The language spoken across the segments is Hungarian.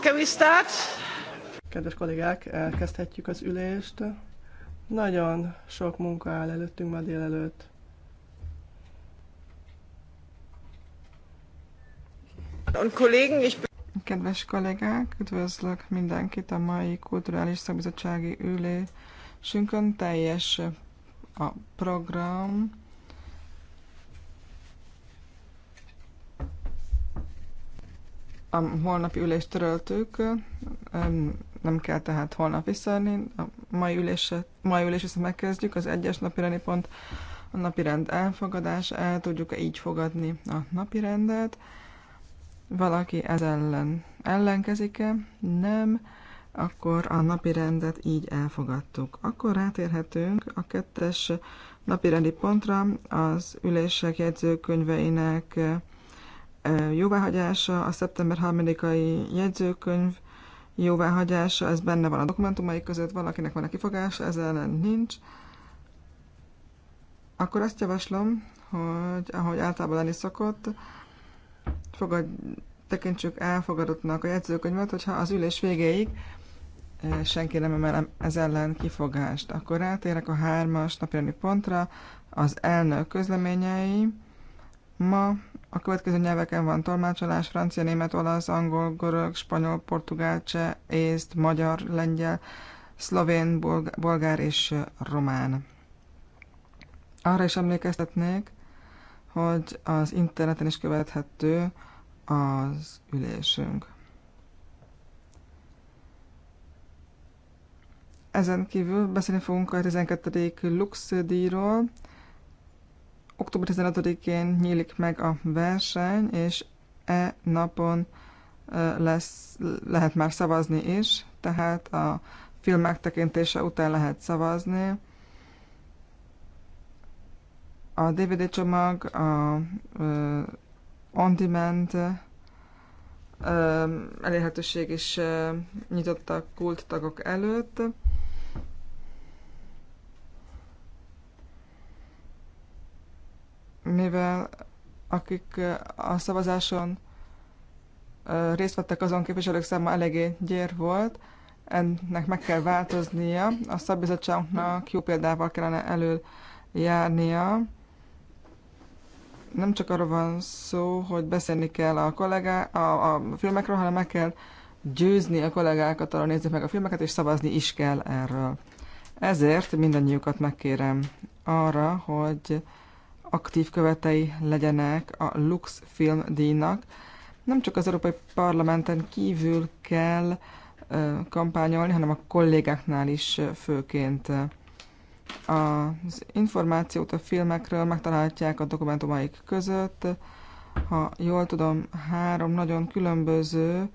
can we start? Kedves kollégák, elkezdhetjük az ülést. Nagyon sok munka áll előttünk ma délelőtt. Kedves kollégák, üdvözlök mindenkit a mai Kulturális Szakbizottsági Ülésünkön. Teljes a program a holnapi ülést töröltük, nem kell tehát holnap visszajönni, a mai, ülése, mai ülés viszont megkezdjük, az egyes napi pont a napirend elfogadás, el tudjuk így fogadni a napirendet. Valaki ez ellen ellenkezik-e? Nem. Akkor a napirendet így elfogadtuk. Akkor rátérhetünk a kettes napirendi pontra az ülések jegyzőkönyveinek jóváhagyása, a szeptember 3-ai jegyzőkönyv jóváhagyása, ez benne van a dokumentumai között, valakinek van a kifogása, ez ellen nincs. Akkor azt javaslom, hogy ahogy általában lenni szokott, fogad, tekintsük elfogadottnak a jegyzőkönyvet, hogyha az ülés végéig senki nem emel ez ellen kifogást. Akkor rátérek a hármas napjelni pontra, az elnök közleményei, Ma a következő nyelveken van tolmácsolás, francia, német, olasz, angol, görög, spanyol, portugál, cseh, észt, magyar, lengyel, szlovén, bolgár és román. Arra is emlékeztetnék, hogy az interneten is követhető az ülésünk. Ezen kívül beszélni fogunk a 12. Lux díjról, október 15-én nyílik meg a verseny, és e napon e, lesz, lehet már szavazni is, tehát a film megtekintése után lehet szavazni. A DVD csomag, a on-demand elérhetőség is nyitott a kult tagok előtt. mivel akik a szavazáson részt vettek azon képviselők száma eléggé gyér volt, ennek meg kell változnia, a szabizottságnak jó példával kellene elől járnia. Nem csak arról van szó, hogy beszélni kell a, kollégá, a, a filmekről, hanem meg kell győzni a kollégákat arra nézzük meg a filmeket, és szavazni is kell erről. Ezért mindannyiukat megkérem arra, hogy aktív követei legyenek a Lux Film díjnak. Nem csak az Európai Parlamenten kívül kell kampányolni, hanem a kollégáknál is főként. Az információt a filmekről megtalálhatják a dokumentumaik között. Ha jól tudom, három nagyon különböző,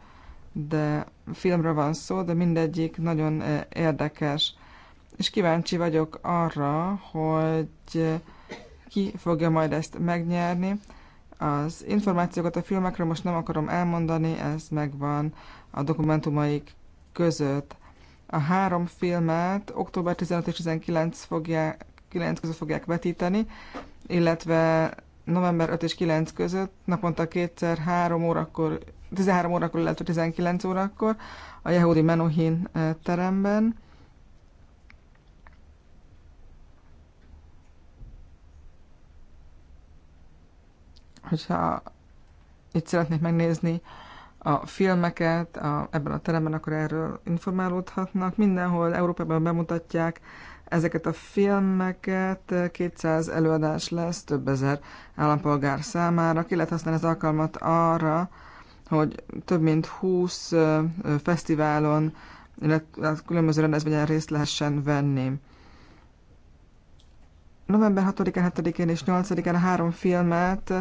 de filmről van szó, de mindegyik nagyon érdekes. És kíváncsi vagyok arra, hogy ki fogja majd ezt megnyerni. Az információkat a filmekről most nem akarom elmondani, ez megvan a dokumentumaik között. A három filmet október 15 és 19 fogják, 9 között fogják vetíteni, illetve november 5 és 9 között, naponta kétszer 3 órakor, 13 órakor, illetve 19 órakor a Yehudi Menuhin eh, teremben. hogyha itt szeretnék megnézni a filmeket a, ebben a teremben, akkor erről informálódhatnak. Mindenhol Európában bemutatják ezeket a filmeket, 200 előadás lesz több ezer állampolgár számára. Ki lehet használni az alkalmat arra, hogy több mint 20 fesztiválon, illetve hát különböző rendezvényen részt lehessen venni. November 6-án, 7-én és 8-án három filmet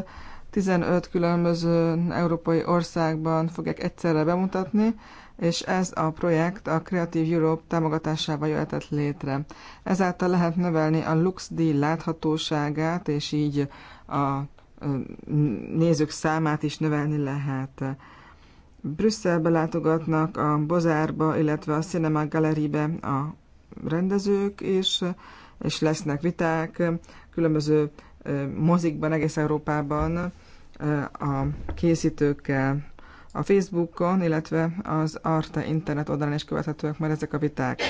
15 különböző európai országban fogják egyszerre bemutatni, és ez a projekt a Creative Europe támogatásával jöhetett létre. Ezáltal lehet növelni a LuxD láthatóságát, és így a nézők számát is növelni lehet. Brüsszelbe látogatnak a Bozárba, illetve a Cinema Galeribe a rendezők is, és lesznek viták különböző mozikban egész Európában a készítőkkel. A Facebookon, illetve az Arte internet oldalán is követhetőek már ezek a viták.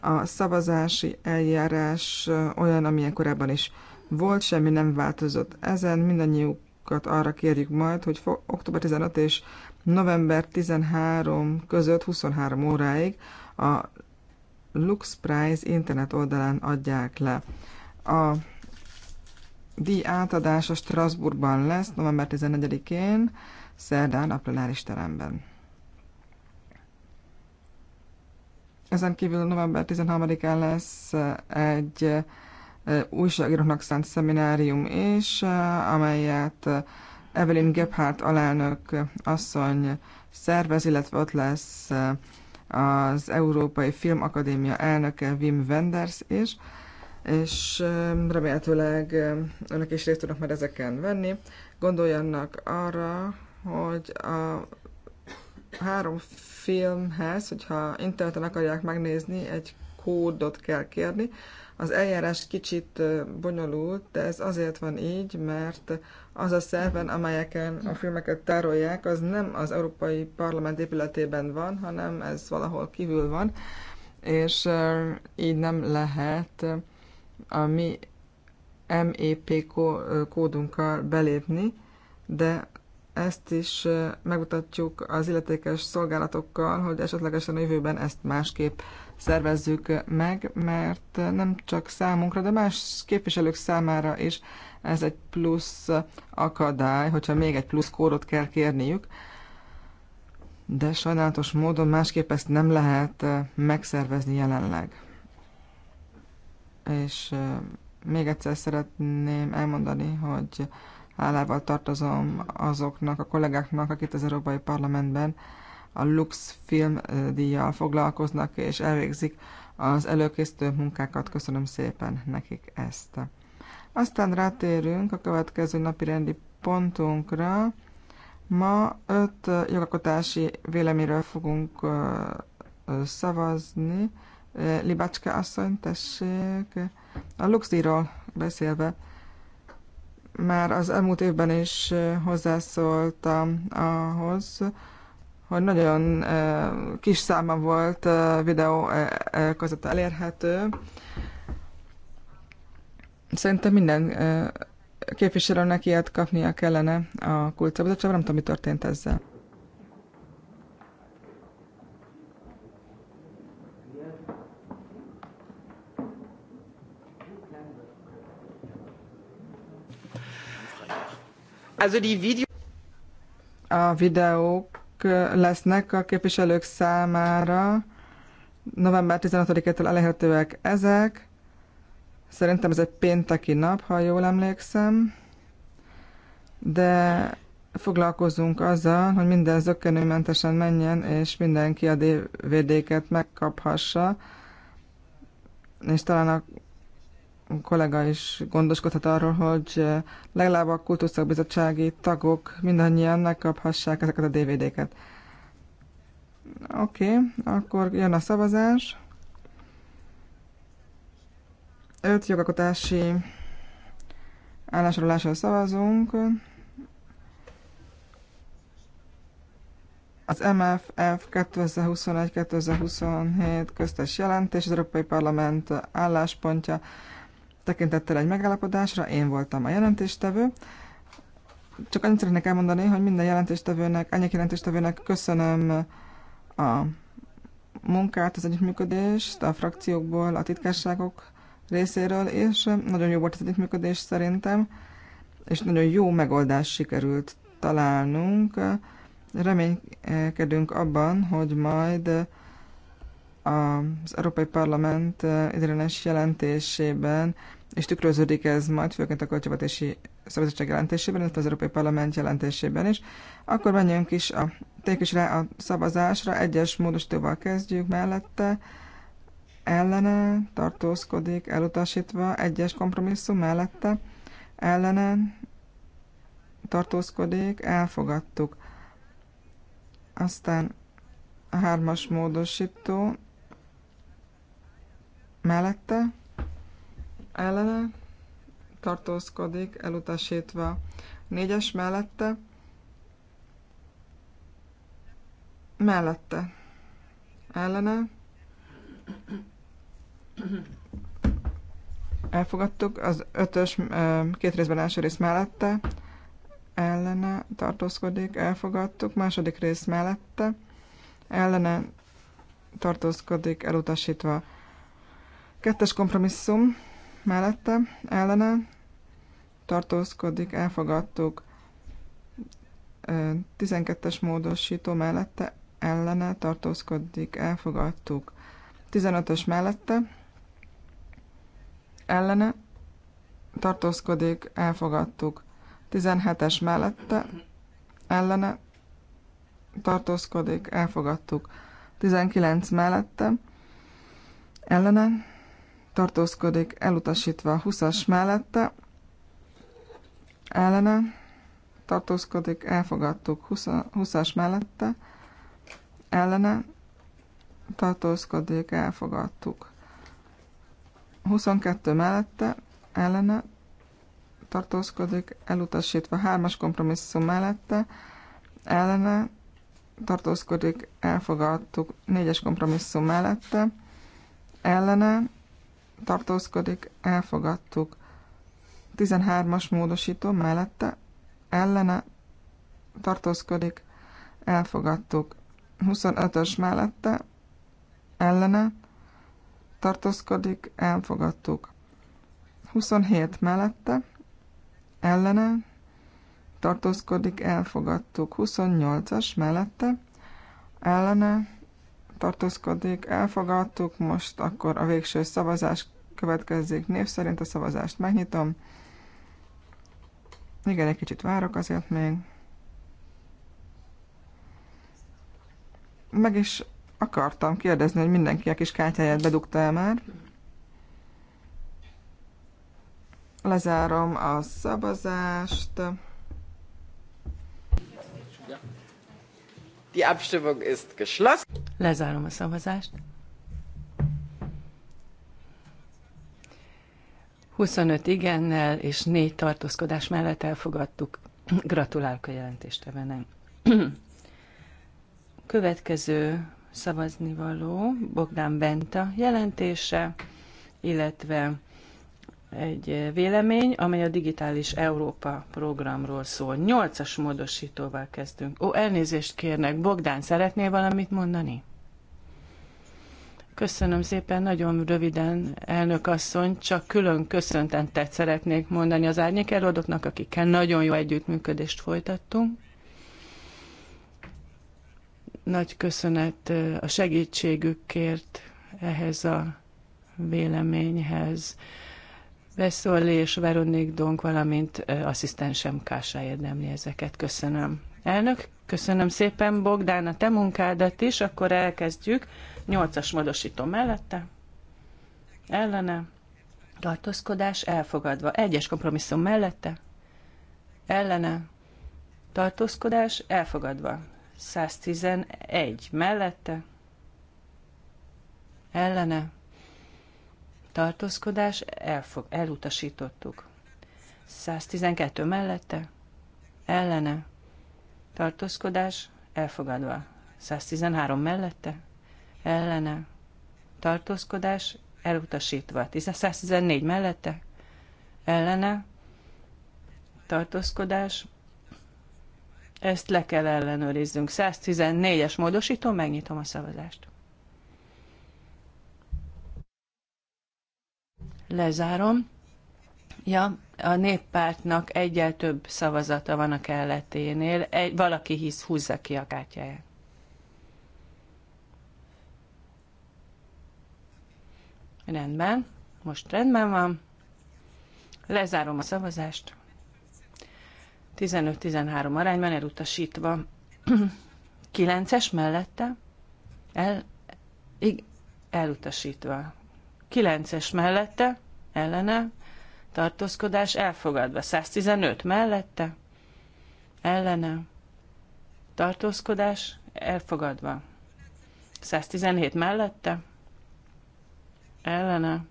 A szavazási eljárás olyan, amilyen korábban is volt, semmi nem változott ezen, mindannyiukat arra kérjük majd, hogy október 15 és november 13 között 23 óráig a Lux Prize internet oldalán adják le. A díj átadása Strasbourgban lesz november 14-én, szerdán a plenáris teremben. Ezen kívül november 13-án lesz eh, egy eh, újságíróknak szánt szeminárium is, eh, amelyet Evelyn Gebhardt alelnök asszony szervez, illetve ott lesz az Európai Filmakadémia elnöke Wim Wenders is és remélhetőleg önök is részt tudnak majd ezeken venni. Gondoljanak arra, hogy a három filmhez, hogyha interneten akarják megnézni, egy kódot kell kérni. Az eljárás kicsit bonyolult, de ez azért van így, mert az a szerven, amelyeken a filmeket tárolják, az nem az Európai Parlament épületében van, hanem ez valahol kívül van, és így nem lehet a mi MEP kódunkkal belépni, de ezt is megmutatjuk az illetékes szolgálatokkal, hogy esetlegesen a jövőben ezt másképp szervezzük meg, mert nem csak számunkra, de más képviselők számára is ez egy plusz akadály, hogyha még egy plusz kódot kell kérniük, de sajnálatos módon másképp ezt nem lehet megszervezni jelenleg és még egyszer szeretném elmondani, hogy hálával tartozom azoknak a kollégáknak, akik az Európai Parlamentben a Lux film díjjal foglalkoznak és elvégzik az előkészítő munkákat. Köszönöm szépen nekik ezt. Aztán rátérünk a következő napi rendi pontunkra. Ma öt jogalkotási véleményről fogunk szavazni. Libacska asszony, tessék, a Luxdíról beszélve, már az elmúlt évben is hozzászóltam ahhoz, hogy nagyon kis száma volt videó között elérhető. Szerintem minden képviselőnek ilyet kapnia kellene a kultszabadságban, nem tudom, mi történt ezzel. a videók lesznek a képviselők számára. November 15 től elérhetőek ezek. Szerintem ez egy pénteki nap, ha jól emlékszem. De foglalkozunk azzal, hogy minden zöggenőmentesen menjen, és mindenki a DVD-ket megkaphassa. És talán a kollega is gondoskodhat arról, hogy legalább a kultúrszakbizottsági tagok mindannyian megkaphassák ezeket a DVD-ket. Oké, okay, akkor jön a szavazás. Öt jogakotási állásolásról szavazunk. Az MFF 2021-2027 köztes jelentés, az Európai Parlament álláspontja tekintettel egy megállapodásra, én voltam a jelentéstevő. Csak annyit szeretnék elmondani, hogy minden jelentéstevőnek, ennyi jelentéstevőnek köszönöm a munkát, az együttműködést a frakciókból, a titkárságok részéről, és nagyon jó volt az együttműködés szerintem, és nagyon jó megoldás sikerült találnunk. Reménykedünk abban, hogy majd az Európai Parlament idegenes jelentésében, és tükröződik ez majd, főként a költségvetési szabadság jelentésében, illetve az Európai Parlament jelentésében is. Akkor menjünk is a, is rá a szavazásra, egyes módosítóval kezdjük mellette, ellene tartózkodik, elutasítva, egyes kompromisszum mellette, ellene tartózkodik, elfogadtuk. Aztán a hármas módosító mellette, ellene, tartózkodik, elutasítva. Négyes mellette, mellette, ellene, elfogadtuk, az ötös két részben első rész mellette, ellene tartózkodik, elfogadtuk, második rész mellette, ellene tartózkodik, elutasítva Kettes kompromisszum mellette, ellene tartózkodik, elfogadtuk. 12-es módosító mellette, ellene tartózkodik, elfogadtuk. 15-ös mellette, ellene tartózkodik, elfogadtuk. 17-es mellette, ellene tartózkodik, elfogadtuk. 19 mellette, ellene tartózkodik elutasítva a 20-as mellette, ellene tartózkodik, elfogadtuk 20-as mellette, ellene tartózkodik, elfogadtuk. 22 mellette, ellene tartózkodik, elutasítva 3-as kompromisszum mellette, ellene tartózkodik, elfogadtuk 4-es kompromisszum mellette, ellene tartózkodik, elfogadtuk. 13-as módosító mellette, ellene tartózkodik, elfogadtuk. 25-ös mellette, ellene tartózkodik, elfogadtuk. 27 mellette, ellene tartózkodik, elfogadtuk. 28-as mellette, ellene tartózkodik, elfogadtuk. Most akkor a végső szavazás következzék. Név szerint a szavazást megnyitom. Igen, egy kicsit várok azért még. Meg is akartam kérdezni, hogy mindenki a kis kártyáját bedugta el már. Lezárom a szavazást. Die Abstimmung ist geschlossen. Lezárom a szavazást. 25 igennel és 4 tartózkodás mellett elfogadtuk. Gratulálok a jelentéstevenek. Következő szavazni való Bogdán Benta jelentése, illetve egy vélemény, amely a Digitális Európa programról szól. Nyolcas módosítóval kezdünk. Ó, elnézést kérnek, Bogdán, szeretnél valamit mondani? Köszönöm szépen, nagyon röviden, elnök asszony, csak külön köszöntentet szeretnék mondani az árnyék előadóknak, akikkel nagyon jó együttműködést folytattunk. Nagy köszönet a segítségükért ehhez a véleményhez. Veszolli és Veronik Donk, valamint asszisztensem Kásá érdemli ezeket. Köszönöm. Elnök, Köszönöm szépen, Bogdán, a te munkádat is, akkor elkezdjük. Nyolcas módosító mellette. Ellene. Tartózkodás elfogadva. Egyes kompromisszum mellette. Ellene. Tartózkodás elfogadva. 111 mellette. Ellene. Tartózkodás elfog, elutasítottuk. 112 mellette. Ellene tartózkodás elfogadva. 113 mellette, ellene, tartózkodás elutasítva. 114 mellette, ellene, tartózkodás, ezt le kell ellenőriznünk. 114-es módosító, megnyitom a szavazást. Lezárom. Ja, a néppártnak egyel több szavazata van a kelleténél. Egy, valaki hisz, húzza ki a kártyáját. Rendben, most rendben van. Lezárom a szavazást. 15-13 arányban elutasítva. 9-es mellette el, ig, elutasítva. 9-es mellette ellene tartózkodás elfogadva. 115 mellette, ellene, tartózkodás elfogadva. 117 mellette, ellene,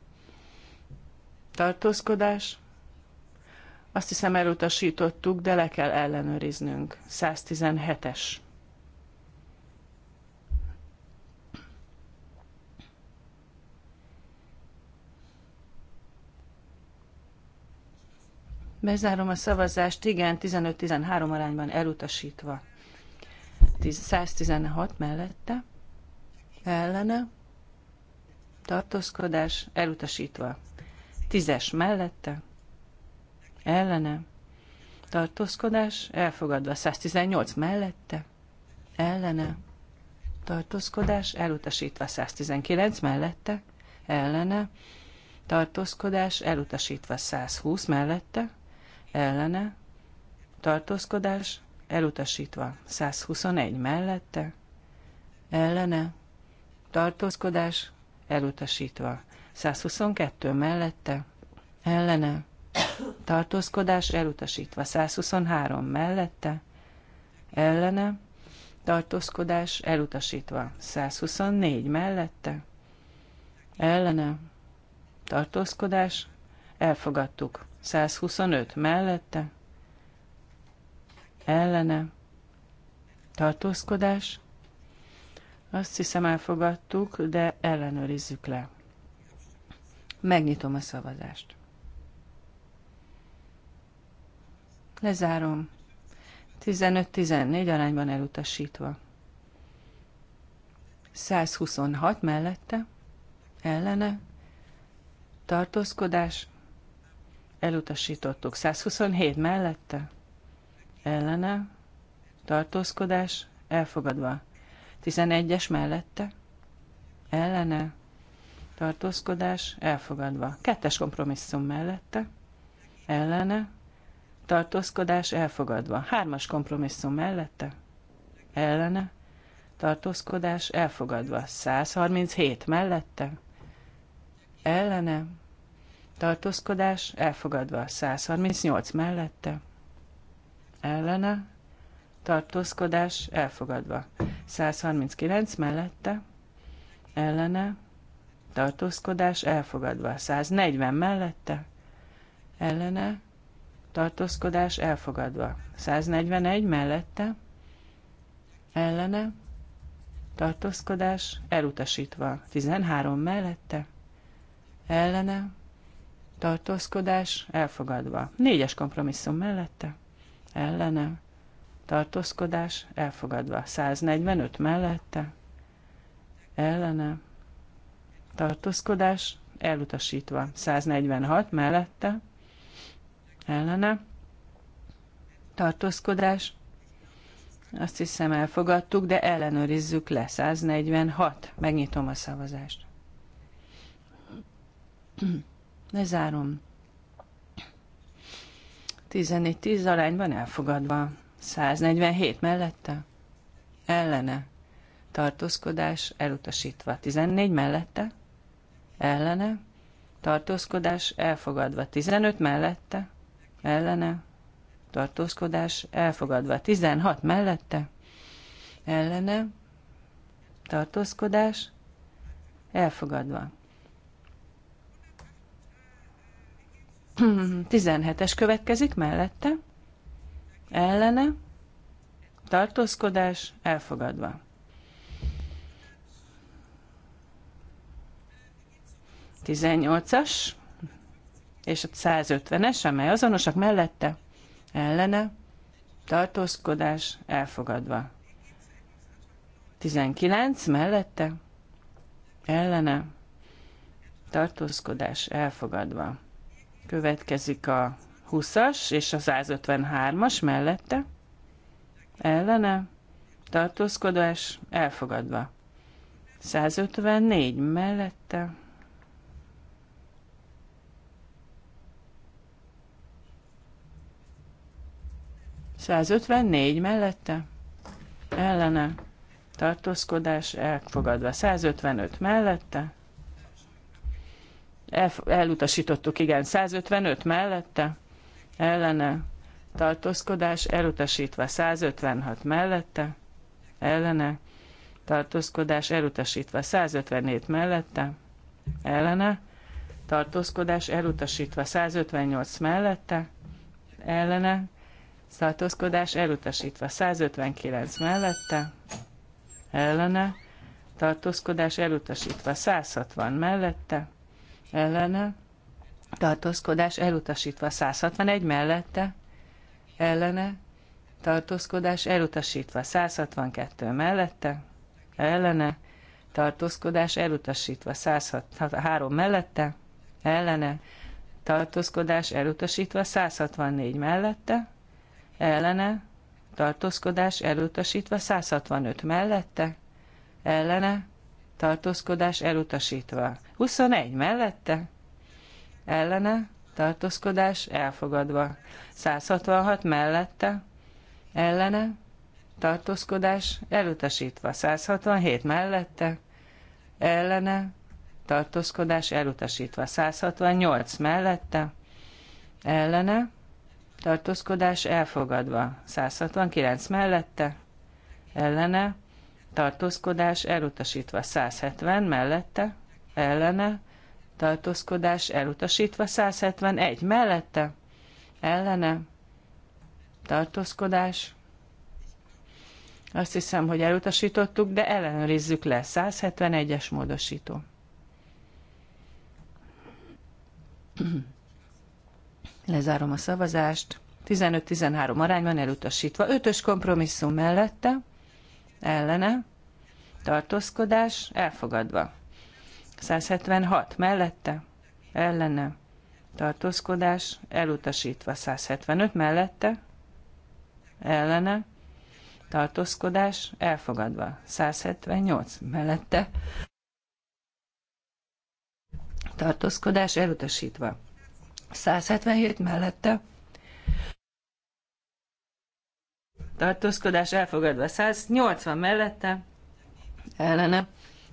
tartózkodás. Azt hiszem elutasítottuk, de le kell ellenőriznünk. 117-es. Bezárom a szavazást, igen, 15-13 arányban elutasítva. 116 mellette, ellene, tartózkodás, elutasítva. 10-es mellette, ellene, tartózkodás, elfogadva. 118 mellette, ellene, tartózkodás, elutasítva. 119 mellette, ellene, tartózkodás, elutasítva. 120 mellette, ellene, tartózkodás, elutasítva. 121 mellette, ellene, tartózkodás, elutasítva. 122 mellette, ellene, tartózkodás, elutasítva. 123 mellette, ellene, tartózkodás, elutasítva. 124 mellette, ellene, tartózkodás, elfogadtuk. 125 mellette, ellene, tartózkodás. Azt hiszem elfogadtuk, de ellenőrizzük le. Megnyitom a szavazást. Lezárom. 15-14 arányban elutasítva. 126 mellette, ellene, tartózkodás, elutasítottuk. 127 mellette, ellene, tartózkodás, elfogadva. 11-es mellette, ellene, tartózkodás, elfogadva. Kettes kompromisszum mellette, ellene, tartózkodás, elfogadva. Hármas kompromisszum mellette, ellene, tartózkodás, elfogadva. 137 mellette, ellene, tartózkodás elfogadva 138 mellette, ellene, tartózkodás elfogadva 139 mellette, ellene, tartózkodás elfogadva 140 mellette, ellene, tartózkodás elfogadva 141 mellette, ellene, tartózkodás elutasítva 13 mellette, ellene, tartózkodás elfogadva. Négyes kompromisszum mellette, ellene, tartózkodás elfogadva. 145 mellette, ellene, tartózkodás elutasítva. 146 mellette, ellene, tartózkodás azt hiszem elfogadtuk, de ellenőrizzük le. 146. Megnyitom a szavazást. Lezárom. 14-10 alányban elfogadva. 147 mellette. Ellene. Tartózkodás elutasítva. 14 mellette. Ellene. Tartózkodás elfogadva. 15 mellette. Ellene. Tartózkodás elfogadva. 16 mellette. Ellene. Tartózkodás elfogadva. 17-es következik mellette, ellene, tartózkodás elfogadva. Tizennyolcas és a 150-es, amely azonosak mellette, ellene, tartózkodás elfogadva. 19 mellette, ellene, tartózkodás elfogadva. Következik a 20-as és a 153-as mellette. Ellene. Tartózkodás elfogadva. 154 mellette. négy mellette, ellene, tartózkodás elfogadva. 155 mellette, elutasítottuk, igen, 155 mellette, ellene, tartózkodás, elutasítva 156 mellette, ellene, tartózkodás, elutasítva 157 mellette, ellene, tartózkodás, elutasítva 158 mellette, ellene, tartózkodás, elutasítva 159 mellette, ellene, tartózkodás, elutasítva 160 mellette, ellene, tartózkodás elutasítva 161 mellette, ellene, tartózkodás elutasítva 162 mellette, ellene, tartózkodás elutasítva 163 mellette, ellene, tartózkodás elutasítva 164 mellette, ellene, tartózkodás elutasítva 165 mellette, ellene, tartózkodás elutasítva. 21 mellette, ellene, tartózkodás elfogadva. 166 mellette, ellene, tartózkodás elutasítva. 167 mellette, ellene, tartózkodás elutasítva. 168 mellette, ellene, tartózkodás elfogadva. 169 mellette, ellene, tartózkodás elutasítva 170 mellette, ellene, tartózkodás elutasítva 171 mellette, ellene, tartózkodás. Azt hiszem, hogy elutasítottuk, de ellenőrizzük le. 171-es módosító. Lezárom a szavazást. 15-13 arányban elutasítva. Ötös kompromisszum mellette ellene, tartózkodás elfogadva. 176 mellette, ellene, tartózkodás elutasítva. 175 mellette, ellene, tartózkodás elfogadva. 178 mellette, tartózkodás elutasítva. 177 mellette, tartózkodás elfogadva 180 mellette, ellene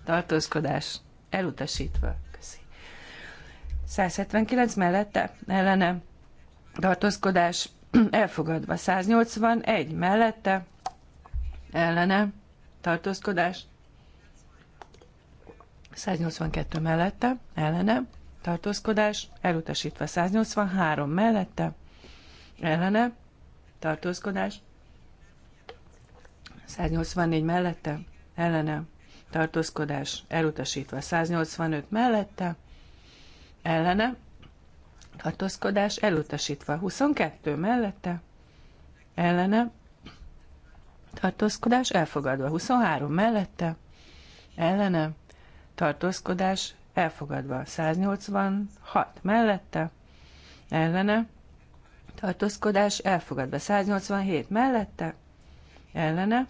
tartózkodás elutasítva. Köszi. 179 mellette, ellene tartózkodás elfogadva 181 mellette, ellene tartózkodás 182 mellette, ellene tartózkodás elutasítva 183 mellette, ellene tartózkodás 184 mellette, ellene, tartózkodás elutasítva. 185 mellette, ellene, tartózkodás elutasítva. 22 mellette, ellene, tartózkodás elfogadva. 23 mellette, ellene, tartózkodás elfogadva. 186 mellette, ellene, tartózkodás elfogadva. 187 mellette, ellene,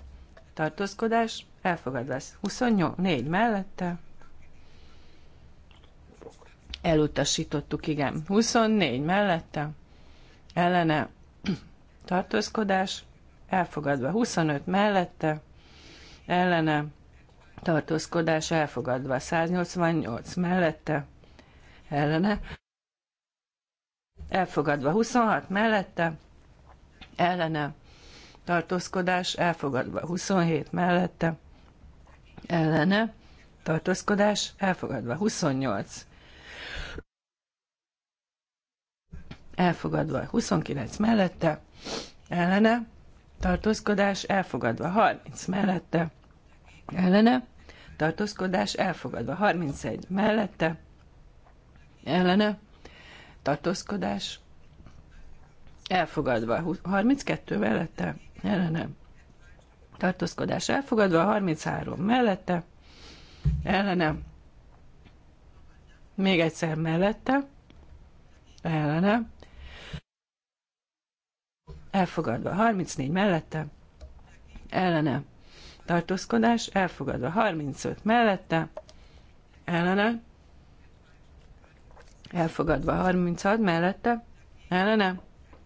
tartózkodás elfogadva. 24 mellette elutasítottuk, igen. 24 mellette ellene tartózkodás elfogadva. 25 mellette ellene tartózkodás elfogadva. 188 mellette ellene elfogadva. 26 mellette ellene tartózkodás elfogadva. 27 mellette ellene tartózkodás elfogadva. 28 elfogadva. 29 mellette ellene tartózkodás elfogadva. 30 mellette ellene tartózkodás elfogadva. 31 mellette ellene tartózkodás elfogadva. 32 mellette ellene tartózkodás elfogadva, 33 mellette, ellenem, még egyszer mellette, ellenem, elfogadva, 34 mellette, ellenem, tartózkodás, elfogadva, 35 mellette, ellenem, elfogadva, 36 mellette, ellenem,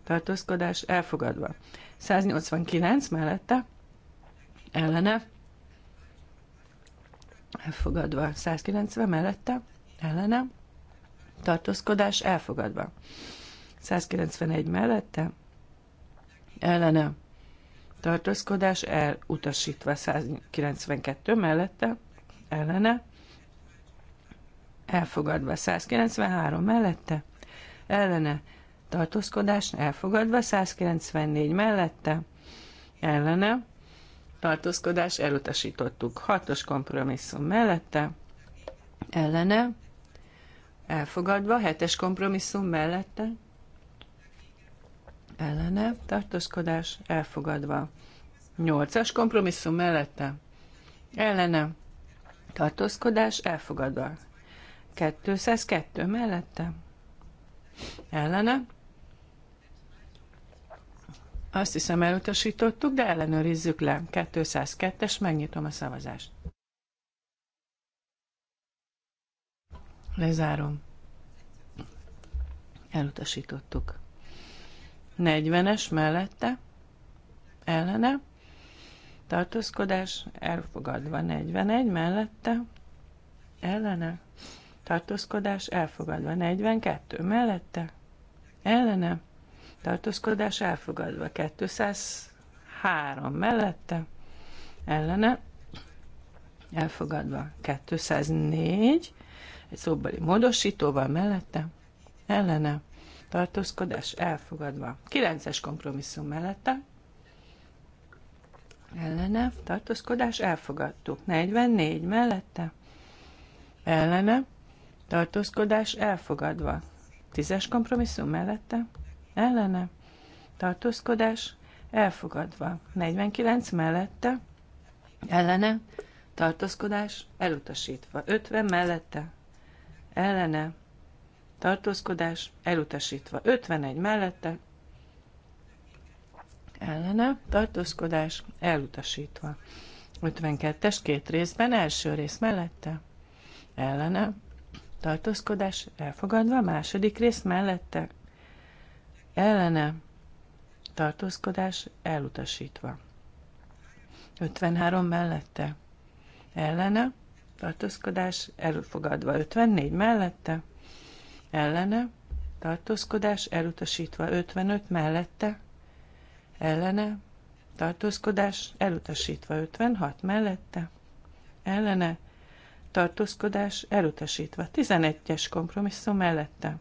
tartózkodás, elfogadva, 189 mellette ellene elfogadva. 190 mellette ellene tartózkodás elfogadva. 191 mellette ellene tartózkodás elutasítva 192 mellette, ellene, elfogadva 193 mellette, ellene, tartózkodás elfogadva, 194 mellette, ellene, tartózkodás elutasítottuk, 6-os kompromisszum mellette, ellene, elfogadva, 7-es kompromisszum mellette, ellene, tartózkodás elfogadva, 8-as kompromisszum mellette, ellene, tartózkodás elfogadva, 202 mellette, ellene, azt hiszem elutasítottuk, de ellenőrizzük le. 202-es, megnyitom a szavazást. Lezárom. Elutasítottuk. 40-es mellette, ellene, tartózkodás, elfogadva. 41 mellette, ellene, tartózkodás, elfogadva. 42 mellette, ellene, tartózkodás elfogadva. 203 mellette, ellene, elfogadva. 204, egy szóbeli módosítóval mellette, ellene, tartózkodás elfogadva. 9-es kompromisszum mellette, ellene, tartózkodás elfogadtuk. 44 mellette, ellene, tartózkodás elfogadva. 10-es kompromisszum mellette, ellene, tartózkodás elfogadva. 49 mellette, ellene, tartózkodás elutasítva. 50 mellette, ellene, tartózkodás elutasítva. 51 mellette, ellene, tartózkodás elutasítva. 52-es két részben, első rész mellette, ellene, tartózkodás elfogadva, második rész mellette, ellene tartózkodás elutasítva. 53 mellette ellene tartózkodás elfogadva. 54 mellette ellene tartózkodás elutasítva. 55 mellette ellene tartózkodás elutasítva. 56 mellette ellene tartózkodás elutasítva. 11-es kompromisszum mellette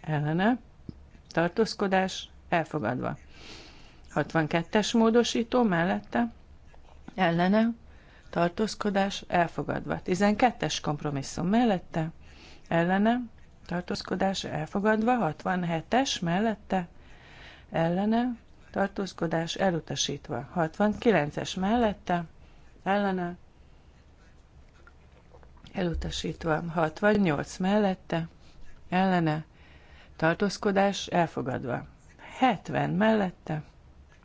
ellene tartózkodás elfogadva. 62-es módosító mellette ellene tartózkodás elfogadva. 12-es kompromisszum mellette ellene tartózkodás elfogadva. 67-es mellette ellene tartózkodás elutasítva. 69-es mellette ellene elutasítva. 68 mellette ellene tartózkodás elfogadva. 70 mellette,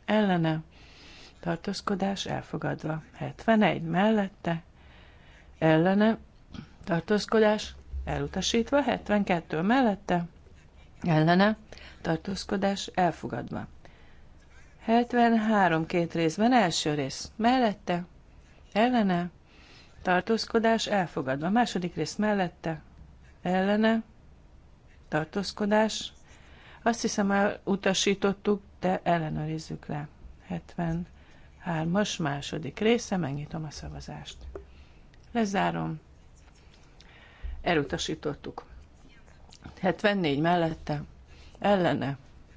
ellene, tartózkodás elfogadva. 71 mellette, ellene, tartózkodás elutasítva. 72 mellette, ellene, tartózkodás elfogadva. 73 két részben első rész mellette, ellene, tartózkodás elfogadva. Második rész mellette, ellene, tartózkodás. Azt hiszem utasítottuk, de ellenőrizzük le. 73-as második része, megnyitom a szavazást. Lezárom. Elutasítottuk. 74 mellette, ellene,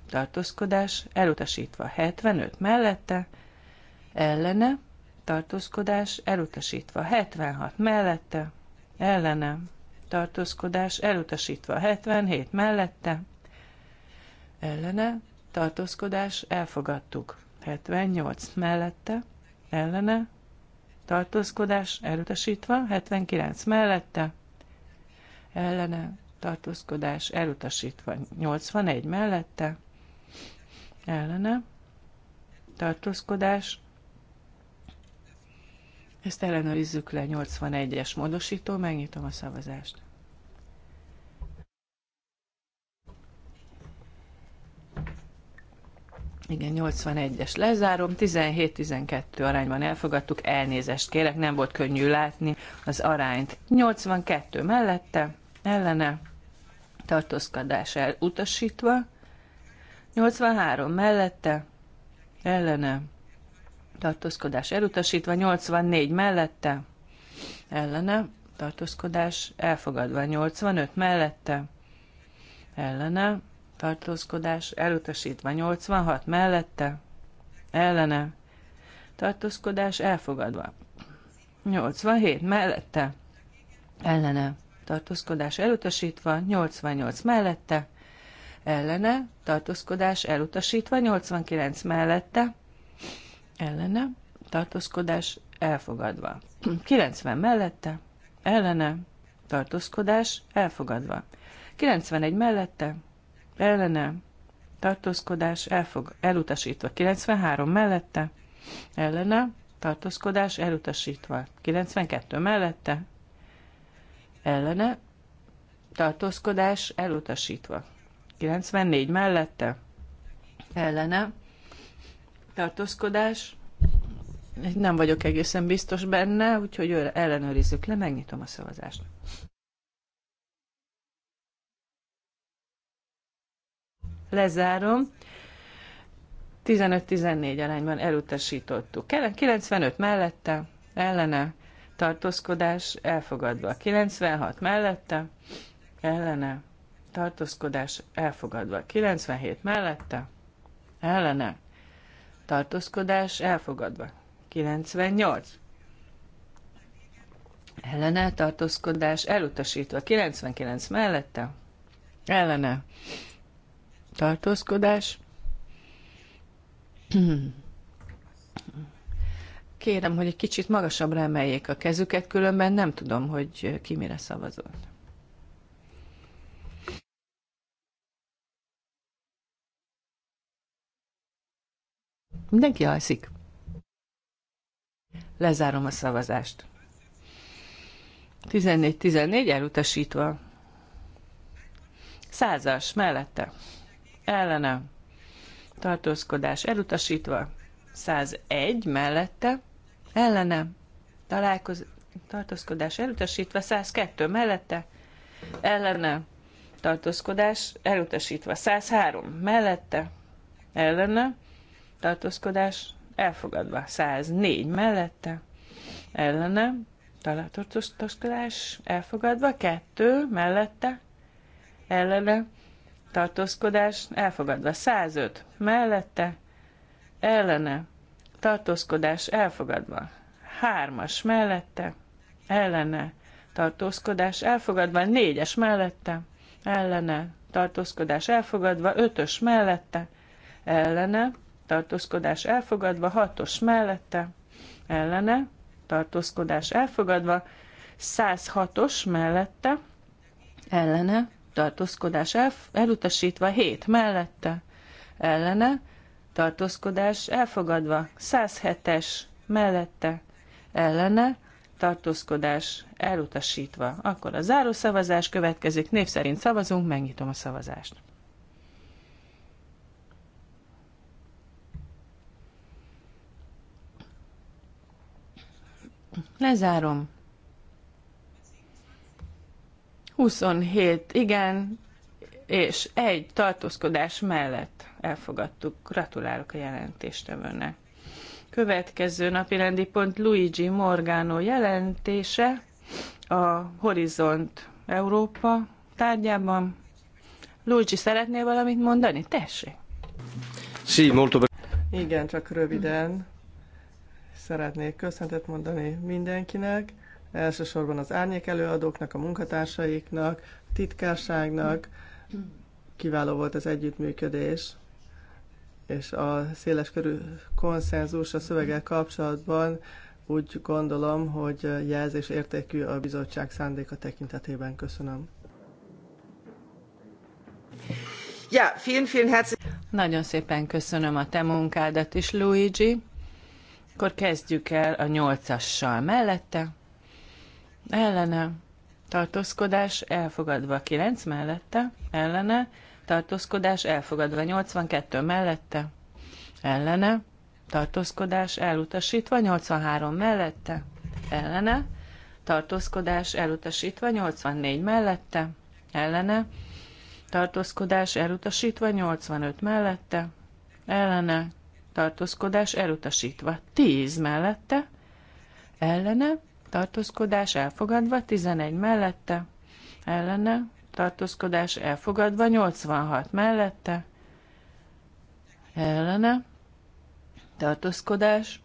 tartózkodás, elutasítva. 75 mellette, ellene, tartózkodás, elutasítva. 76 mellette, ellene, tartózkodás elutasítva 77 mellette, ellene tartózkodás elfogadtuk 78 mellette, ellene tartózkodás elutasítva 79 mellette, ellene tartózkodás elutasítva 81 mellette, ellene tartózkodás ezt ellenőrizzük le 81-es módosító, megnyitom a szavazást. Igen, 81-es lezárom, 17-12 arányban elfogadtuk, elnézést kérek, nem volt könnyű látni az arányt. 82 mellette, ellene, tartózkodás elutasítva, 83 mellette, ellene, tartózkodás elutasítva, 84 mellette, ellene, tartózkodás elfogadva, 85 mellette, ellene, tartózkodás elutasítva 86 mellette, ellene, tartózkodás elfogadva 87 mellette, ellene, tartózkodás elutasítva 88 mellette, ellene, tartózkodás elutasítva 89 mellette, ellene, tartózkodás elfogadva 90 mellette, ellene, tartózkodás elfogadva 91 mellette, ellene tartózkodás elfog, elutasítva 93 mellette, ellene tartózkodás elutasítva 92 mellette, ellene tartózkodás elutasítva 94 mellette, ellene tartózkodás nem vagyok egészen biztos benne, úgyhogy ellenőrizzük le, megnyitom a szavazást. Lezárom. 15-14 arányban elutasítottuk. 95 mellette, ellene, tartózkodás elfogadva. 96 mellette, ellene, tartózkodás elfogadva. 97 mellette, ellene, tartózkodás elfogadva. 98 ellene, tartózkodás elutasítva. 99 mellette, ellene, tartózkodás. Kérem, hogy egy kicsit magasabbra emeljék a kezüket, különben nem tudom, hogy ki mire szavazott. Mindenki alszik. Lezárom a szavazást. 14-14 elutasítva. Százas mellette ellene tartózkodás elutasítva, 101 mellette ellene találkoz, tartózkodás elutasítva, 102 mellette ellene tartózkodás elutasítva, 103 mellette ellene tartózkodás elfogadva, 104 mellette ellene tartózkodás elfogadva, 2 mellette ellene tartózkodás elfogadva. 105 mellette, ellene, tartózkodás elfogadva. 3 mellette, ellene, tartózkodás elfogadva. 4 mellette, ellene, tartózkodás elfogadva. 5 mellette, ellene, tartózkodás elfogadva. 6 mellette, ellene, tartózkodás elfogadva. 106-os mellette, ellene, tartózkodás elutasítva, 7 mellette ellene, tartózkodás elfogadva, 107-es mellette ellene, tartózkodás elutasítva. Akkor a záró szavazás következik, név szerint szavazunk, megnyitom a szavazást. Lezárom. 27 igen, és egy tartózkodás mellett elfogadtuk. Gratulálok a jelentéstevőnek. Következő napi rendi pont Luigi Morgano jelentése a Horizont Európa tárgyában. Luigi, szeretnél valamit mondani? Tessék! Sí, molto Igen, csak röviden szeretnék köszöntet mondani mindenkinek elsősorban az árnyék előadóknak, a munkatársaiknak, a titkárságnak. Kiváló volt az együttműködés, és a körű konszenzus a szöveggel kapcsolatban úgy gondolom, hogy jelzés értékű a bizottság szándéka tekintetében. Köszönöm. Ja, vielen, vielen herzlich. Nagyon szépen köszönöm a te munkádat is, Luigi. Akkor kezdjük el a nyolcassal mellette ellene tartózkodás elfogadva 9 mellette, ellene tartózkodás elfogadva 82 mellette, ellene tartózkodás elutasítva 83 mellette, ellene tartózkodás elutasítva 84 mellette, ellene tartózkodás elutasítva 85 mellette, ellene tartózkodás elutasítva 10 mellette, ellene tartózkodás elfogadva, 11 mellette, ellene, tartózkodás elfogadva, 86 mellette, ellene, tartózkodás,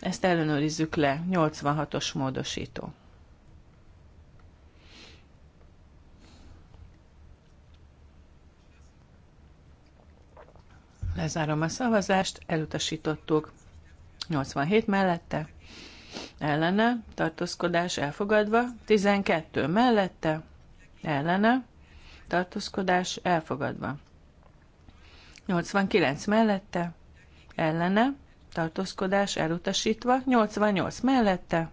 ezt ellenőrizzük le, 86-os módosító. Lezárom a szavazást, elutasítottuk. 87 mellette, ellene, tartózkodás elfogadva, 12 mellette, ellene, tartózkodás elfogadva. 89 mellette, ellene, tartózkodás elutasítva, 88 mellette,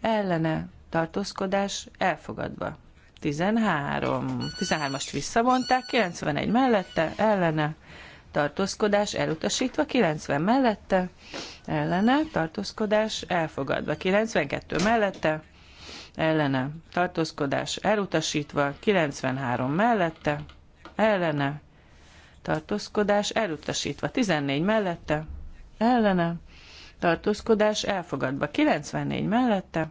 ellene, tartózkodás elfogadva. 13. 13-ast visszavonták, 91 mellette, ellene, tartózkodás elutasítva, 90 mellette, ellene, tartózkodás elfogadva, 92 mellette, ellene, tartózkodás elutasítva, 93 mellette, ellene, tartózkodás elutasítva, 14 mellette, ellene, tartózkodás elfogadva, 94 mellette,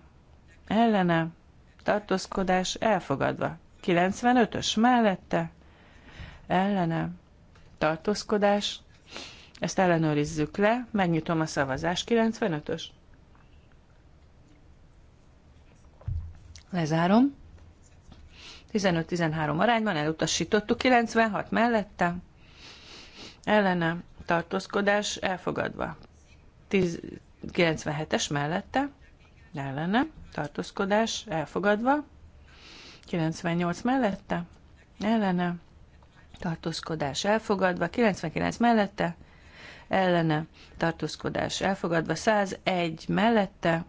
ellene, tartózkodás elfogadva, 95-ös mellette, ellene, tartózkodás, ezt ellenőrizzük le, megnyitom a szavazás 95-ös. Lezárom. 15-13 arányban elutasítottuk, 96 mellette, ellene tartózkodás elfogadva. 97-es mellette, ellene tartózkodás elfogadva, 98 mellette, ellene tartózkodás elfogadva, 99 mellette, ellene tartózkodás elfogadva, 101 mellette,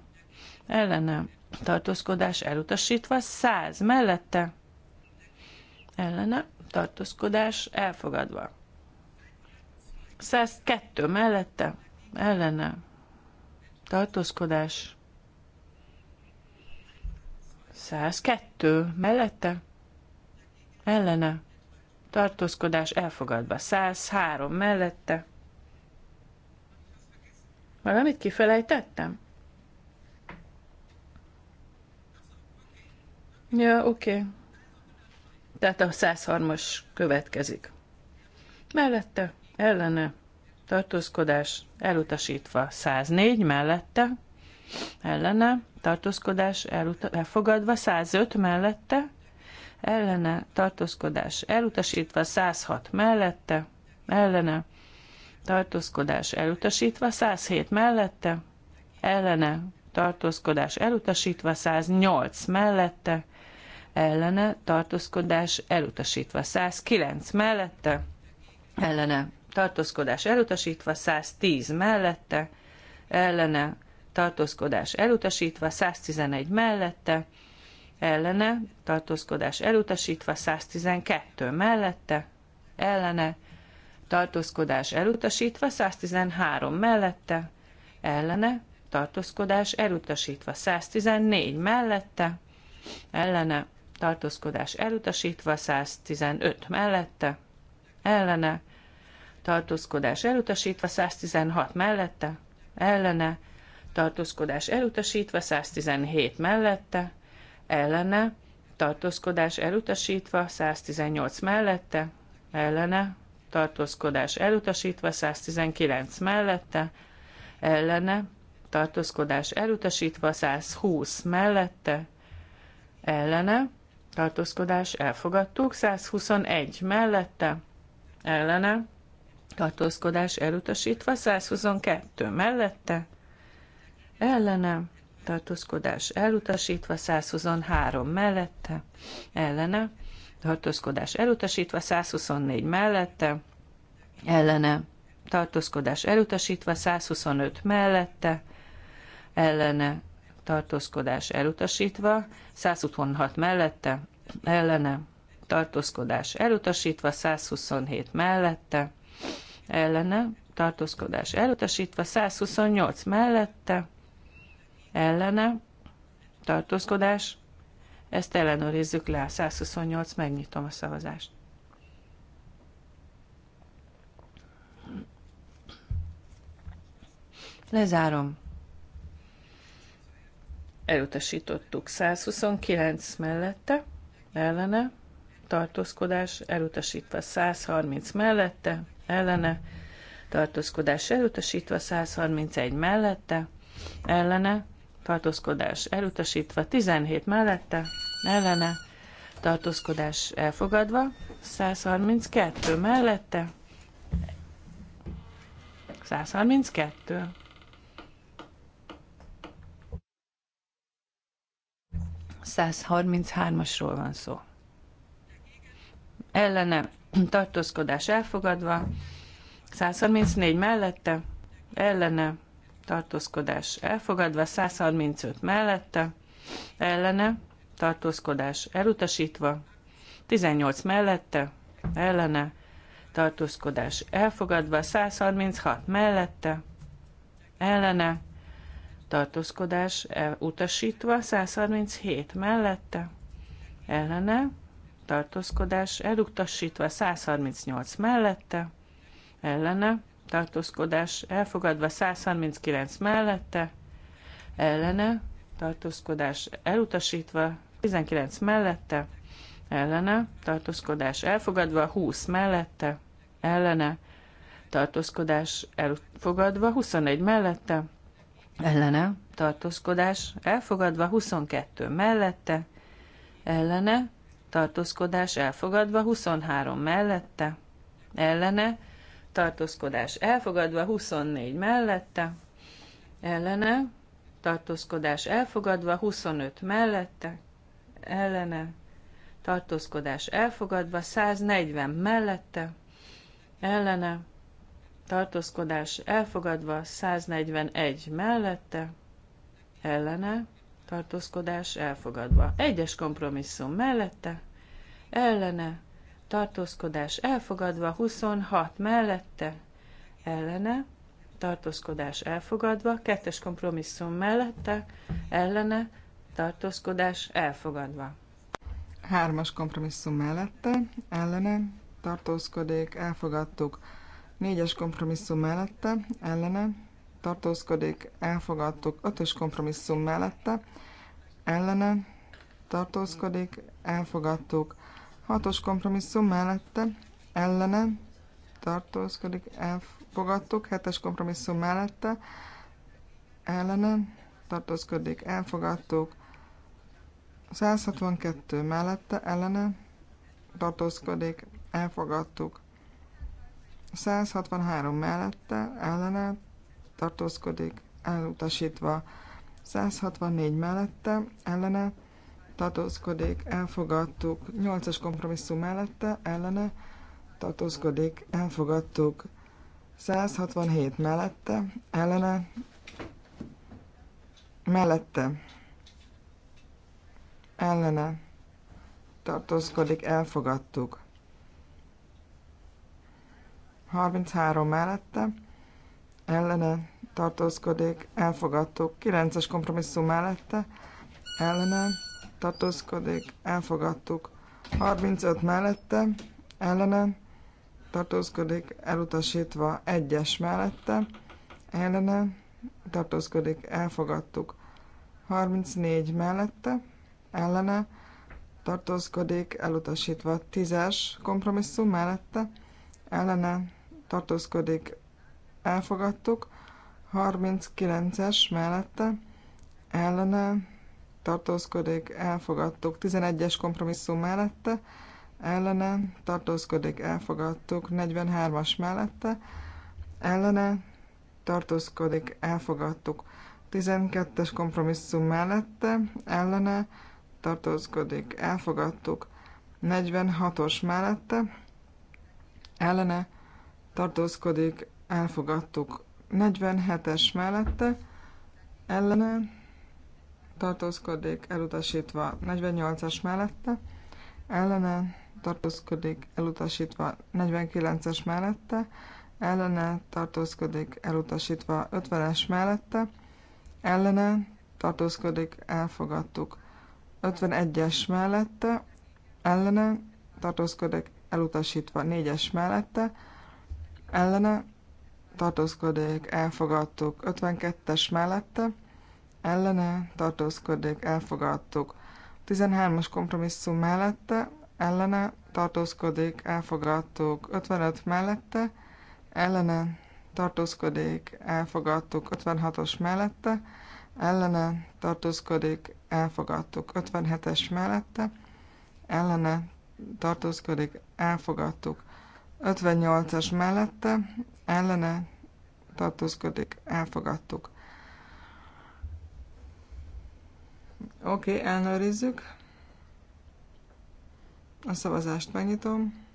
ellene tartózkodás elutasítva, 100 mellette, ellene tartózkodás elfogadva. 102 mellette, ellene tartózkodás 102 mellette, ellene tartózkodás elfogadva 103 mellette. Valamit kifelejtettem? Ja, oké. Okay. Tehát a 103-as következik. Mellette, ellene, tartózkodás, elutasítva 104, mellette, ellene, tartózkodás, elfogadva 105, mellette, ellene tartózkodás elutasítva, 106 mellette, ellene tartózkodás elutasítva, 107 mellette, ellene tartózkodás elutasítva, 108 mellette, ellene tartózkodás elutasítva, 109 mellette, ellene tartózkodás elutasítva, 110 mellette, ellene tartózkodás elutasítva, 111 mellette, ellene, tartózkodás elutasítva, 112 mellette, ellene, tartózkodás elutasítva, 113 mellette, ellene, tartózkodás elutasítva, 114 mellette, ellene, tartózkodás elutasítva, 115 mellette, ellene, tartózkodás elutasítva, 116 mellette, ellene, tartózkodás elutasítva, 117 mellette, ellene, tartózkodás elutasítva, 118 mellette, ellene, tartózkodás elutasítva, 119 mellette, ellene, tartózkodás elutasítva, 120 mellette, ellene, tartózkodás elfogadtuk, 121 mellette, ellene, tartózkodás elutasítva, 122 mellette, ellene, tartózkodás elutasítva, 123 mellette, ellene, tartózkodás elutasítva, 124 mellette, ellene, tartózkodás elutasítva, 125 mellette, ellene, tartózkodás elutasítva, 126 mellette, ellene, tartózkodás elutasítva, 127 mellette, ellene, tartózkodás elutasítva, 128 mellette, ellene, tartózkodás, ezt ellenőrizzük le. 128, megnyitom a szavazást. Lezárom. Elutasítottuk 129 mellette, ellene, tartózkodás, elutasítva 130 mellette, ellene, tartózkodás elutasítva 131 mellette, ellene, tartózkodás elutasítva, 17 mellette, ellene, tartózkodás elfogadva, 132 mellette, 132. Százharminchármasról van szó. Ellene tartózkodás elfogadva, 134 mellette, ellene tartózkodás elfogadva, 135 mellette, ellene, tartózkodás elutasítva, 18 mellette, ellene, tartózkodás elfogadva, 136 mellette, ellene, tartózkodás elutasítva, 137 mellette, ellene, tartózkodás elutasítva, 138 mellette, ellene, tartózkodás elfogadva, 139 mellette, ellene, tartózkodás elutasítva, 19 mellette, ellene, tartózkodás elfogadva, 20 mellette, ellene, tartózkodás elfogadva, 21 mellette, ellene, tartózkodás elfogadva, 22 mellette, ellene, tartózkodás elfogadva, 23 mellette, ellene, tartózkodás elfogadva, 24 mellette, ellene, tartózkodás elfogadva, 25 mellette, ellene, tartózkodás elfogadva, 140 mellette, ellene, tartózkodás elfogadva, 141 mellette, ellene, tartózkodás elfogadva. Egyes kompromisszum mellette, ellene, tartózkodás elfogadva, 26 mellette, ellene, tartózkodás elfogadva, kettes kompromisszum mellette, ellene, tartózkodás elfogadva. Hármas kompromisszum mellette, ellene, tartózkodik, elfogadtuk. Négyes kompromisszum mellette, ellene, tartózkodik, elfogadtuk. Ötös kompromisszum mellette, ellene, tartózkodik, elfogadtuk. Hatos kompromisszum mellette, ellene, tartózkodik, elfogadtuk. Hetes kompromisszum mellette, ellene, tartózkodik, elfogadtuk. 162 mellette, ellene, tartózkodik, elfogadtuk. 163 mellette, ellene, tartózkodik, elutasítva. 164 mellette, ellene, tartózkodik, elfogadtuk. 8-as kompromisszum mellette, ellene, tartózkodik, elfogadtuk. 167 mellette, ellene, mellette, ellene, tartózkodik, elfogadtuk. 33 mellette, ellene, tartózkodik, elfogadtuk. 9-es kompromisszum mellette, ellene, tartózkodik, elfogadtuk. 35 mellette, ellene, tartózkodik, elutasítva. egyes mellette, ellene, tartózkodik, elfogadtuk. 34 mellette, ellene, tartózkodik, elutasítva. 10 kompromisszum mellette, ellene, tartózkodik, elfogadtuk. 39-es mellette, ellene, tartózkodik, elfogadtuk. 11-es kompromisszum mellette, ellene, tartózkodik, elfogadtuk. 43-as mellette, ellene, tartózkodik, elfogadtuk. 12-es kompromisszum mellette, ellene, tartózkodik, elfogadtuk. 46-os mellette, ellene, tartózkodik, elfogadtuk. 47-es mellette, ellene, tartózkodik, elutasítva 48-as mellette, ellene tartózkodik, elutasítva 49-es mellette, ellene tartózkodik, elutasítva 50-es mellette, ellene tartózkodik, elfogadtuk 51-es mellette, ellene tartózkodik, elutasítva 4-es mellette, ellene tartózkodik, elfogadtuk 52-es mellette, ellene tartózkodik, elfogadtuk. 13-as kompromisszum mellette, ellene tartózkodik, elfogadtuk. 55 mellette, ellene tartózkodik, elfogadtuk. 56-os mellette, ellene tartózkodik, elfogadtuk. 57-es mellette, ellene tartózkodik, elfogadtuk. 58-as mellette, ellene tartózkodik, elfogadtuk. Oké, okay, ellenőrizzük. A szavazást megnyitom.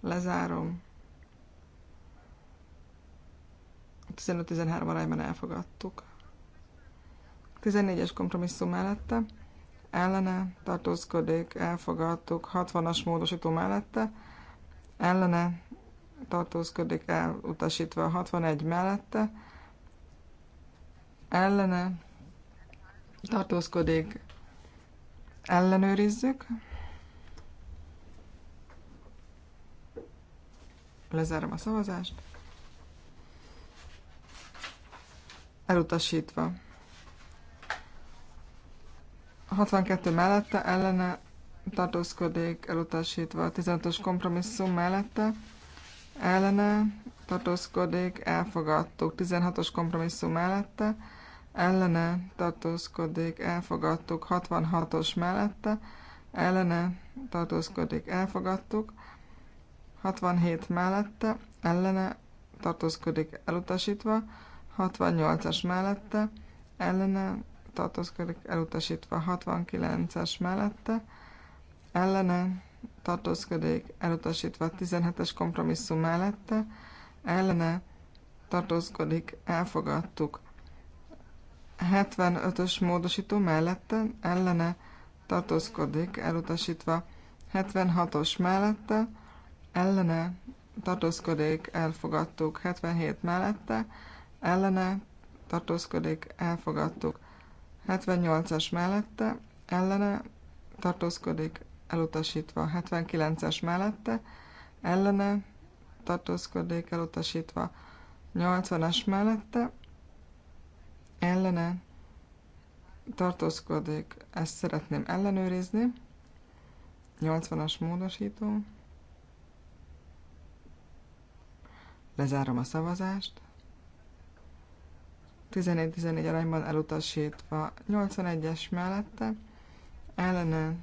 Lezárom. 15-13 arányban elfogadtuk. 14-es kompromisszum mellette, ellene tartózkodik, elfogadtuk, 60-as módosító mellette, ellene tartózkodik, elutasítva 61 mellette, ellene tartózkodik, ellenőrizzük. Lezárom a szavazást. Elutasítva. 62 mellette ellene tartózkodik, elutasítva. 15-ös kompromisszum mellette ellene tartózkodik, elfogadtuk. 16-os kompromisszum mellette ellene tartózkodik, elfogadtuk, 66-os mellette, ellene tartózkodik, elfogadtuk, 67 mellette, ellene tartózkodik, elutasítva, 68-as mellette, ellene tartózkodik, elutasítva, 69-es mellette, ellene tartózkodik, elutasítva, 17-es kompromisszum mellette, ellene tartózkodik, elfogadtuk, 75-ös módosító mellette ellene tartózkodik, elutasítva 76-os mellette ellene tartózkodik, elfogadtuk 77 mellette, ellene tartózkodik, elfogadtuk 78-as mellette, ellene tartózkodik, elutasítva 79-es mellette, ellene tartózkodik, elutasítva 80-as mellette, ellene tartózkodik, ezt szeretném ellenőrizni. 80-as módosító. Lezárom a szavazást. 14-14 arányban elutasítva 81-es mellette ellene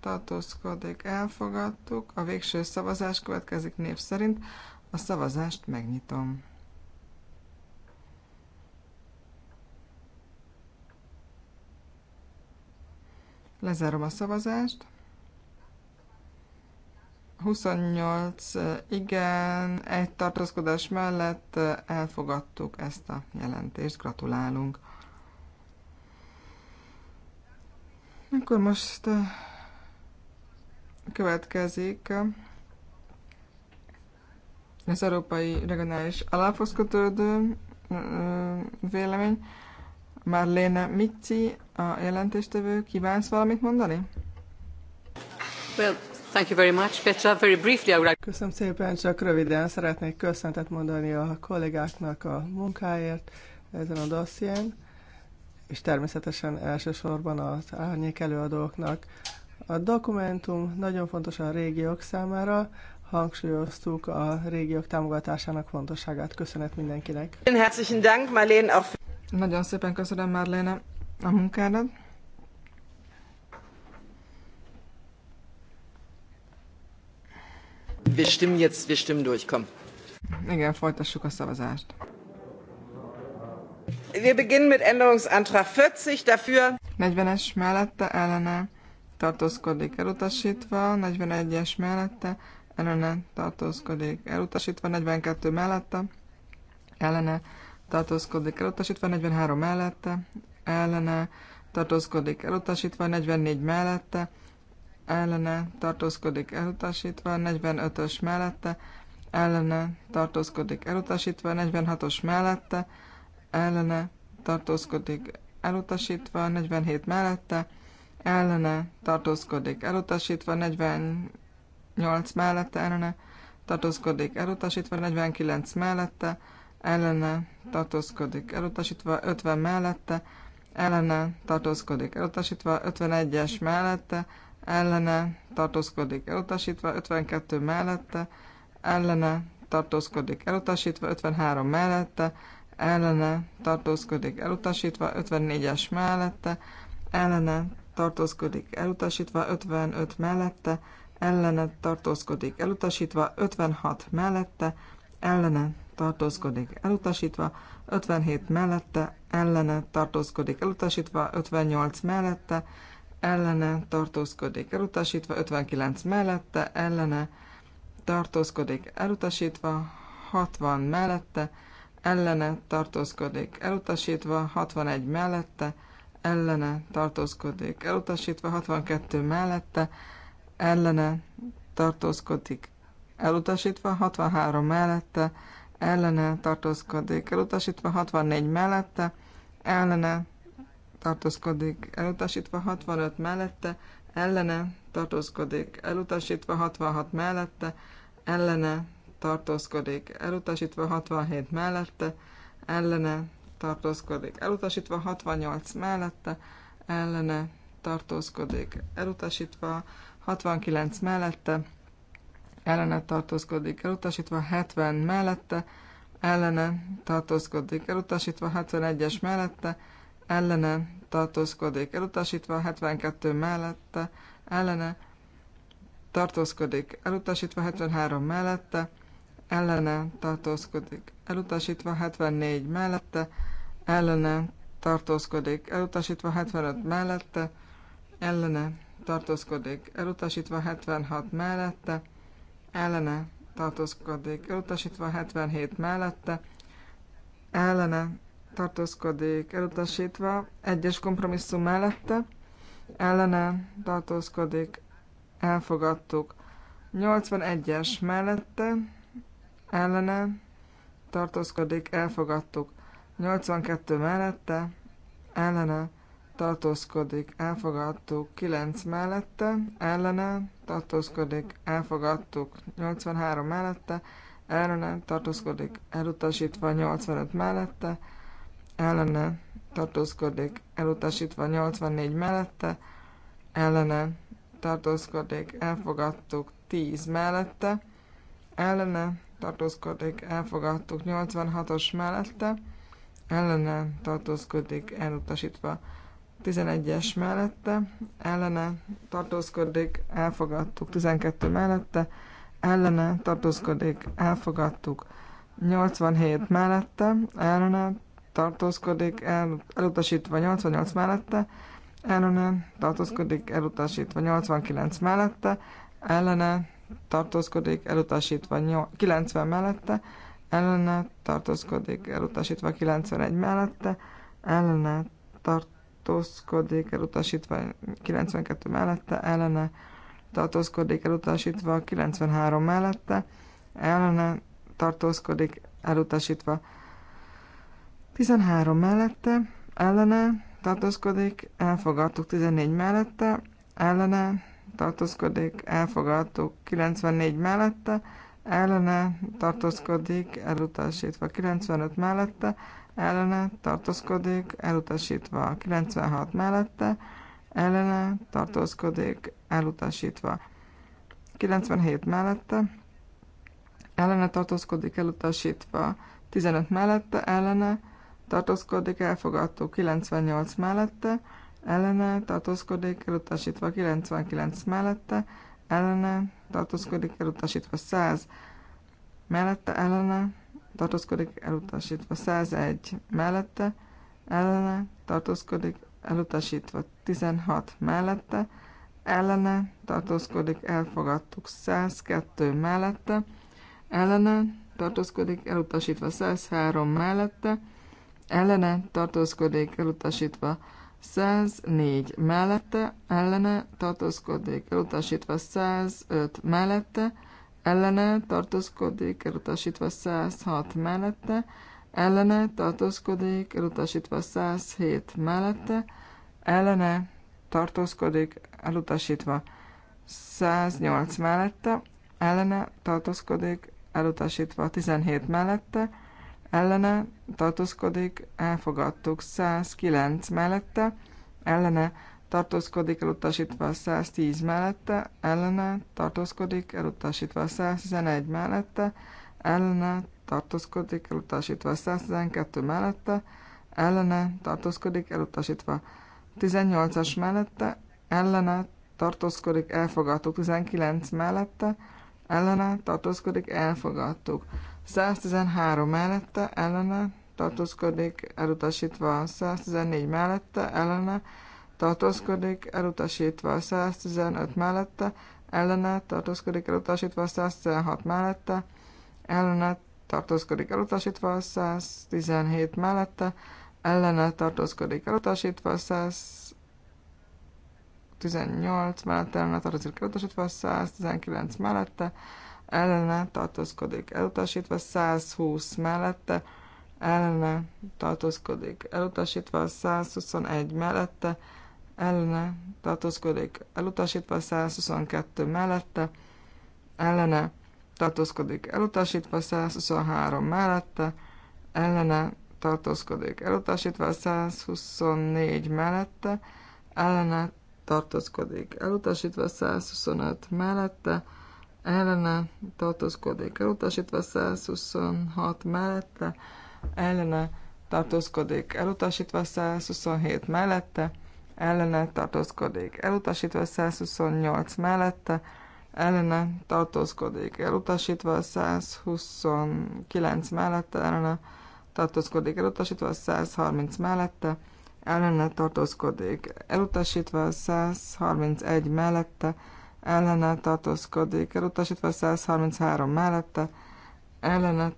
tartózkodik, elfogadtuk. A végső szavazás következik név szerint. A szavazást megnyitom. Lezárom a szavazást. 28 eh, igen, egy tartózkodás mellett eh, elfogadtuk ezt a jelentést. Gratulálunk. Akkor most eh, következik az Európai Regionális Alaphoz kötődő vélemény. Marlene Mici a jelentéstevő. Kívánsz valamit mondani? Well, thank you very much, Petra. Very briefly, I would like... Köszönöm szépen, csak röviden szeretnék köszöntet mondani a kollégáknak a munkáért ezen a dosszién, és természetesen elsősorban az árnyék előadóknak. A dokumentum nagyon fontos a régiók számára, hangsúlyoztuk a régiók támogatásának fontosságát. Köszönet mindenkinek! Nagyon szépen köszönöm, Marlene! a munkádat. Wir stimmen jetzt, wir stimmen durch, komm. Igen, folytassuk a szavazást. Wir beginnen mit Änderungsantrag 40 dafür. 40-es mellette ellene tartózkodik elutasítva, 41-es mellette ellene tartózkodik elutasítva, 42 mellette ellene tartózkodik elutasítva, 43 mellette ellene tartózkodik elutasítva, 44 mellette ellene tartózkodik elutasítva, 45-ös mellette ellene tartózkodik elutasítva, 46-os mellette ellene tartózkodik elutasítva, 47 mellette ellene tartózkodik elutasítva, 48 mellette ellene tartózkodik elutasítva, 49 mellette ellene tartózkodik elutasítva, 50 mellette ellene tartózkodik elutasítva, 51-es mellette ellene tartózkodik elutasítva, 52 mellette ellene tartózkodik elutasítva, 53 mellette ellene tartózkodik elutasítva, 54-es mellette ellene tartózkodik elutasítva, 55 mellette ellene tartózkodik elutasítva, 56 mellette ellene tartózkodik elutasítva, 57 mellette, ellene tartózkodik elutasítva, 58 mellette, ellene tartózkodik elutasítva, 59 mellette, ellene tartózkodik elutasítva, 60 mellette, ellene tartózkodik elutasítva, 61 mellette, ellene tartózkodik elutasítva, 62 mellette, ellene tartózkodik elutasítva, 63 mellette, ellene tartózkodik elutasítva, 64 mellette ellene tartózkodik elutasítva, 65 mellette ellene tartózkodik elutasítva, 66 mellette ellene tartózkodik elutasítva, 67 mellette ellene tartózkodik elutasítva, 68 mellette ellene tartózkodik elutasítva, 69 mellette ellene tartózkodik elutasítva, 70 mellette ellene tartózkodik elutasítva, 71-es mellette ellene tartózkodik elutasítva, 72 mellette ellene tartózkodik elutasítva, 73 mellette ellene tartózkodik elutasítva, 74 mellette ellene tartózkodik elutasítva, 75 mellette ellene tartózkodik elutasítva, 76 mellette ellene tartózkodik elutasítva, 77 mellette ellene tartózkodik elutasítva, egyes kompromisszum mellette ellene tartózkodik, elfogadtuk. 81-es mellette ellene tartózkodik, elfogadtuk. 82 mellette ellene tartózkodik, elfogadtuk 9 mellette, ellene tartózkodik, elfogadtuk 83 mellette, ellene tartózkodik, elutasítva 85 mellette, ellene tartózkodik, elutasítva 84 mellette, ellene tartózkodik, elfogadtuk 10 mellette, ellene tartózkodik, elfogadtuk 86-os mellette, ellene tartózkodik, elutasítva 11-es mellette, ellene tartózkodik, elfogadtuk. 12 mellette, ellene tartózkodik, elfogadtuk. 87 mellette, ellene tartózkodik, el, elutasítva 88 mellette, ellene tartózkodik, elutasítva 89 mellette, ellene tartózkodik, elutasítva 90 mellette, ellene tartózkodik, elutasítva 91 mellette, ellene tart tartózkodik, elutasítva 92 mellette, ellene tartózkodik, elutasítva 93 mellette, ellene tartózkodik, elutasítva 13 mellette, ellene tartózkodik, elfogadtuk 14 mellette, ellene tartózkodik, elfogadtuk 94 mellette, ellene tartózkodik, elutasítva 95 mellette, ellene tartózkodik, elutasítva. 96 mellette, ellene tartózkodik, elutasítva. 97 mellette, ellene tartózkodik, elutasítva. 15 mellette, ellene tartózkodik, elfogadó. 98 mellette, ellene tartózkodik, elutasítva. 99 mellette, ellene tartózkodik, elutasítva. 100 mellette, ellene tartózkodik, elutasítva 101 mellette, ellene tartózkodik, elutasítva 16 mellette, ellene tartózkodik, elfogadtuk 102 mellette, ellene tartózkodik, elutasítva 103 mellette, ellene tartózkodik, elutasítva 104 mellette, ellene tartózkodik, elutasítva 105 mellette, ellene tartózkodik, elutasítva 106 mellette, ellene tartózkodik, elutasítva 107 mellette, ellene tartózkodik, elutasítva 108 mellette, ellene tartózkodik, elutasítva 17 mellette, ellene tartózkodik, elfogadtuk 109 mellette, ellene tartózkodik, elutasítva a 110 mellette, ellene tartózkodik, elutasítva a 111 mellette, ellene tartózkodik, elutasítva a 112 mellette, ellene tartózkodik, elutasítva 18-as mellette, ellene tartózkodik, elfogadtuk 19 mellette, ellene tartózkodik, elfogadtuk 113 mellette, ellene tartózkodik, elutasítva 114 mellette, ellene tartózkodik, elutasítva 115 mellette, ellene tartózkodik, elutasítva 116 mellette, ellene tartózkodik, elutasítva 117 mellette, ellene tartózkodik, elutasítva 118 mellette, ellene tartózkodik, elutasítva 119 mellette, ellene tartózkodik, elutasítva 120 mellette, ellene tartózkodik, elutasítva 121 mellette, ellene tartózkodik elutasítva, 122 mellette ellene tartózkodik elutasítva, 123 mellette ellene tartózkodik elutasítva, 124 mellette ellene tartózkodik elutasítva, 125 mellette ellene tartózkodik elutasítva, 126 mellette ellene tartózkodik elutasítva, 127 mellette ellene tartózkodik, elutasítva 128 mellette, ellene tartózkodik, elutasítva 129 mellette, ellene tartózkodik, elutasítva 130 mellette, ellene tartózkodik, elutasítva 131 mellette, ellene tartózkodik, elutasítva 133 mellette, ellene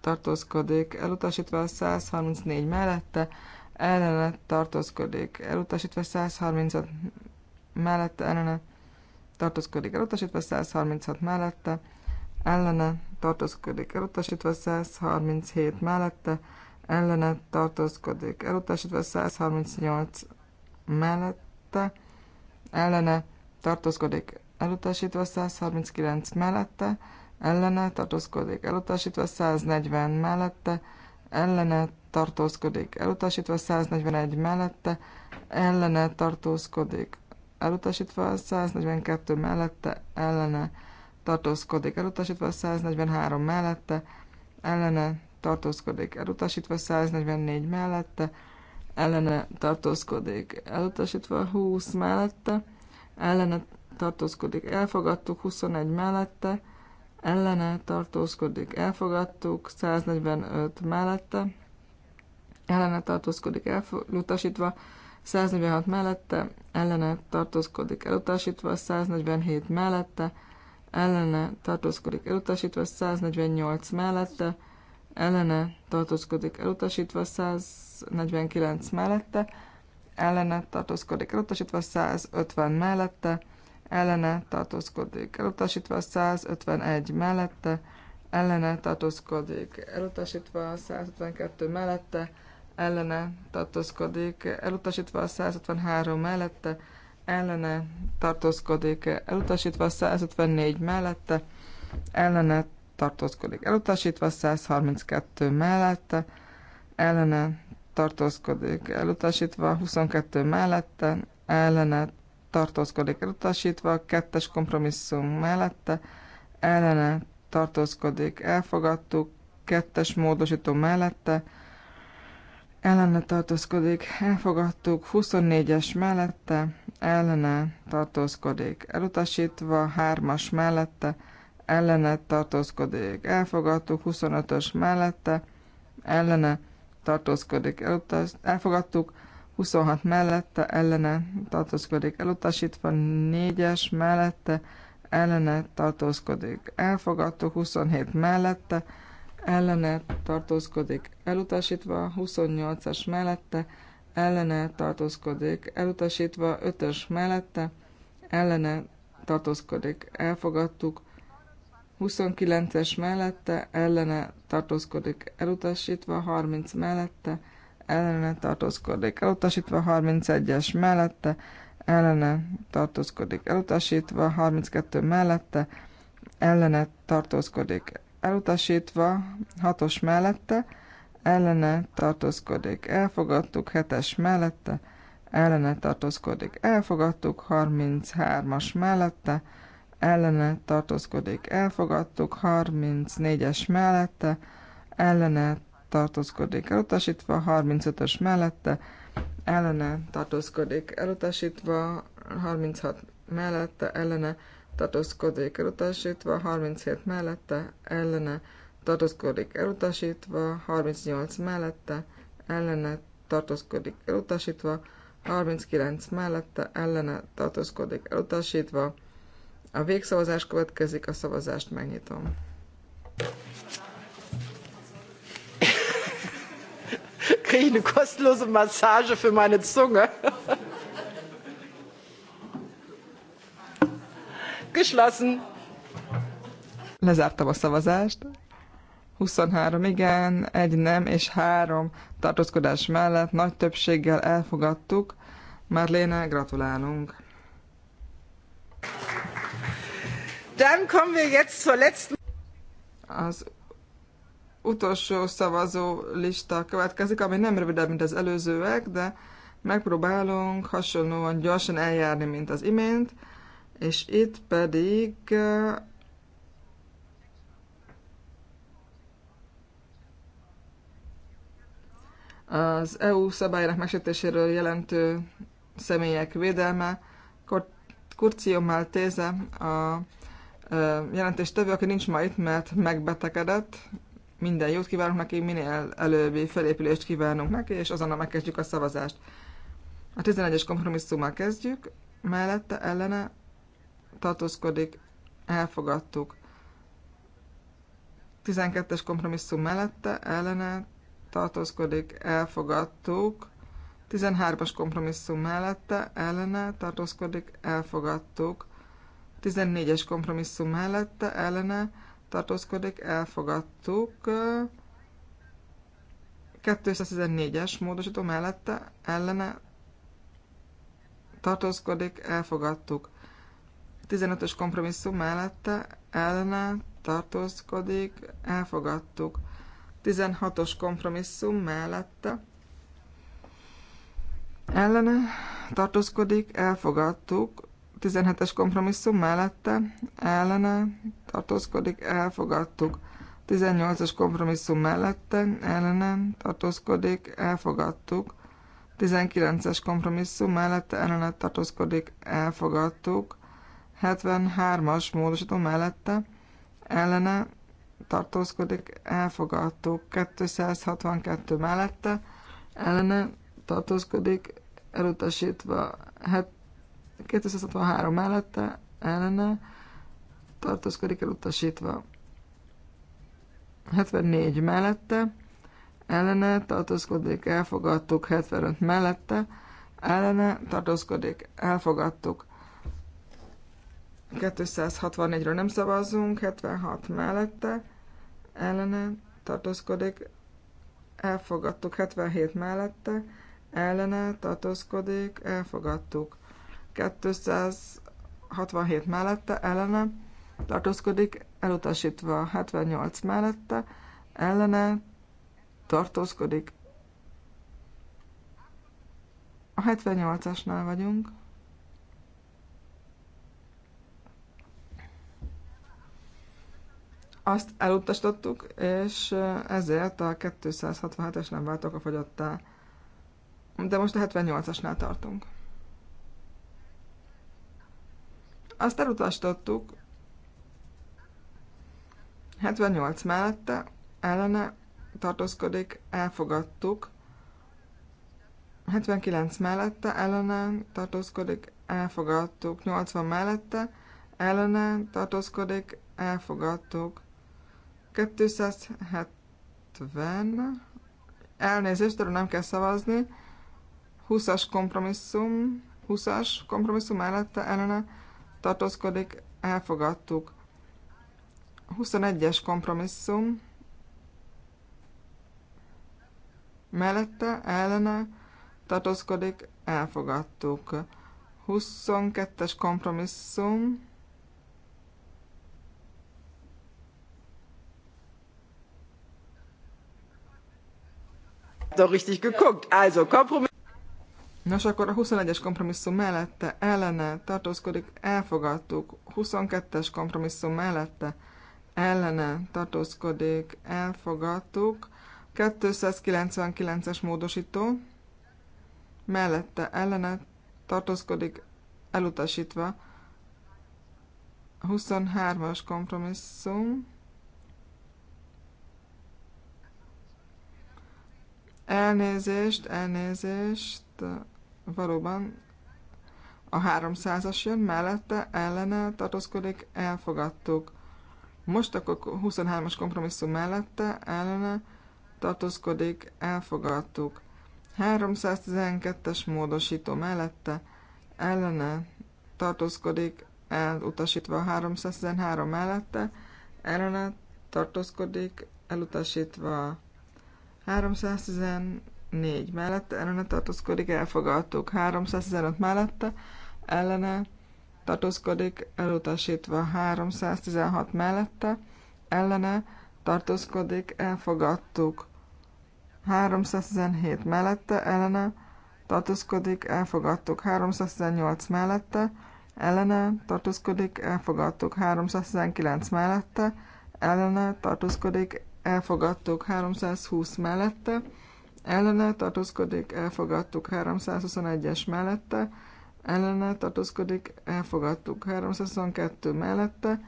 tartózkodik, elutasítva 134 mellette, ellene tartózkodik elutasítva 136 mellette, ellene tartózkodik elutasítva 136 mellette, ellene tartózkodik elutasítva 137 mellette, ellene tartózkodik elutasítva 138 mellette, ellene tartózkodik elutasítva 139 mellette, ellene tartózkodik elutasítva 140 mellette, ellene tartózkodik, elutasítva 141 mellette, ellene tartózkodik, elutasítva 142 mellette, ellene tartózkodik, elutasítva 143 mellette, ellene tartózkodik, elutasítva 144 mellette, ellene tartózkodik, elutasítva 20 mellette, ellene tartózkodik, elfogadtuk 21 mellette, ellene tartózkodik, elfogadtuk 145 mellette, ellene tartózkodik elutasítva, 146 mellette, ellene tartózkodik elutasítva, 147 mellette, ellene tartózkodik elutasítva, 148 mellette, ellene tartózkodik elutasítva, 149 mellette, ellene tartózkodik elutasítva, 150 mellette, ellene tartózkodik elutasítva, 151 mellette, ellene tartózkodik elutasítva, 152 mellette, ellene tartózkodik, elutasítva a 153 mellette, ellene tartózkodik, elutasítva a 154 mellette, ellene tartózkodik, elutasítva a 132 mellette, ellene tartózkodik, elutasítva 22 mellette, ellene tartózkodik, elutasítva kettes kompromisszum mellette, ellene tartózkodik, elfogadtuk, kettes módosító mellette, ellene tartózkodik, elfogadtuk, 24-es mellette, ellene tartózkodik, elutasítva, 3-as mellette, ellene tartózkodik, elfogadtuk, 25-ös mellette, ellene tartózkodik, elutas, elfogadtuk, 26 mellette, ellene tartózkodik, elutasítva, 4-es mellette, ellene tartózkodik, elfogadtuk, 27 mellette, ellene tartózkodik elutasítva, 28-as mellette ellene tartózkodik elutasítva, 5-ös mellette ellene tartózkodik elfogadtuk, 29-es mellette ellene tartózkodik elutasítva, 30 mellette ellene tartózkodik elutasítva, 31-es mellette ellene tartózkodik elutasítva, 32 mellette ellene tartózkodik elutasítva, hatos mellette, ellene tartózkodik, elfogadtuk, hetes mellette, ellene tartózkodik, elfogadtuk, 33-as mellette, ellene tartózkodik, elfogadtuk, 34-es mellette, ellene tartózkodik, elutasítva, 35-ös mellette, ellene tartózkodik, elutasítva, 36 mellette, ellene tartózkodik elutasítva, 37 mellette, ellene tartózkodik elutasítva, 38 mellette, ellene tartózkodik elutasítva, 39 mellette, ellene tartózkodik elutasítva. A végszavazás következik, a szavazást megnyitom. Kriege eine kostenlose Massage für meine Zunge. Geschlossen. Lezártam a szavazást. 23 igen, egy nem és három tartózkodás mellett nagy többséggel elfogadtuk. Marléne, gratulálunk! Dann kommen wir jetzt zur letzten... Az utolsó szavazó lista következik, ami nem rövidebb, mint az előzőek, de megpróbálunk hasonlóan gyorsan eljárni, mint az imént és itt pedig az EU szabályának megsértéséről jelentő személyek védelme, Kurcio Maltese a jelentéstevő, aki nincs ma itt, mert megbetegedett. Minden jót kívánunk neki, minél előbbi felépülést kívánunk neki, és azonnal megkezdjük a szavazást. A 11-es kompromisszummal kezdjük, mellette ellene tartózkodik, elfogadtuk. 12-es kompromisszum mellette, ellene tartózkodik, elfogadtuk. 13-as kompromisszum mellette, ellene tartózkodik, elfogadtuk. 14-es kompromisszum mellette, ellene tartózkodik, elfogadtuk. 214-es módosító mellette, ellene tartózkodik, elfogadtuk. 15-ös kompromisszum mellette ellene tartózkodik, elfogadtuk. 16-os kompromisszum mellette ellene tartózkodik, elfogadtuk. 17-es kompromisszum mellette ellene tartózkodik, elfogadtuk. 18-as kompromisszum mellette ellene tartózkodik, elfogadtuk. 19-es kompromisszum mellette ellene tartózkodik, elfogadtuk. 73-as módosító mellette ellene tartózkodik, elfogadható 262 mellette ellene tartózkodik, elutasítva. 263 mellette ellene tartózkodik, elutasítva. 74 mellette ellene tartózkodik, elfogadtuk. 75 mellette ellene tartózkodik, elfogadtuk. 264-ről nem szavazzunk, 76 mellette, ellene tartózkodik, elfogadtuk 77 mellette, ellene tartózkodik, elfogadtuk. 267 mellette, ellene tartózkodik, elutasítva 78 mellette, ellene tartózkodik. A 78-asnál vagyunk. azt elutasítottuk, és ezért a 267-es nem váltok a fogyottá. De most a 78-asnál tartunk. Azt elutasítottuk 78 mellette, ellene tartózkodik, elfogadtuk. 79 mellette, ellene tartózkodik, elfogadtuk. 80 mellette, ellene tartózkodik, elfogadtuk. 270. Elnézést, erről nem kell szavazni. 20-as kompromisszum. 20-as kompromisszum mellette ellene tartózkodik. Elfogadtuk. 21-es kompromisszum. Mellette ellene tartózkodik. Elfogadtuk. 22-es kompromisszum Doch richtig geguckt. Also, kompromiss. Nos, akkor a 21-es kompromisszum mellette ellene tartózkodik, elfogadtuk. 22-es kompromisszum mellette ellene tartózkodik, elfogadtuk. 299-es módosító mellette ellene tartózkodik, elutasítva. 23-as kompromisszum Elnézést, elnézést, valóban a 300-as jön, mellette ellene tartózkodik, elfogadtuk. Most akkor 23-as kompromisszum mellette ellene tartózkodik, elfogadtuk. 312-es módosító mellette ellene tartózkodik, elutasítva a 313 mellette, ellene tartózkodik, elutasítva 314 mellette ellene tartózkodik, elfogadtuk. 315 mellette ellene tartózkodik, elutasítva. 316 mellette ellene tartózkodik, elfogadtuk. 317 mellette ellene tartózkodik, elfogadtuk. 318 mellette ellene tartózkodik, elfogadtuk. 319 mellette ellene tartózkodik, elfogadtuk 320 mellette, ellene tartózkodik, elfogadtuk 321-es mellette, ellene tartózkodik, elfogadtuk 322 mellette,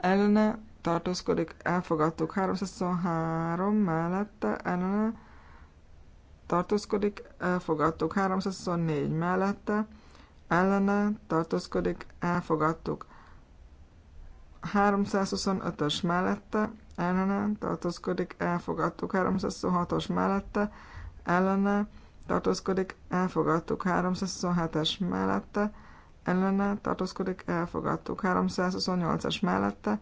ellene tartózkodik, elfogadtuk 323 mellette, ellene tartózkodik, elfogadtuk 324 mellette, ellene tartózkodik, elfogadtuk 325-ös mellette, ellene tartózkodik, elfogadtuk 326-os mellette, ellene tartózkodik, elfogadtuk 327-es mellette, ellene tartózkodik, elfogadtuk 328-as mellette,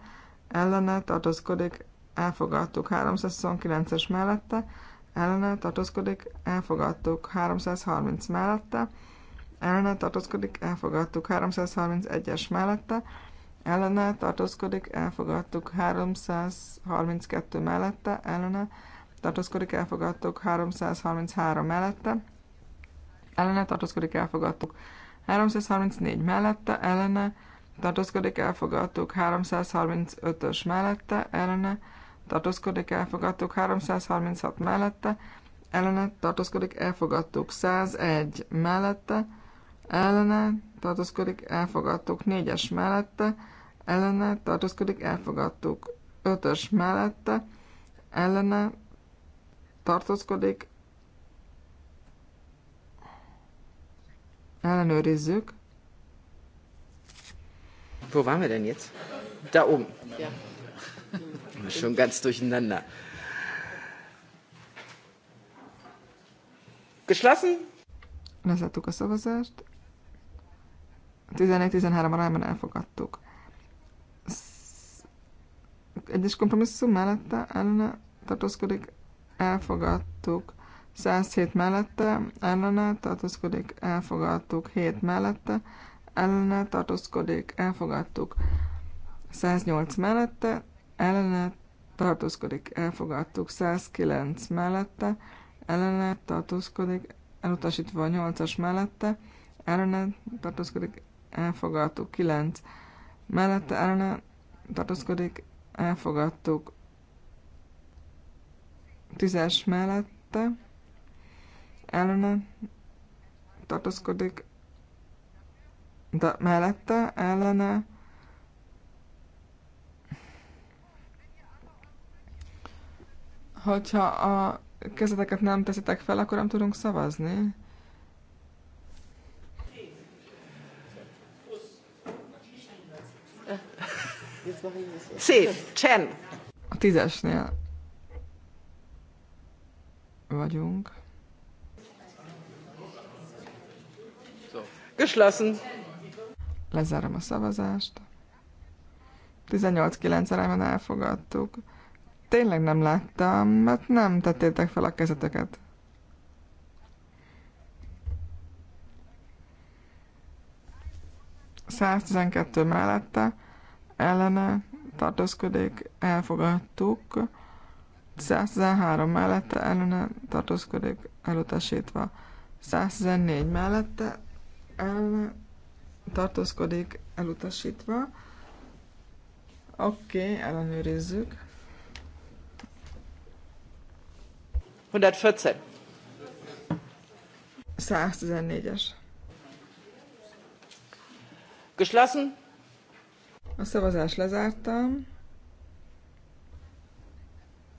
ellene tartózkodik, elfogadtuk 329-es mellette, ellene tartózkodik, elfogadtuk 330 mellette, ellene tartózkodik, elfogadtuk 331-es mellette, ellene tartózkodik, elfogadtuk 332 mellette, ellene tartózkodik, elfogadtuk 333 mellette, ellene tartózkodik, elfogadtuk 334 mellette, ellene tartózkodik, elfogadtuk 335-ös mellette, ellene tartózkodik, elfogadtuk 336 mellette, ellene tartózkodik, elfogadtuk 101 mellette, ellene tartózkodik, elfogadtuk 4-es mellette, ellene tartózkodik, elfogadtuk. ötös mellette ellene tartózkodik, ellenőrizzük. Wo waren wir denn jetzt? Da oben. Ja. Schon ganz durcheinander. Geschlossen? Lezártuk a szavazást. 11-13 arányban elfogadtuk egyes kompromisszum mellette ellene tartózkodik, elfogadtuk. 107 mellette ellene tartózkodik, elfogadtuk. 7 mellette ellene tartózkodik, elfogadtuk. 108 mellette ellene tartózkodik, elfogadtuk. 109 mellette ellene tartózkodik, elutasítva a 8-as mellette ellene tartózkodik, elfogadtuk. 9 mellette ellene tartózkodik, elfogadtuk tízes mellette, ellene tartózkodik, de mellette, ellene hogyha a kezeteket nem teszitek fel, akkor nem tudunk szavazni. Szép, csend. A tízesnél vagyunk. Köszönöm. Lezárom a szavazást. 18-9 arányban elfogadtuk. Tényleg nem láttam, mert nem tettétek fel a kezeteket. Száztizenkettő mellette, ellene tartózkodik, elfogadtuk. 113 mellette ellene tartózkodik, elutasítva. 114 mellette ellene tartózkodik, elutasítva. Oké, okay, ellenőrizzük. 114. 114-es. Geschlossen. A szavazást lezártam.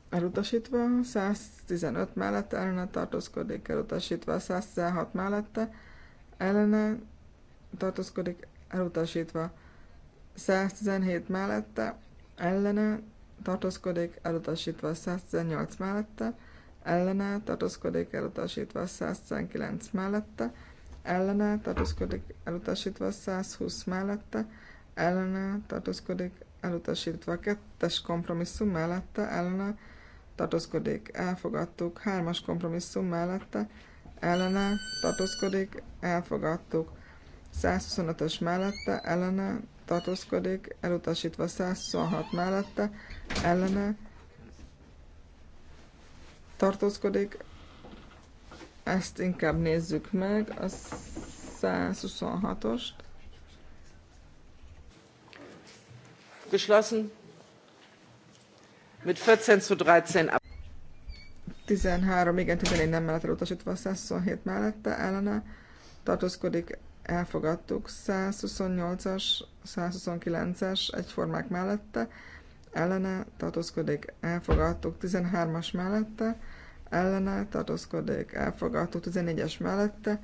Elutasítva 115 mellett ellene tartózkodik, elutasítva 116 mellette ellene tartózkodik, elutasítva 117 mellette ellene tartózkodik, elutasítva 118 mellette ellene tartózkodik, elutasítva 119 mellette ellene tartózkodik, elutasítva 120 mellette ellene tartózkodik, elutasítva. Kettes kompromisszum mellette ellene tartózkodik, elfogadtuk. Hármas kompromisszum mellette ellene tartózkodik, elfogadtuk. 125-ös mellette ellene tartózkodik, elutasítva 126 mellette ellene tartózkodik. Ezt inkább nézzük meg, a 126-ost. Geschlossen. Mit 14 zu 13 ab. 13, igen, 14 nem mellett elutasítva, 127 mellette ellene tartózkodik, elfogadtuk. 128-as, 129-es egyformák mellette ellene tartózkodik, elfogadtuk. 13-as mellette ellene tartózkodik, elfogadtuk. 14-es mellette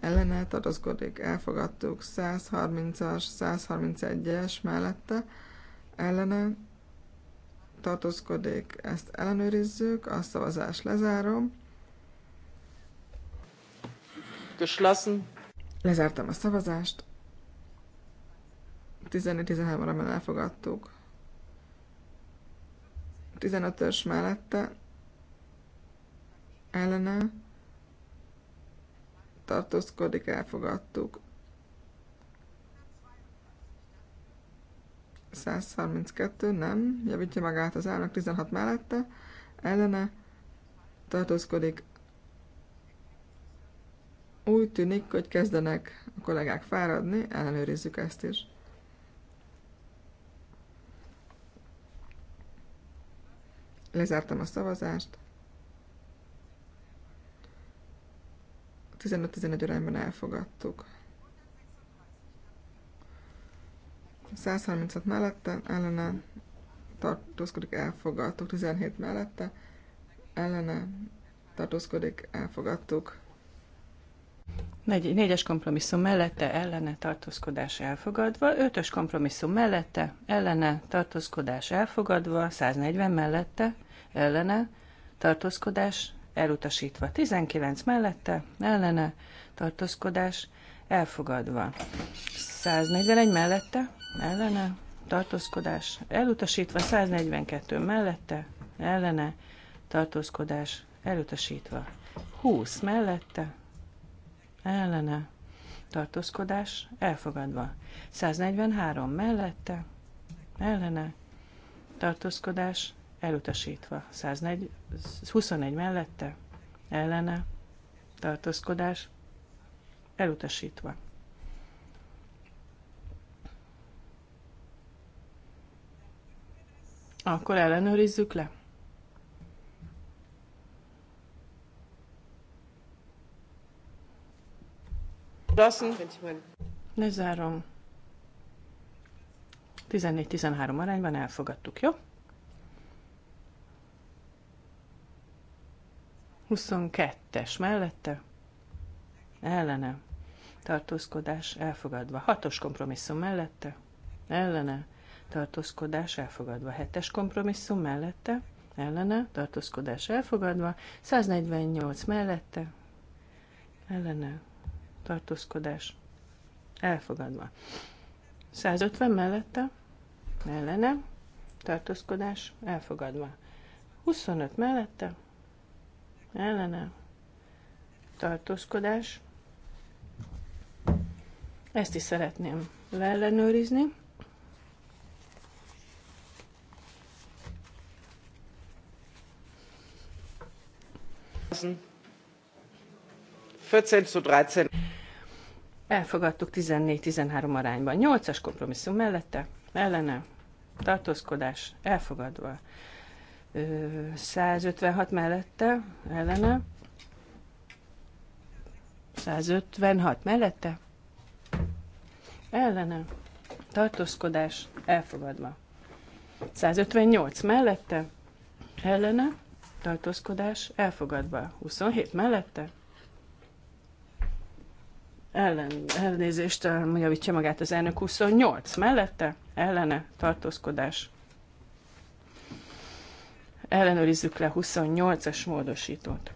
ellene tartózkodik, elfogadtuk. 130-as, 131-es mellette ellene tartózkodik, ezt ellenőrizzük, a szavazás lezárom. Geschlossen. Lezártam a szavazást. 14-13-ra már elfogadtuk. 15-ös mellette ellene tartózkodik, elfogadtuk. 132, nem, javítja magát az állnak 16 mellette, ellene tartózkodik. Úgy tűnik, hogy kezdenek a kollégák fáradni, ellenőrizzük ezt is. Lezártam a szavazást. 15-11 arányban elfogadtuk. 136 mellette, ellene tartózkodik, elfogadtuk. 17 mellette, ellene tartózkodik, elfogadtuk. Negy, négyes kompromisszum mellette, ellene, tartózkodás elfogadva. Ötös kompromisszum mellette, ellene, tartózkodás elfogadva. 140 mellette, ellene, tartózkodás elutasítva. 19 mellette, ellene, tartózkodás elfogadva. 141 mellette, ellene, tartózkodás elutasítva, 142 mellette, ellene, tartózkodás elutasítva, 20 mellette, ellene, tartózkodás elfogadva, 143 mellette, ellene, tartózkodás elutasítva, 104, 21 mellette, ellene, tartózkodás elutasítva. Akkor ellenőrizzük le. Lezárom. 14-13 arányban elfogadtuk, jó? 22-es mellette ellene tartózkodás elfogadva. 6-os kompromisszum mellette ellene tartózkodás elfogadva. Hetes kompromisszum mellette, ellene, tartózkodás elfogadva. 148 mellette, ellene, tartózkodás elfogadva. 150 mellette, ellene, tartózkodás elfogadva. 25 mellette, ellene, tartózkodás. Ezt is szeretném leellenőrizni. geschlossen. 14 zu 13. Elfogadtuk 14-13 arányban. 8-as kompromisszum mellette, ellene, tartózkodás, elfogadva. 156 mellette, ellene. 156 mellette, ellene, tartózkodás, elfogadva. 158 mellette, ellene, tartózkodás elfogadva. 27 mellette ellen, elnézést eh, javítja magát az elnök 28 mellette, ellene tartózkodás. Ellenőrizzük le 28-as módosítót.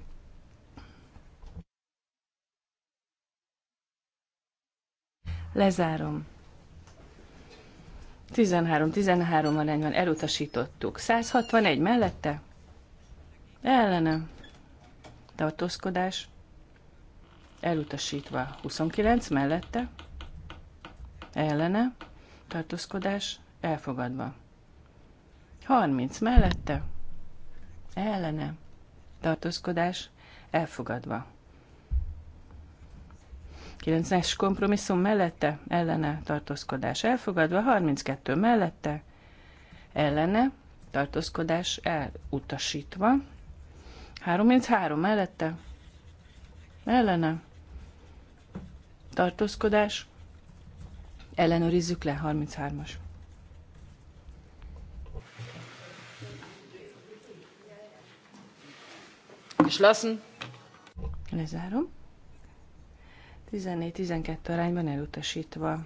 Lezárom. 13-13 arányban elutasítottuk. 161 mellette, ellene tartózkodás elutasítva 29 mellette ellene tartózkodás elfogadva 30 mellette ellene tartózkodás elfogadva 9-es kompromisszum mellette ellene tartózkodás elfogadva 32 mellette ellene tartózkodás elutasítva 333 mellette. Ellene. Tartózkodás. Ellenőrizzük le 33-as. Geschlossen. Lezárom. 14-12 arányban elutasítva.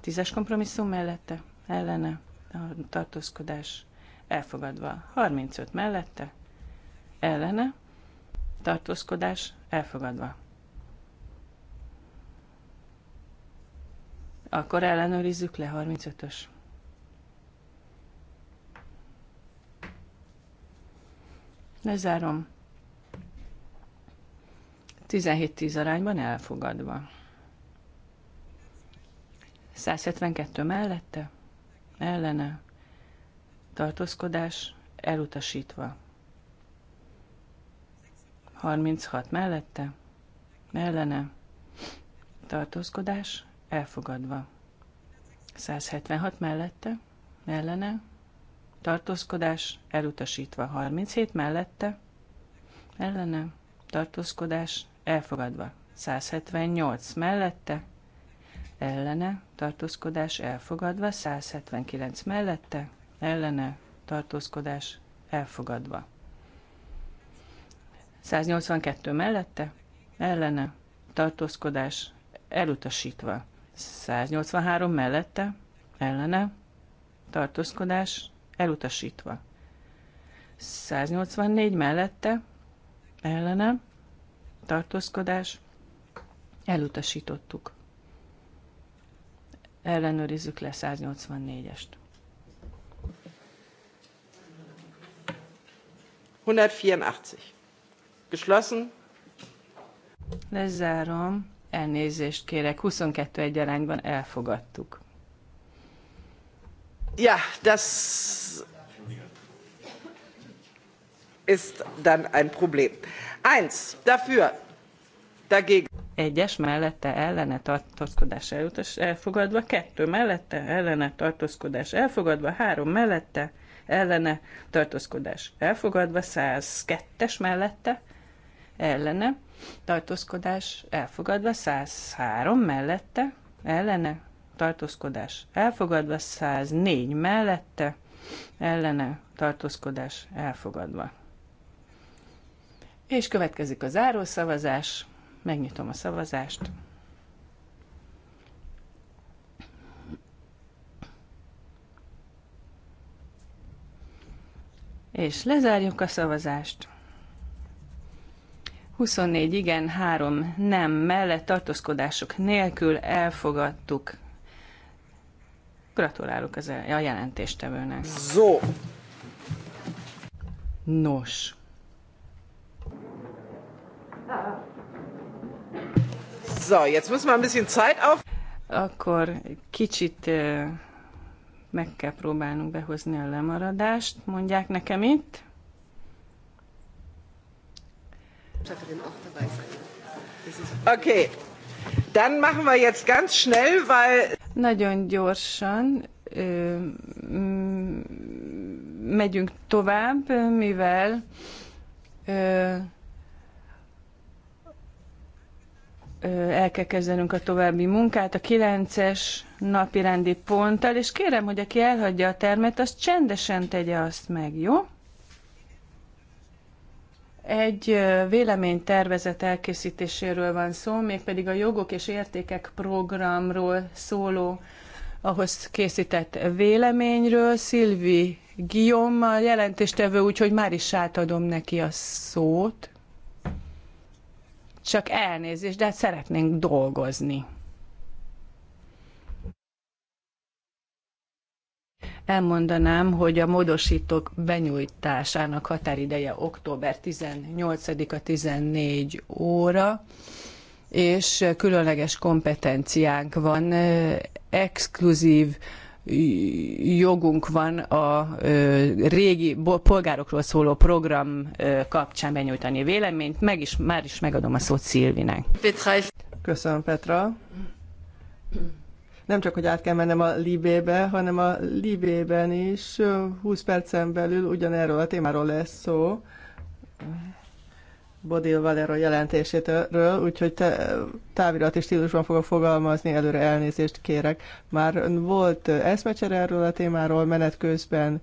Tízes kompromisszum mellette, ellene, a tartózkodás elfogadva. 35 mellette, ellene, tartózkodás elfogadva. Akkor ellenőrizzük le 35-ös. Lezárom. 17-10 arányban elfogadva. 172 mellette, ellene, tartózkodás elutasítva. 36 mellette, ellene, tartózkodás, elfogadva. 176 mellette, ellene, tartózkodás, elutasítva. 37 mellette, ellene, tartózkodás, elfogadva. 178 mellette, ellene, tartózkodás, elfogadva. 179 mellette, ellene, tartózkodás, elfogadva. 182 mellette, ellene, tartózkodás elutasítva. 183 mellette, ellene, tartózkodás elutasítva. 184 mellette, ellene, tartózkodás elutasítottuk. Ellenőrizzük le 184-est. 184. Geschlossen. Lezárom. Elnézést kérek. 22 egy arányban elfogadtuk. Ja, das ist dann ein Problem. Eins, dafür, dagegen. Egyes mellette ellene tartózkodás elfogadva, kettő mellette ellene tartózkodás elfogadva, három mellette ellene tartózkodás elfogadva, 102-es mellette ellene, tartózkodás elfogadva, 103 mellette, ellene, tartózkodás elfogadva, 104 mellette, ellene, tartózkodás elfogadva. És következik a záró szavazás. Megnyitom a szavazást. És lezárjuk a szavazást. 24 igen, 3 nem mellett tartózkodások nélkül elfogadtuk. Gratulálok az a jelentéstevőnek. Zó! Nos. So, jetzt müssen wir ein bisschen Zeit auf. Akkor kicsit meg kell próbálnunk behozni a lemaradást, mondják nekem itt. Okay. Dann machen wir jetzt ganz schnell, weil nagyon gyorsan ö, megyünk tovább, mivel ö, el kell kezdenünk a további munkát a 9-es napi rendi ponttal, és kérem, hogy aki elhagyja a termet, az csendesen tegye azt meg, jó? Egy véleménytervezet elkészítéséről van szó, mégpedig a jogok és értékek programról szóló, ahhoz készített véleményről. Szilvi Guillaume a jelentéstevő, úgyhogy már is átadom neki a szót. Csak elnézést, de hát szeretnénk dolgozni. Elmondanám, hogy a módosítók benyújtásának határideje október 18-a 14 óra, és különleges kompetenciánk van, exkluzív jogunk van a régi polgárokról szóló program kapcsán benyújtani véleményt. Meg is, már is megadom a szót Szilvinek. Köszönöm, Petra nem csak, hogy át kell mennem a Libébe, hanem a Libében is 20 percen belül ugyanerről a témáról lesz szó. Bodil Valero jelentésétől, úgyhogy te, távirati stílusban fogok fogalmazni, előre elnézést kérek. Már volt eszmecsere erről a témáról, menet közben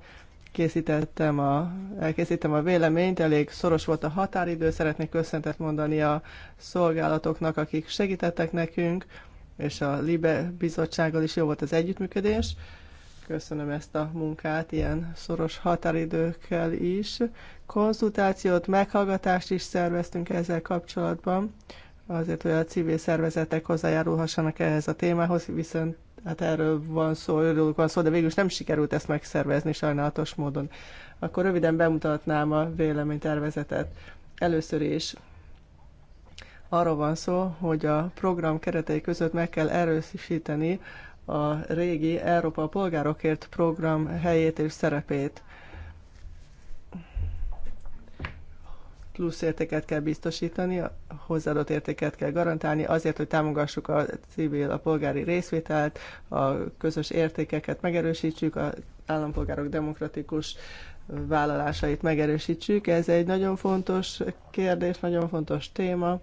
készítettem a, elkészítettem a véleményt, elég szoros volt a határidő, szeretnék köszöntet mondani a szolgálatoknak, akik segítettek nekünk és a LIBE bizottsággal is jó volt az együttműködés. Köszönöm ezt a munkát ilyen szoros határidőkkel is. Konzultációt, meghallgatást is szerveztünk ezzel kapcsolatban, azért, hogy a civil szervezetek hozzájárulhassanak ehhez a témához, viszont hát erről van szó, örülök van szó, de végül is nem sikerült ezt megszervezni sajnálatos módon. Akkor röviden bemutatnám a véleménytervezetet. Először is Arról van szó, hogy a program keretei között meg kell erősíteni a régi Európa Polgárokért program helyét és szerepét. plusz értéket kell biztosítani, hozzáadott értéket kell garantálni, azért, hogy támogassuk a civil, a polgári részvételt, a közös értékeket megerősítsük, az állampolgárok demokratikus vállalásait megerősítsük. Ez egy nagyon fontos kérdés, nagyon fontos téma.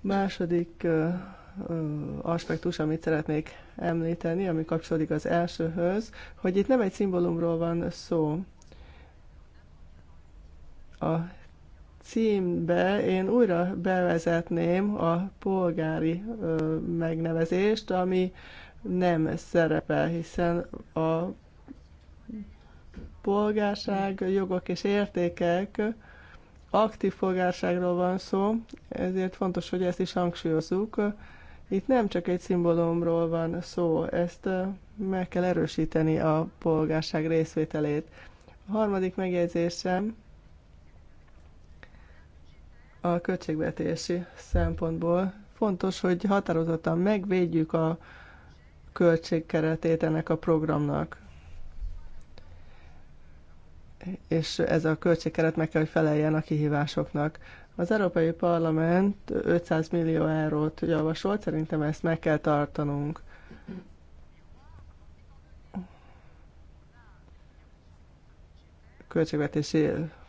Második aspektus, amit szeretnék említeni, ami kapcsolódik az elsőhöz, hogy itt nem egy szimbólumról van szó. A címbe én újra bevezetném a polgári ö, megnevezést, ami nem szerepel, hiszen a polgárság, jogok és értékek aktív polgárságról van szó, ezért fontos, hogy ezt is hangsúlyozzuk. Itt nem csak egy szimbólumról van szó, ezt meg kell erősíteni a polgárság részvételét. A harmadik megjegyzésem a költségvetési szempontból fontos, hogy határozottan megvédjük a költségkeretét ennek a programnak és ez a költségkeret meg kell, hogy feleljen a kihívásoknak. Az Európai Parlament 500 millió eurót javasolt, szerintem ezt meg kell tartanunk. Költségvetési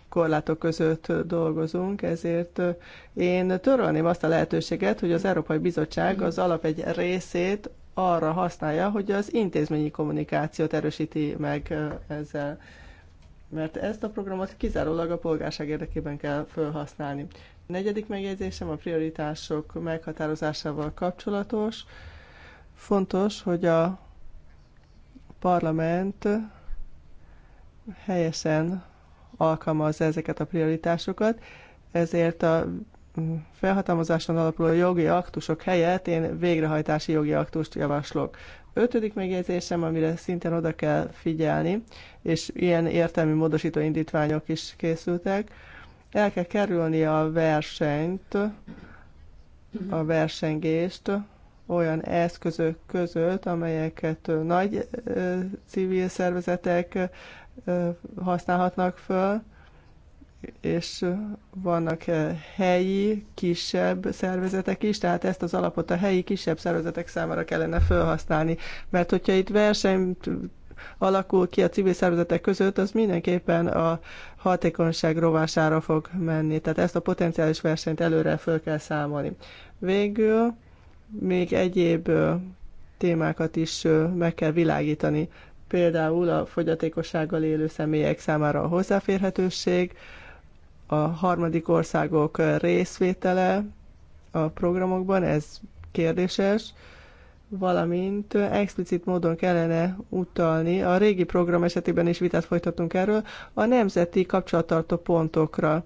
korlátok között dolgozunk, ezért én törölném azt a lehetőséget, hogy az Európai Bizottság az alap egy részét arra használja, hogy az intézményi kommunikációt erősíti meg ezzel mert ezt a programot kizárólag a polgárság érdekében kell felhasználni. A negyedik megjegyzésem a prioritások meghatározásával kapcsolatos. Fontos, hogy a parlament helyesen alkalmazza ezeket a prioritásokat, ezért a felhatalmazáson alapuló jogi aktusok helyett én végrehajtási jogi aktust javaslok. Ötödik megjegyzésem, amire szintén oda kell figyelni, és ilyen értelmi módosító indítványok is készültek, el kell kerülni a versenyt, a versengést olyan eszközök között, amelyeket nagy civil szervezetek használhatnak föl, és vannak helyi, kisebb szervezetek is, tehát ezt az alapot a helyi, kisebb szervezetek számára kellene felhasználni. Mert hogyha itt verseny alakul ki a civil szervezetek között, az mindenképpen a hatékonyság rovására fog menni. Tehát ezt a potenciális versenyt előre föl kell számolni. Végül még egyéb témákat is meg kell világítani. Például a fogyatékossággal élő személyek számára a hozzáférhetőség, a harmadik országok részvétele a programokban, ez kérdéses, valamint explicit módon kellene utalni, a régi program esetében is vitát folytatunk erről, a nemzeti kapcsolattartó pontokra,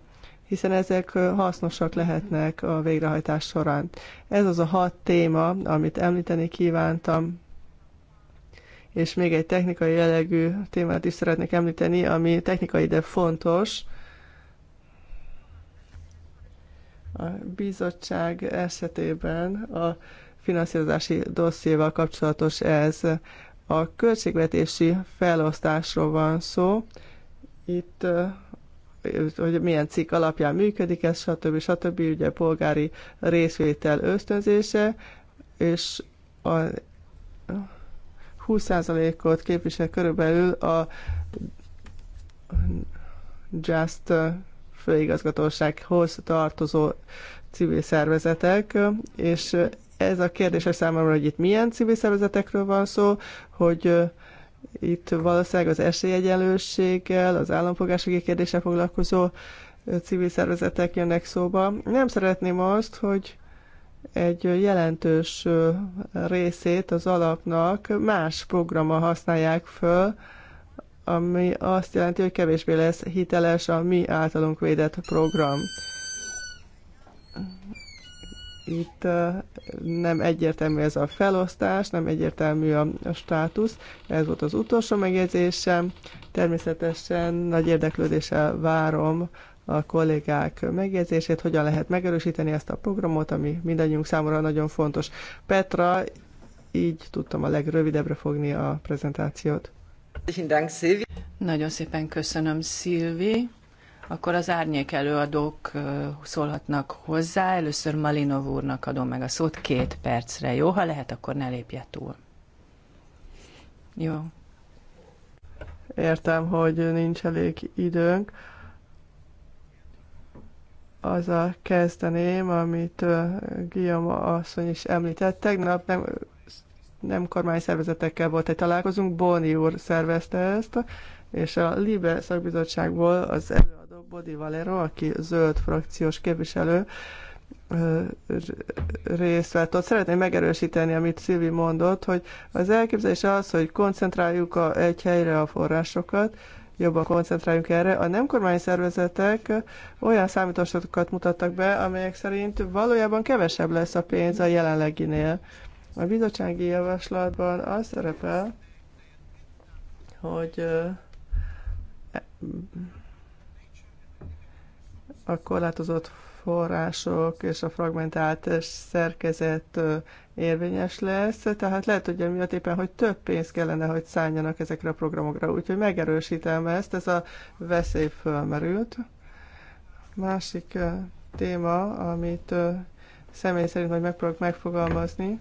hiszen ezek hasznosak lehetnek a végrehajtás során. Ez az a hat téma, amit említeni kívántam, és még egy technikai jellegű témát is szeretnék említeni, ami technikai, de fontos, A bizottság esetében a finanszírozási dossziéval kapcsolatos ez. A költségvetési felosztásról van szó. Itt hogy milyen cikk alapján működik ez, stb. stb. Ugye polgári részvétel ösztönzése, és a 20%-ot képvisel körülbelül a Just főigazgatósághoz tartozó civil szervezetek, és ez a kérdéses számomra, hogy itt milyen civil szervezetekről van szó, hogy itt valószínűleg az esélyegyenlősséggel, az állampolgársági kérdéssel foglalkozó civil szervezetek jönnek szóba. Nem szeretném azt, hogy egy jelentős részét az alapnak más programa használják föl, ami azt jelenti, hogy kevésbé lesz hiteles a mi általunk védett program. Itt nem egyértelmű ez a felosztás, nem egyértelmű a, a státusz. Ez volt az utolsó megjegyzésem. Természetesen nagy érdeklődéssel várom a kollégák megjegyzését, hogyan lehet megerősíteni ezt a programot, ami mindannyiunk számára nagyon fontos. Petra, így tudtam a legrövidebbre fogni a prezentációt. Nagyon szépen köszönöm, Szilvi. Akkor az árnyék előadók szólhatnak hozzá. Először Malinov úrnak adom meg a szót két percre. Jó, ha lehet, akkor ne lépje túl. Jó. Értem, hogy nincs elég időnk. Azzal kezdeném, amit Guillaume asszony is említett. Tegnap nem nem kormány szervezetekkel volt egy találkozunk, Boni úr szervezte ezt, és a Libe szakbizottságból az előadó Bodi Valero, aki zöld frakciós képviselő, részt vett. Ott szeretném megerősíteni, amit Szilvi mondott, hogy az elképzelés az, hogy koncentráljuk a, egy helyre a forrásokat, jobban koncentráljunk erre. A nem kormány szervezetek olyan számításokat mutattak be, amelyek szerint valójában kevesebb lesz a pénz a jelenleginél. A bizottsági javaslatban az szerepel, hogy e, a korlátozott források és a fragmentált szerkezet érvényes lesz, tehát lehet, hogy emiatt éppen, hogy több pénzt kellene, hogy szálljanak ezekre a programokra. Úgyhogy megerősítem ezt, ez a veszély fölmerült. Másik téma, amit személy szerint majd megpróbálok megfogalmazni,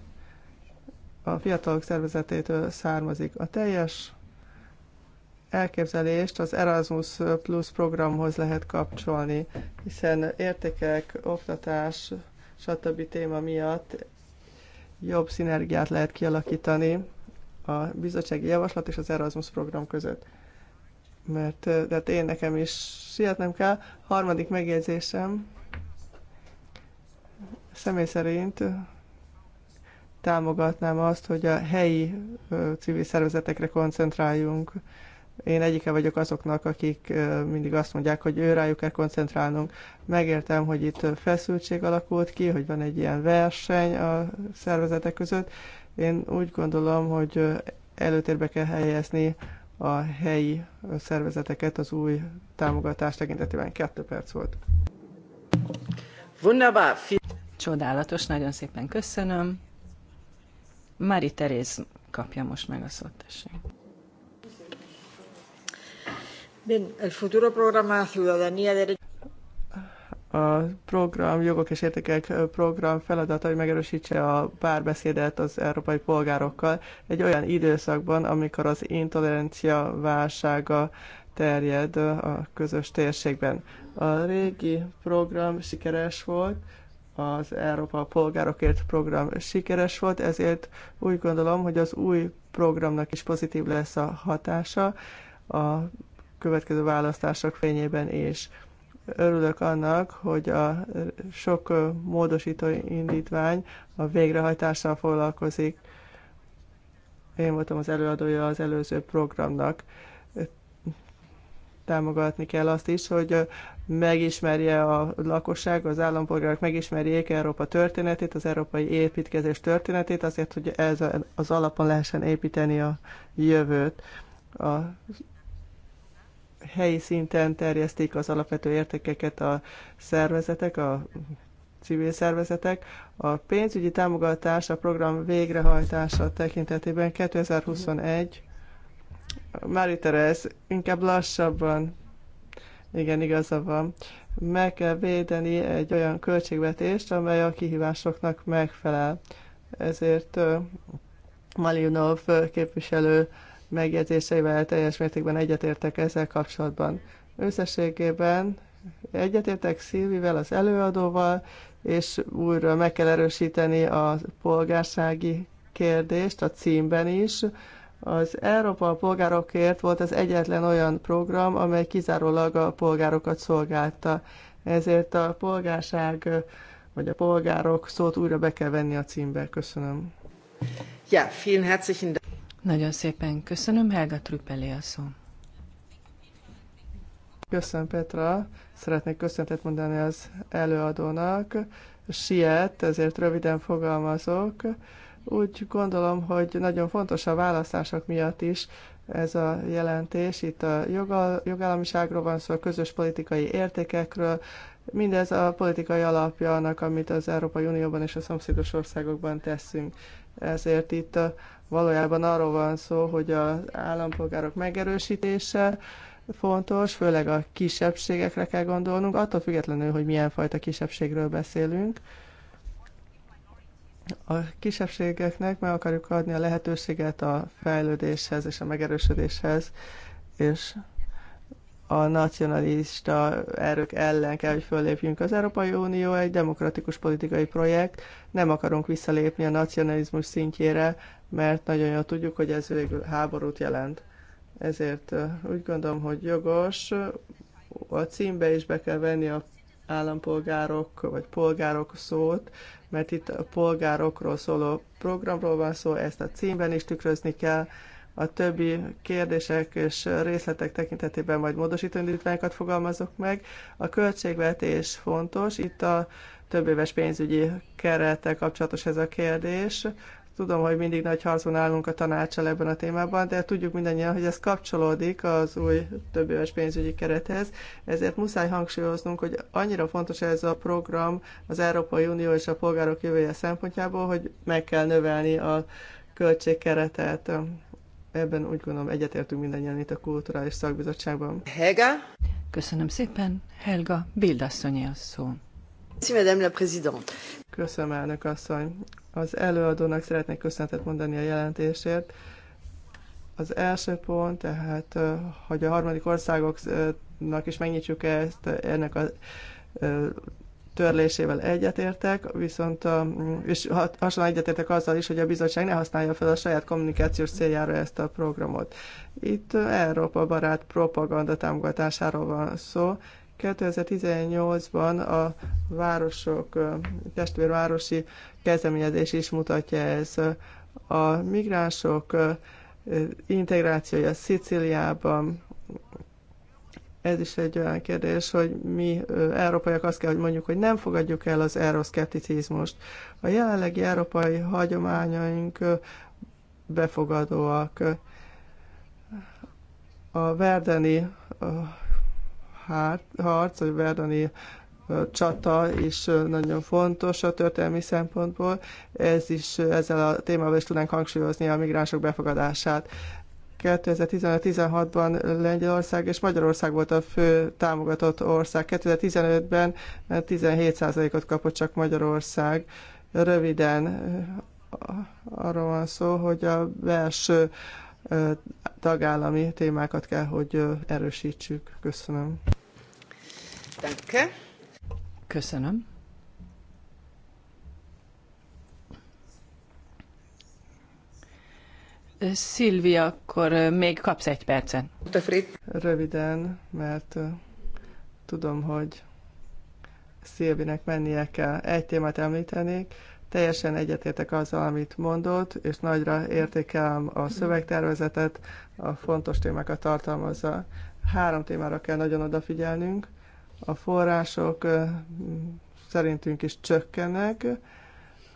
a fiatalok szervezetétől származik. A teljes elképzelést az Erasmus Plus programhoz lehet kapcsolni, hiszen értékek, oktatás, stb. téma miatt jobb szinergiát lehet kialakítani a bizottsági javaslat és az Erasmus program között. Mert de hát én nekem is sietnem kell. Harmadik megjegyzésem, személy szerint támogatnám azt, hogy a helyi civil szervezetekre koncentráljunk. Én egyike vagyok azoknak, akik mindig azt mondják, hogy ő rájuk kell koncentrálnunk. Megértem, hogy itt feszültség alakult ki, hogy van egy ilyen verseny a szervezetek között. Én úgy gondolom, hogy előtérbe kell helyezni a helyi szervezeteket az új támogatás tekintetében. Kettő perc volt. Wunderbar. Csodálatos, nagyon szépen köszönöm. Mári Teréz kapja most meg a szót, tessék. Ciudadanía a program, jogok és értékek program feladata, hogy megerősítse a párbeszédet az európai polgárokkal egy olyan időszakban, amikor az intolerancia válsága terjed a közös térségben. A régi program sikeres volt, az Európa Polgárokért program sikeres volt, ezért úgy gondolom, hogy az új programnak is pozitív lesz a hatása a következő választások fényében is. Örülök annak, hogy a sok módosító indítvány a végrehajtással foglalkozik. Én voltam az előadója az előző programnak támogatni kell azt is, hogy megismerje a lakosság, az állampolgárok megismerjék Európa történetét, az európai építkezés történetét, azért, hogy ez az alapon lehessen építeni a jövőt. A helyi szinten terjesztik az alapvető értékeket a szervezetek, a civil szervezetek. A pénzügyi támogatás a program végrehajtása tekintetében 2021 Mári Terez, inkább lassabban. Igen, igaza van. Meg kell védeni egy olyan költségvetést, amely a kihívásoknak megfelel. Ezért Malinov képviselő megjegyzéseivel teljes mértékben egyetértek ezzel kapcsolatban. Összességében egyetértek Szilvivel, az előadóval, és újra meg kell erősíteni a polgársági kérdést a címben is, az Európa a polgárokért volt az egyetlen olyan program, amely kizárólag a polgárokat szolgálta. Ezért a polgárság vagy a polgárok szót újra be kell venni a címbe. Köszönöm. Ja, vielen herzlichen Dank. Nagyon szépen köszönöm, Helga Trüppelé a szó. Köszönöm Petra, szeretnék köszöntet mondani az előadónak. Siet, ezért röviden fogalmazok. Úgy gondolom, hogy nagyon fontos a választások miatt is ez a jelentés. Itt a jogal, jogállamiságról van szó, a közös politikai értékekről. Mindez a politikai alapja annak, amit az Európai Unióban és a szomszédos országokban teszünk. Ezért itt valójában arról van szó, hogy az állampolgárok megerősítése, fontos, főleg a kisebbségekre kell gondolnunk, attól függetlenül, hogy milyen fajta kisebbségről beszélünk a kisebbségeknek meg akarjuk adni a lehetőséget a fejlődéshez és a megerősödéshez, és a nacionalista erők ellen kell, hogy föllépjünk. Az Európai Unió egy demokratikus politikai projekt, nem akarunk visszalépni a nacionalizmus szintjére, mert nagyon jól tudjuk, hogy ez végül háborút jelent. Ezért úgy gondolom, hogy jogos, a címbe is be kell venni a állampolgárok vagy polgárok szót, mert itt a polgárokról szóló programról van szó, ezt a címben is tükrözni kell, a többi kérdések és részletek tekintetében majd módosító indítványokat fogalmazok meg. A költségvetés fontos, itt a több éves pénzügyi kerettel kapcsolatos ez a kérdés. Tudom, hogy mindig nagy harcon állunk a tanácsal ebben a témában, de tudjuk mindannyian, hogy ez kapcsolódik az új éves pénzügyi kerethez, ezért muszáj hangsúlyoznunk, hogy annyira fontos ez a program az Európai Unió és a polgárok jövője szempontjából, hogy meg kell növelni a költségkeretet. Ebben úgy gondolom egyetértünk mindannyian itt a Kulturális Szakbizottságban. Helga? Köszönöm szépen. Helga, Bildasszonyi a szó. Köszönöm, elnök asszony. Az előadónak szeretnék köszönetet mondani a jelentésért. Az első pont, tehát, hogy a harmadik országoknak is megnyitjuk ezt, ennek a törlésével egyetértek, viszont és hasonlóan egyetértek azzal is, hogy a bizottság ne használja fel a saját kommunikációs céljára ezt a programot. Itt Európa barát propaganda támogatásáról van szó, 2018-ban a városok, testvérvárosi kezdeményezés is mutatja ez. A migránsok integrációja Szicíliában, ez is egy olyan kérdés, hogy mi európaiak azt kell, hogy mondjuk, hogy nem fogadjuk el az euroszkepticizmust. A jelenlegi európai hagyományaink befogadóak. A verdeni harc, a verdani csata is nagyon fontos a történelmi szempontból. Ez is, ezzel a témával is tudnánk hangsúlyozni a migránsok befogadását. 2015-16-ban Lengyelország és Magyarország volt a fő támogatott ország. 2015-ben 17%-ot kapott csak Magyarország. Röviden arról van szó, hogy a belső tagállami témákat kell, hogy erősítsük. Köszönöm. Danke. Köszönöm. Szilvia, akkor még kapsz egy percen. Röviden, mert tudom, hogy Szilvinek mennie kell. Egy témát említenék, Teljesen egyetértek azzal, amit mondott, és nagyra értékelem a szövegtervezetet, a fontos témákat tartalmazza. Három témára kell nagyon odafigyelnünk. A források szerintünk is csökkennek.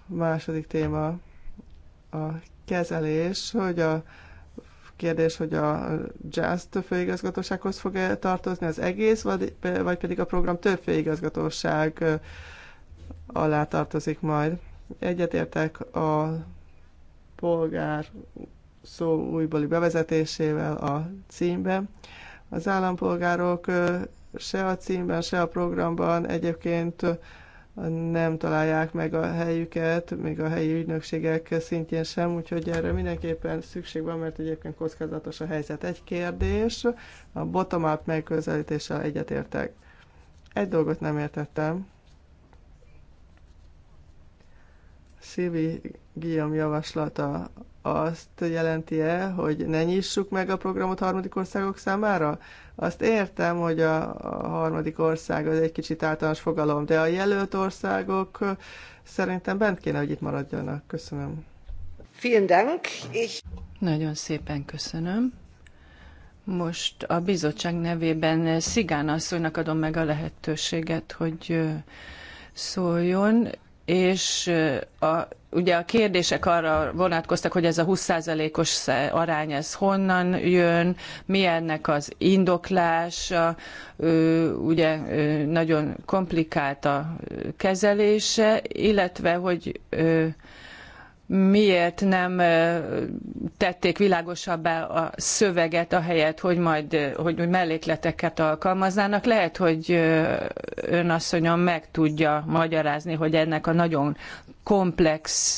Második téma a kezelés, hogy a kérdés, hogy a jazz több főigazgatósághoz fog -e tartozni az egész, vagy, vagy pedig a program több főigazgatóság alá tartozik majd. Egyetértek a polgár szó újbóli bevezetésével a címbe. Az állampolgárok se a címben, se a programban egyébként nem találják meg a helyüket, még a helyi ügynökségek szintjén sem, úgyhogy erre mindenképpen szükség van, mert egyébként kockázatos a helyzet. Egy kérdés, a bottom-up megközelítéssel egyetértek. Egy dolgot nem értettem, Szilvi Guillaume javaslata azt jelenti-e, hogy ne nyissuk meg a programot harmadik országok számára? Azt értem, hogy a harmadik ország az egy kicsit általános fogalom, de a jelölt országok szerintem bent kéne, hogy itt maradjanak. Köszönöm. Vielen Dank. Ich... Nagyon szépen köszönöm. Most a bizottság nevében Szigán asszonynak adom meg a lehetőséget, hogy szóljon és a, ugye a kérdések arra vonatkoztak, hogy ez a 20%-os arány ez honnan jön, mi ennek az indoklása, ugye nagyon komplikált a kezelése, illetve hogy miért nem tették világosabbá a szöveget ahelyett, hogy majd hogy mellékleteket alkalmaznának. Lehet, hogy önasszonyom meg tudja magyarázni, hogy ennek a nagyon komplex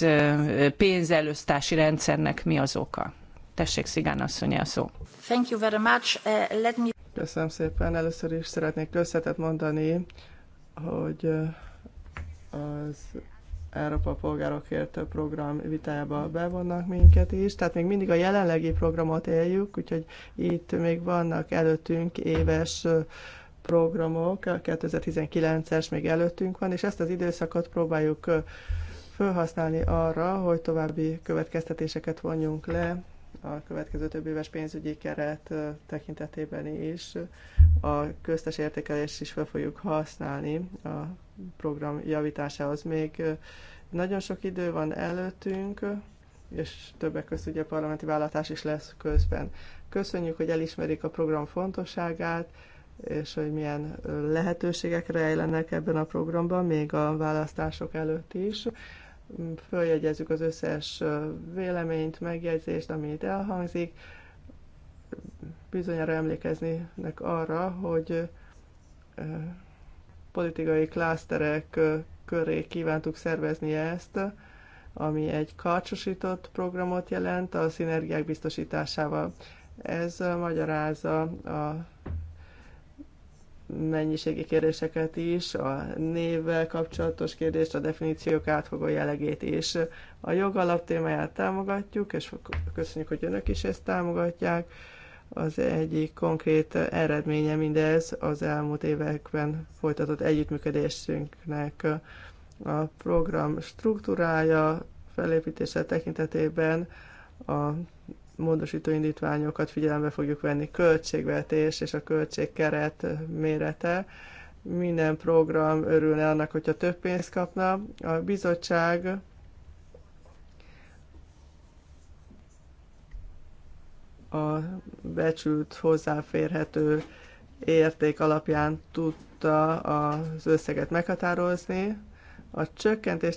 pénzelőztási rendszernek mi az oka. Tessék, Szigán asszony, a szó. Thank you very much. Uh, let me... Köszönöm szépen. Először is szeretnék köszönetet mondani, hogy az Európa Polgárokért program vitájába bevonnak minket is. Tehát még mindig a jelenlegi programot éljük, úgyhogy itt még vannak előttünk éves programok, a 2019-es még előttünk van, és ezt az időszakot próbáljuk felhasználni arra, hogy további következtetéseket vonjunk le a következő több éves pénzügyi keret tekintetében is. A köztes értékelést is fel fogjuk használni a program javításához. Még nagyon sok idő van előttünk, és többek között ugye parlamenti választás is lesz közben. Köszönjük, hogy elismerik a program fontosságát, és hogy milyen lehetőségek rejlenek ebben a programban, még a választások előtt is. Mm, följegyezzük az összes véleményt, megjegyzést, amit elhangzik. Bizonyára emlékeznének arra, hogy politikai klaszterek köré kívántuk szervezni ezt, ami egy karcsosított programot jelent a szinergiák biztosításával. Ez magyarázza a mennyiségi kérdéseket is, a névvel kapcsolatos kérdést, a definíciók átfogó jellegét is. A jogalap témáját támogatjuk, és köszönjük, hogy önök is ezt támogatják. Az egyik konkrét eredménye mindez az elmúlt években folytatott együttműködésünknek a program struktúrája, felépítése tekintetében a módosító indítványokat figyelembe fogjuk venni, költségvetés és a költségkeret mérete. Minden program örülne annak, hogyha több pénzt kapna. A bizottság a becsült hozzáférhető érték alapján tudta az összeget meghatározni. A csökkentés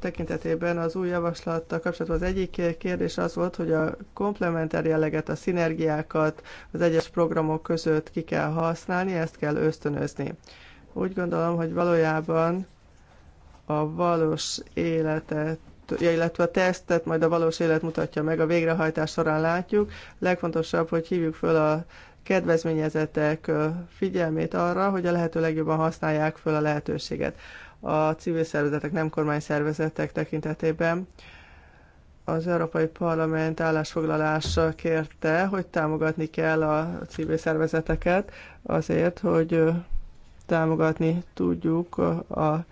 tekintetében az új javaslattal kapcsolatban az egyik kérdés az volt, hogy a komplementer jelleget, a szinergiákat az egyes programok között ki kell használni, ezt kell ösztönözni. Úgy gondolom, hogy valójában a valós életet ja, illetve a tesztet majd a valós élet mutatja meg, a végrehajtás során látjuk. Legfontosabb, hogy hívjuk föl a kedvezményezetek figyelmét arra, hogy a lehető legjobban használják föl a lehetőséget. A civil szervezetek, nem kormány szervezetek tekintetében az Európai Parlament állásfoglalása kérte, hogy támogatni kell a civil szervezeteket azért, hogy támogatni tudjuk a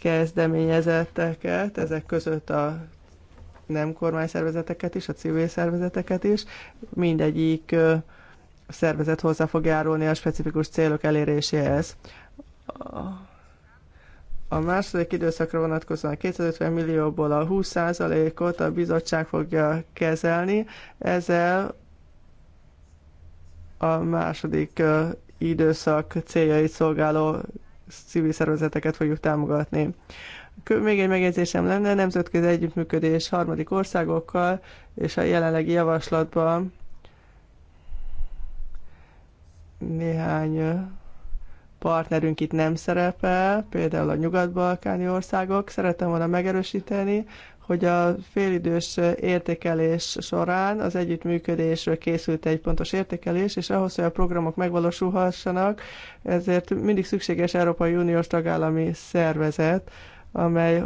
kezdeményezetteket, ezek között a nem kormányszervezeteket is, a civil szervezeteket is. Mindegyik szervezet hozzá fog járulni a specifikus célok eléréséhez. A második időszakra vonatkozóan a 250 millióból a 20%-ot a bizottság fogja kezelni, ezzel a második időszak céljait szolgáló civil szervezeteket fogjuk támogatni. Még egy megjegyzésem lenne, nemzetközi együttműködés harmadik országokkal, és a jelenlegi javaslatban néhány partnerünk itt nem szerepel, például a nyugat-balkáni országok. Szeretem volna megerősíteni, hogy a félidős értékelés során az együttműködésről készült egy pontos értékelés, és ahhoz, hogy a programok megvalósulhassanak, ezért mindig szükséges Európai Uniós tagállami szervezet, amely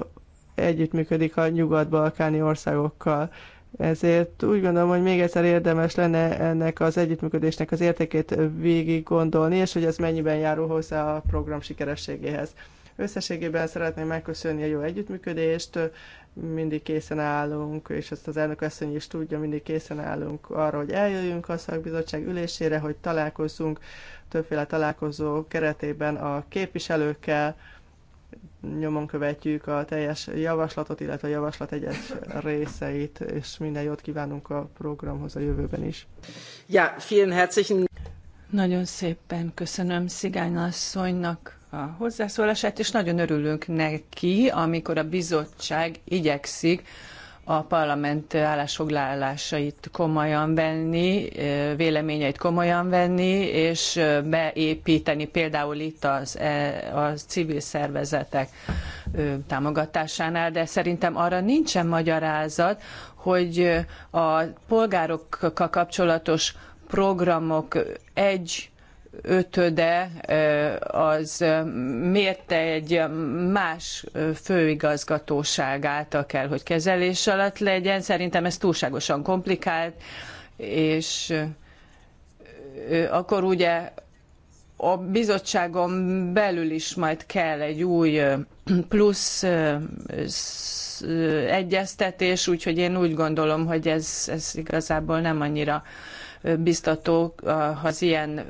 együttműködik a nyugat-balkáni országokkal. Ezért úgy gondolom, hogy még egyszer érdemes lenne ennek az együttműködésnek az értékét végig gondolni, és hogy ez mennyiben járul hozzá a program sikerességéhez. Összességében szeretném megköszönni a jó együttműködést, mindig készen állunk, és ezt az elnök asszony is tudja, mindig készen állunk arra, hogy eljöjjünk a szakbizottság ülésére, hogy találkozzunk többféle találkozó keretében a képviselőkkel, nyomon követjük a teljes javaslatot, illetve a javaslat egyes részeit, és minden jót kívánunk a programhoz a jövőben is. Ja, vielen herzlichen nagyon szépen köszönöm Szigány asszonynak a hozzászólását, és nagyon örülünk neki, amikor a bizottság igyekszik a parlament állásfoglalásait komolyan venni, véleményeit komolyan venni, és beépíteni például itt az, e, a civil szervezetek támogatásánál, de szerintem arra nincsen magyarázat, hogy a polgárokkal kapcsolatos programok egy ötöde az mérte egy más főigazgatóság által kell, hogy kezelés alatt legyen. Szerintem ez túlságosan komplikált, és akkor ugye a bizottságon belül is majd kell egy új plusz egyeztetés, úgyhogy én úgy gondolom, hogy ez, ez igazából nem annyira biztató, ha az ilyen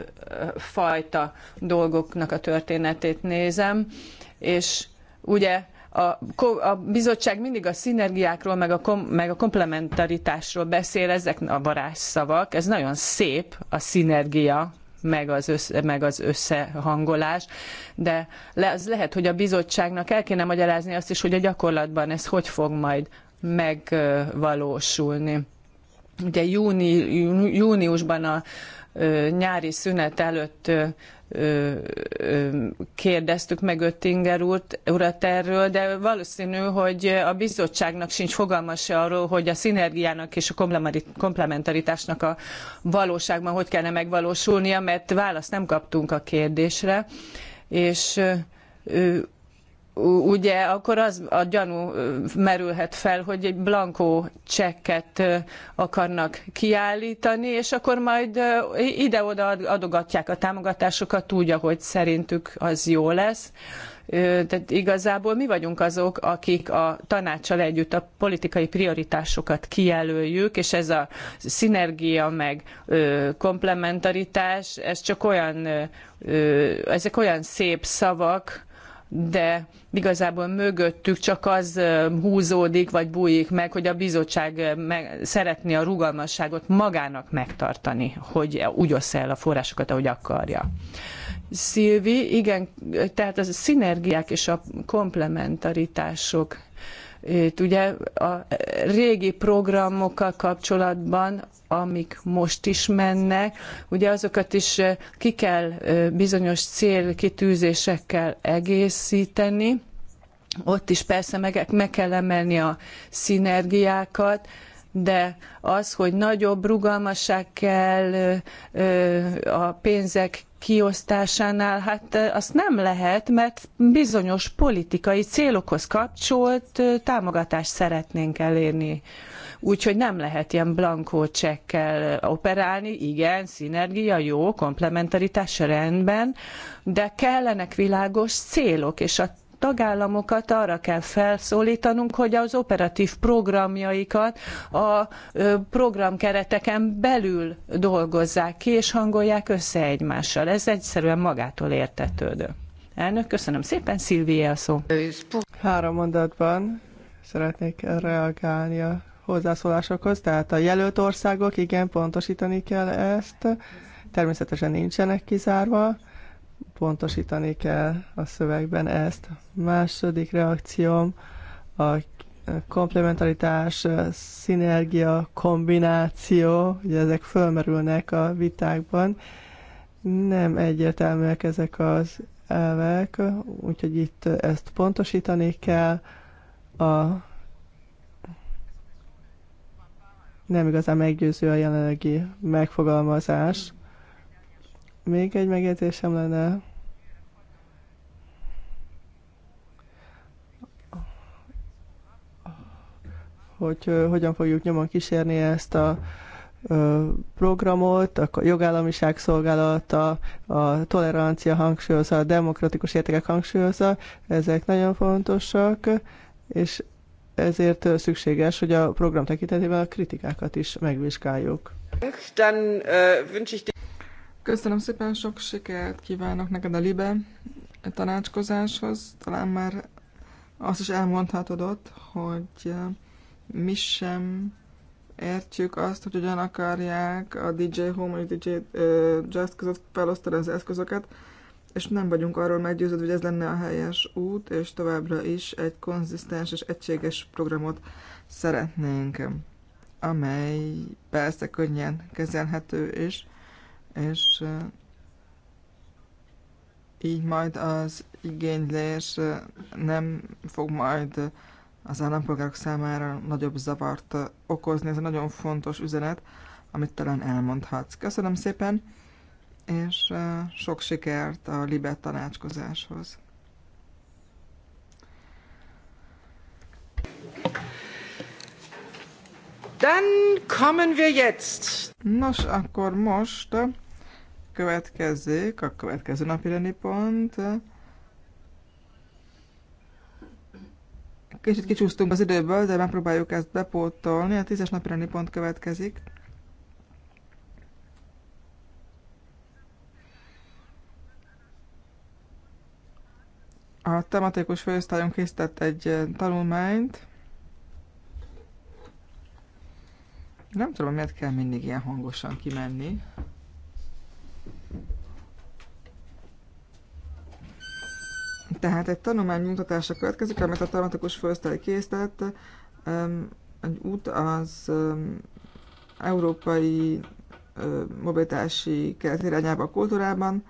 fajta dolgoknak a történetét nézem. És ugye a, a, bizottság mindig a szinergiákról, meg a, kom, meg a komplementaritásról beszél, ezek a varázsszavak, ez nagyon szép, a szinergia, meg az, össze, meg az összehangolás, de le, az lehet, hogy a bizottságnak el kéne magyarázni azt is, hogy a gyakorlatban ez hogy fog majd megvalósulni. Ugye júni, júniusban a nyári szünet előtt kérdeztük meg Öttinger úrt, urat erről, de valószínű, hogy a bizottságnak sincs fogalma se arról, hogy a szinergiának és a komplementaritásnak a valóságban hogy kellene megvalósulnia, mert választ nem kaptunk a kérdésre, és ugye akkor az a gyanú merülhet fel, hogy egy blankó csekket akarnak kiállítani, és akkor majd ide-oda adogatják a támogatásokat úgy, ahogy szerintük az jó lesz. Tehát igazából mi vagyunk azok, akik a tanácsal együtt a politikai prioritásokat kijelöljük, és ez a szinergia meg komplementaritás, ez csak olyan, ezek olyan szép szavak, de igazából mögöttük csak az húzódik vagy bújik meg, hogy a bizottság meg, szeretné a rugalmasságot magának megtartani, hogy úgy ossza el a forrásokat, ahogy akarja. Szilvi, igen, tehát a szinergiák és a komplementaritások itt ugye a régi programokkal kapcsolatban, amik most is mennek, ugye azokat is eh, ki kell eh, bizonyos célkitűzésekkel egészíteni. Ott is persze meg, meg kell emelni a szinergiákat, de az, hogy nagyobb rugalmasság kell eh, a pénzek kiosztásánál, hát azt nem lehet, mert bizonyos politikai célokhoz kapcsolt támogatást szeretnénk elérni. Úgyhogy nem lehet ilyen blankó csekkel operálni, igen, szinergia jó, komplementaritás rendben, de kellenek világos célok, és a tagállamokat arra kell felszólítanunk, hogy az operatív programjaikat a programkereteken belül dolgozzák ki, és hangolják össze egymással. Ez egyszerűen magától értetődő. Elnök, köszönöm szépen, a szó. Három mondatban szeretnék reagálni a hozzászólásokhoz, tehát a jelölt országok, igen, pontosítani kell ezt, természetesen nincsenek kizárva, pontosítani kell a szövegben ezt. Második reakcióm a komplementaritás, szinergia, kombináció, ugye ezek fölmerülnek a vitákban. Nem egyértelműek ezek az elvek, úgyhogy itt ezt pontosítani kell. A nem igazán meggyőző a jelenlegi megfogalmazás még egy megjegyzésem lenne. hogy hogyan fogjuk nyomon kísérni ezt a programot, a jogállamiság szolgálata, a tolerancia hangsúlyozza, a demokratikus értékek hangsúlyozza, ezek nagyon fontosak, és ezért szükséges, hogy a program tekintetében a kritikákat is megvizsgáljuk. Dann, uh, Köszönöm szépen, sok sikert kívánok neked a Libe tanácskozáshoz. Talán már azt is elmondhatod ott, hogy eh, mi sem értjük azt, hogy hogyan akarják a DJ Home és DJ eh, Jazz között felosztani az eszközöket, és nem vagyunk arról meggyőződve, hogy ez lenne a helyes út, és továbbra is egy konzisztens és egységes programot szeretnénk, amely persze könnyen kezelhető és és így majd az igénylés nem fog majd az állampolgárok számára nagyobb zavart okozni. Ez egy nagyon fontos üzenet, amit talán elmondhatsz. Köszönöm szépen, és sok sikert a Libet tanácskozáshoz. Dann kommen wir jetzt. Nos, akkor most következik a következő napi rendi pont. Kicsit kicsúsztunk az időből, de megpróbáljuk ezt bepótolni. A tízes napi rendi pont következik. A tematikus főosztályon készített egy tanulmányt, Nem tudom, miért kell mindig ilyen hangosan kimenni. Tehát egy tanulmány mutatása következik, amit a tematikus főosztály készített. Egy út az európai mobilitási kelet irányába a kultúrában.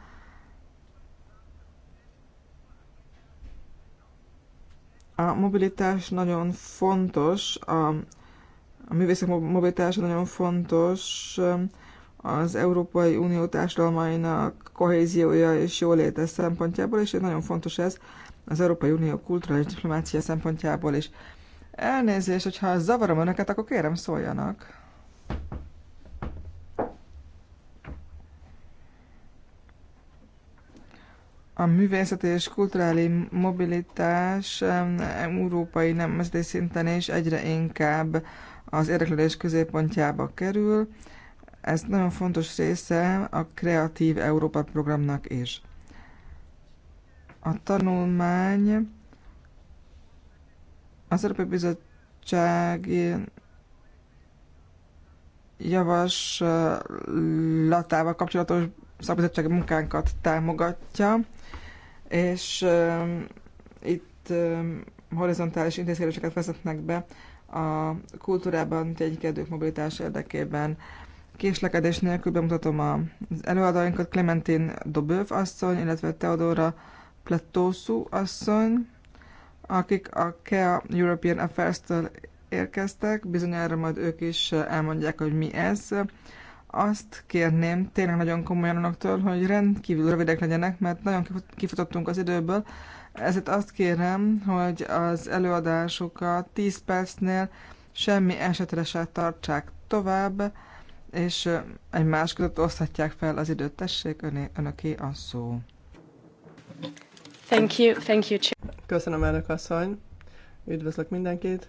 A mobilitás nagyon fontos a a művészek mobilitása nagyon fontos az Európai Unió társadalmainak kohéziója és jóléte szempontjából, és nagyon fontos ez az Európai Unió kulturális diplomácia szempontjából is. Elnézést, hogyha zavarom önöket, akkor kérem szóljanak. A művészet és kulturális mobilitás európai nemzeti szinten is egyre inkább az érdeklődés középpontjába kerül. Ez nagyon fontos része a Kreatív Európa programnak is. A tanulmány az Európai Bizottság javaslatával kapcsolatos szakbizottsági munkánkat támogatja, és itt horizontális intézkedéseket vezetnek be a kultúrában ténykedők mobilitás érdekében. Késlekedés nélkül bemutatom az előadóinkat, Clementin Dobőv asszony, illetve Teodora Plettószú asszony, akik a KEA European Affairs-től érkeztek, bizonyára majd ők is elmondják, hogy mi ez. Azt kérném tényleg nagyon komolyan önöktől, hogy rendkívül rövidek legyenek, mert nagyon kifutottunk az időből, ezért azt kérem, hogy az előadásokat 10 percnél semmi esetre se tartsák tovább, és egymás között oszthatják fel az időt. Tessék, öné, önöké a szó. Thank you, thank you. Köszönöm, elnök asszony. Üdvözlök mindenkit.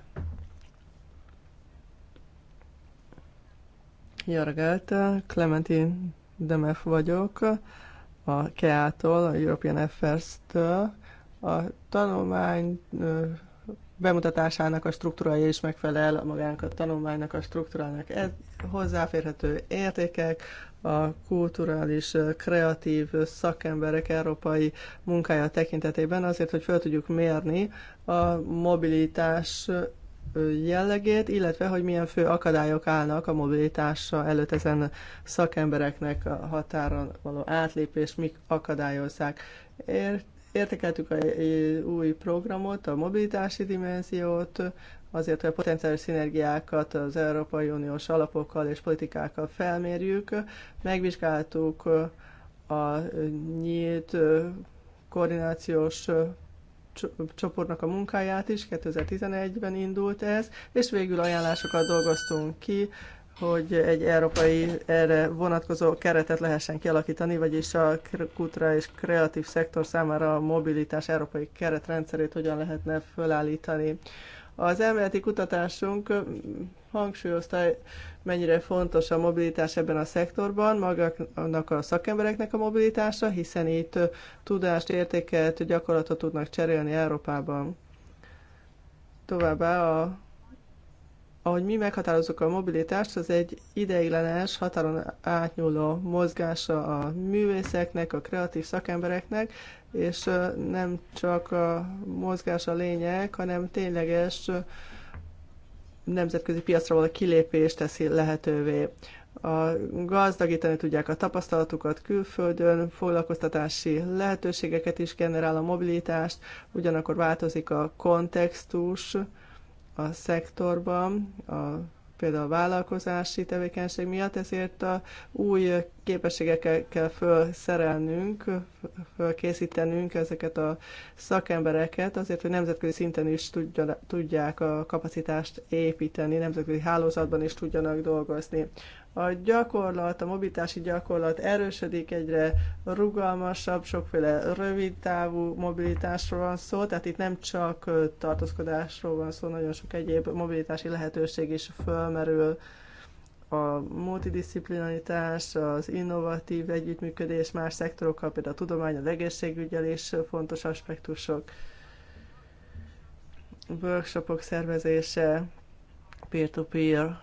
Jó reggelt, Clementin Demef vagyok, a KEA-tól, a European Affairs-től. A tanulmány bemutatásának a struktúrája is megfelel a magánk a tanulmánynak a struktúrának. Ez hozzáférhető értékek, a kulturális, kreatív szakemberek európai munkája tekintetében azért, hogy fel tudjuk mérni a mobilitás jellegét, illetve hogy milyen fő akadályok állnak a mobilitása előtt ezen szakembereknek a határon való átlépés, mik akadályozzák. Értékeltük a új programot, a mobilitási dimenziót, azért, hogy a potenciális szinergiákat az Európai Uniós alapokkal és politikákkal felmérjük. Megvizsgáltuk a nyílt koordinációs csoportnak a munkáját is, 2011-ben indult ez, és végül ajánlásokat dolgoztunk ki hogy egy európai erre vonatkozó keretet lehessen kialakítani, vagyis a kultúra és kreatív szektor számára a mobilitás európai keretrendszerét hogyan lehetne fölállítani. Az elméleti kutatásunk hangsúlyozta, mennyire fontos a mobilitás ebben a szektorban, magának a szakembereknek a mobilitása, hiszen itt tudást, értéket, gyakorlatot tudnak cserélni Európában. Továbbá a ahogy mi meghatározzuk a mobilitást, az egy ideiglenes, határon átnyúló mozgása a művészeknek, a kreatív szakembereknek, és nem csak a mozgás a lényeg, hanem tényleges nemzetközi piacra való kilépést teszi lehetővé. A gazdagítani tudják a tapasztalatukat külföldön, foglalkoztatási lehetőségeket is generál a mobilitást, ugyanakkor változik a kontextus, a szektorban, a, például a vállalkozási tevékenység miatt, ezért a új képességekkel kell felszerelnünk, felkészítenünk ezeket a szakembereket, azért, hogy nemzetközi szinten is tudja, tudják a kapacitást építeni, nemzetközi hálózatban is tudjanak dolgozni. A gyakorlat, a mobilitási gyakorlat erősödik egyre rugalmasabb, sokféle rövid távú mobilitásról van szó, tehát itt nem csak tartózkodásról van szó, nagyon sok egyéb mobilitási lehetőség is fölmerül a multidisziplinaritás, az innovatív együttműködés más szektorokkal, például a tudomány, az egészségügyel is fontos aspektusok, workshopok szervezése, peer-to-peer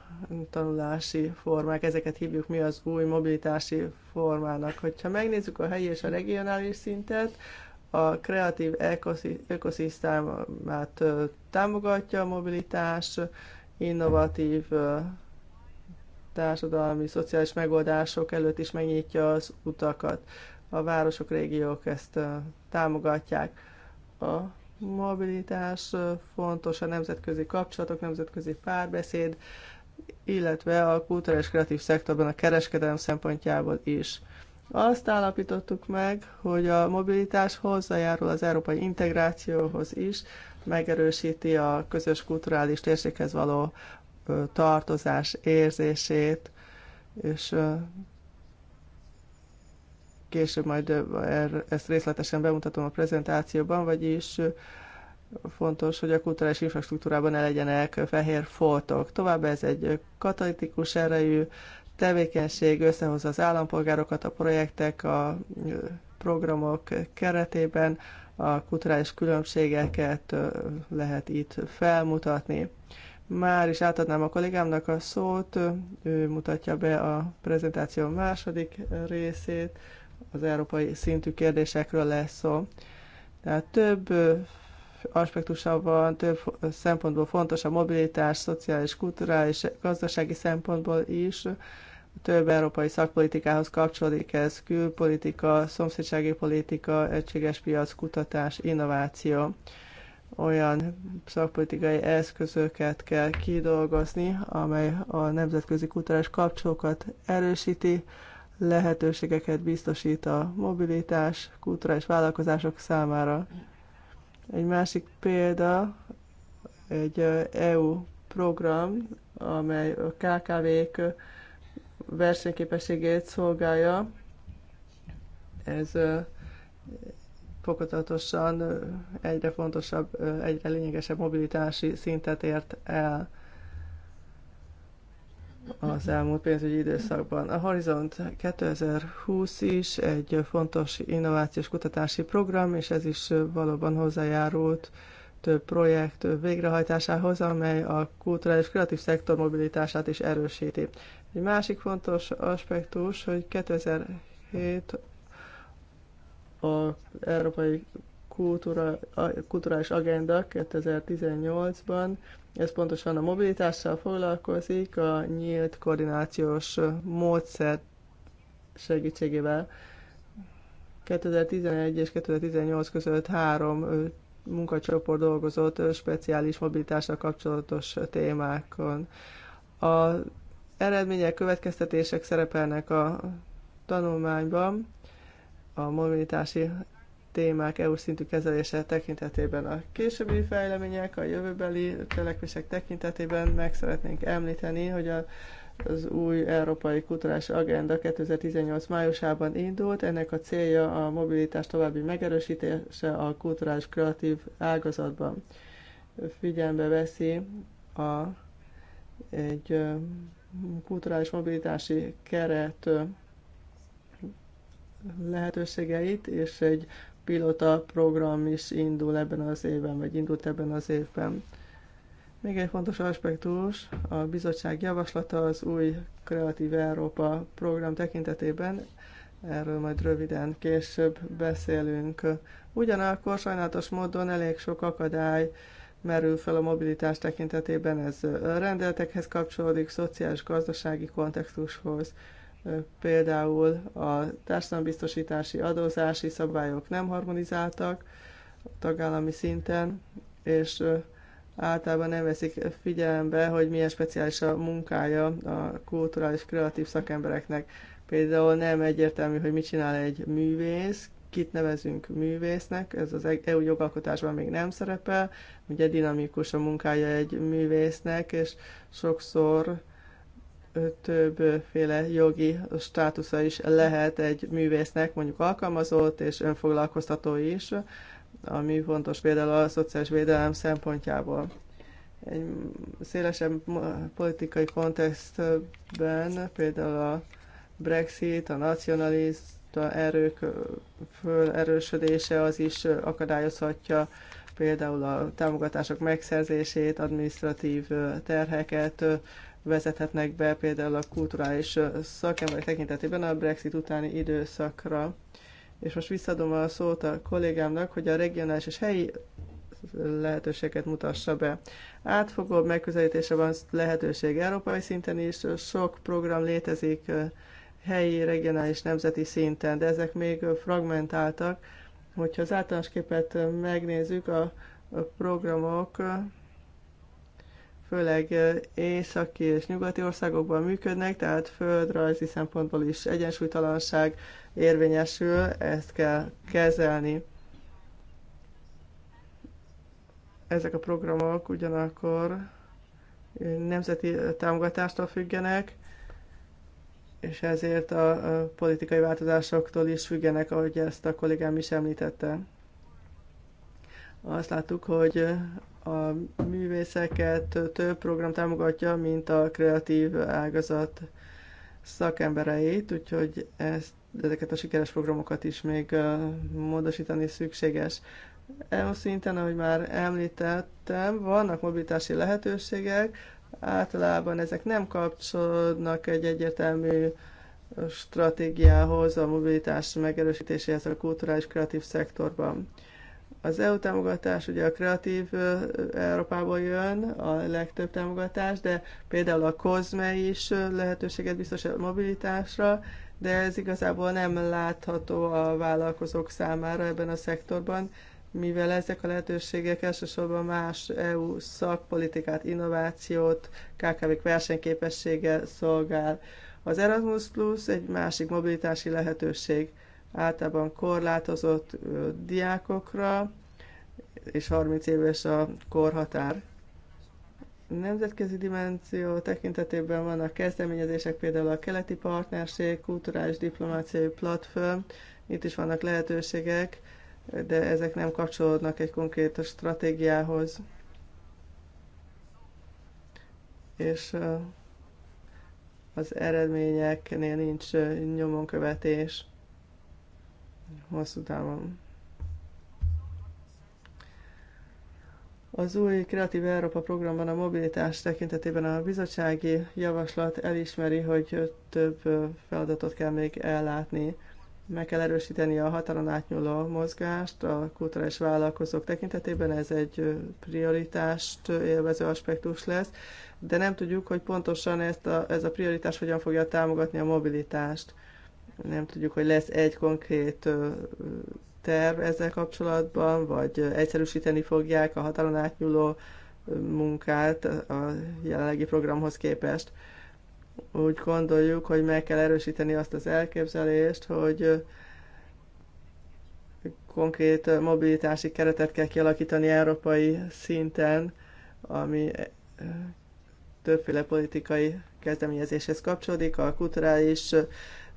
tanulási formák, ezeket hívjuk mi az új mobilitási formának. Hogyha megnézzük a helyi és a regionális szintet, a kreatív ökoszisztémát támogatja a mobilitás, innovatív társadalmi, szociális megoldások előtt is megnyitja az utakat. A városok, régiók ezt támogatják. A mobilitás fontos, a nemzetközi kapcsolatok, nemzetközi párbeszéd, illetve a kulturális kreatív szektorban a kereskedelem szempontjából is. Azt állapítottuk meg, hogy a mobilitás hozzájárul az európai integrációhoz is, megerősíti a közös kulturális térséghez való tartozás érzését, és később majd er, ezt részletesen bemutatom a prezentációban, vagyis fontos, hogy a kulturális infrastruktúrában ne legyenek fehér foltok. Továbbá ez egy katalitikus erejű tevékenység, összehozza az állampolgárokat a projektek, a programok keretében, a kulturális különbségeket lehet itt felmutatni. Már is átadnám a kollégámnak a szót, ő mutatja be a prezentáció második részét, az európai szintű kérdésekről lesz szó. Tehát több aspektusa van, több szempontból fontos a mobilitás, szociális, kulturális, gazdasági szempontból is. Több európai szakpolitikához kapcsolódik ez, külpolitika, szomszédsági politika, egységes piac, kutatás, innováció. Olyan szakpolitikai eszközöket kell kidolgozni, amely a nemzetközi kulturális kapcsolókat erősíti, lehetőségeket biztosít a mobilitás, kulturális vállalkozások számára. Egy másik példa, egy EU program, amely a KKV-k versenyképességét szolgálja. Ez fokozatosan egyre fontosabb, egyre lényegesebb mobilitási szintet ért el az elmúlt pénzügyi időszakban. A Horizont 2020 is egy fontos innovációs kutatási program, és ez is valóban hozzájárult több projekt végrehajtásához, amely a kulturális kreatív szektor mobilitását is erősíti. Egy másik fontos aspektus, hogy 2007 az Európai kultúra, a kulturális agenda 2018-ban. Ez pontosan a mobilitással foglalkozik, a nyílt koordinációs módszer segítségével. 2011 és 2018 között három munkacsoport dolgozott speciális mobilitással kapcsolatos témákon. A eredmények, következtetések szerepelnek a tanulmányban, a mobilitási témák EU szintű kezelése tekintetében a későbbi fejlemények, a jövőbeli cselekvések tekintetében meg szeretnénk említeni, hogy a az új Európai Kulturális Agenda 2018 májusában indult. Ennek a célja a mobilitás további megerősítése a kulturális kreatív ágazatban. Figyelembe veszi a, egy kulturális mobilitási keret lehetőségeit, és egy pilota program is indul ebben az évben, vagy indult ebben az évben. Még egy fontos aspektus, a bizottság javaslata az új Kreatív Európa program tekintetében, erről majd röviden később beszélünk. Ugyanakkor sajnálatos módon elég sok akadály merül fel a mobilitás tekintetében, ez rendeltekhez kapcsolódik, szociális-gazdasági kontextushoz például a társadalombiztosítási adózási szabályok nem harmonizáltak tagállami szinten, és általában nem veszik figyelembe, hogy milyen speciális a munkája a kulturális kreatív szakembereknek. Például nem egyértelmű, hogy mit csinál egy művész, kit nevezünk művésznek, ez az e- EU jogalkotásban még nem szerepel, ugye dinamikus a munkája egy művésznek, és sokszor többféle jogi státusza is lehet egy művésznek, mondjuk alkalmazott és önfoglalkoztató is, ami fontos például a szociális védelem szempontjából. Egy szélesebb politikai kontextben például a Brexit, a nacionalista erők erősödése az is akadályozhatja például a támogatások megszerzését, administratív terheket, vezethetnek be például a kulturális szakemberek tekintetében a Brexit utáni időszakra. És most visszadom a szót a kollégámnak, hogy a regionális és helyi lehetőséget mutassa be. Átfogóbb megközelítése van lehetőség európai szinten is, sok program létezik helyi, regionális, nemzeti szinten, de ezek még fragmentáltak. Hogyha az általános képet megnézzük, a programok főleg eh, északi és nyugati országokban működnek, tehát földrajzi szempontból is egyensúlytalanság érvényesül, ezt kell kezelni. Ezek a programok ugyanakkor nemzeti támogatástól függenek, és ezért a politikai változásoktól is függenek, ahogy ezt a kollégám is említette. Azt láttuk, hogy a művészeket több program támogatja, mint a kreatív ágazat szakembereit, úgyhogy ezt, ezeket a sikeres programokat is még módosítani szükséges. EU szinten, ahogy már említettem, vannak mobilitási lehetőségek, általában ezek nem kapcsolódnak egy egyértelmű stratégiához, a mobilitás megerősítéséhez a kulturális kreatív szektorban. Az EU támogatás ugye a kreatív Európából jön, a legtöbb támogatás, de például a COSME is lehetőséget biztosít a mobilitásra, de ez igazából nem látható a vállalkozók számára ebben a szektorban, mivel ezek a lehetőségek elsősorban más EU szakpolitikát, innovációt, kkv versenyképessége szolgál. Az Erasmus Plus egy másik mobilitási lehetőség általában korlátozott diákokra, és 30 éves a korhatár. Nemzetközi dimenzió tekintetében vannak kezdeményezések, például a keleti partnerség, kulturális diplomáciai platform, itt is vannak lehetőségek, de ezek nem kapcsolódnak egy konkrét stratégiához. És az eredményeknél nincs nyomon követés hosszú távon. Az új Kreatív Európa programban a mobilitás tekintetében a bizottsági javaslat elismeri, hogy több feladatot kell még ellátni. Meg kell erősíteni a határon átnyúló mozgást a kulturális vállalkozók tekintetében, ez egy prioritást élvező aspektus lesz, de nem tudjuk, hogy pontosan ezt a, ez a prioritás hogyan fogja támogatni a mobilitást nem tudjuk, hogy lesz egy konkrét terv ezzel kapcsolatban, vagy egyszerűsíteni fogják a határon átnyúló munkát a jelenlegi programhoz képest. Úgy gondoljuk, hogy meg kell erősíteni azt az elképzelést, hogy konkrét mobilitási keretet kell kialakítani európai szinten, ami többféle politikai kezdeményezéshez kapcsolódik, a kulturális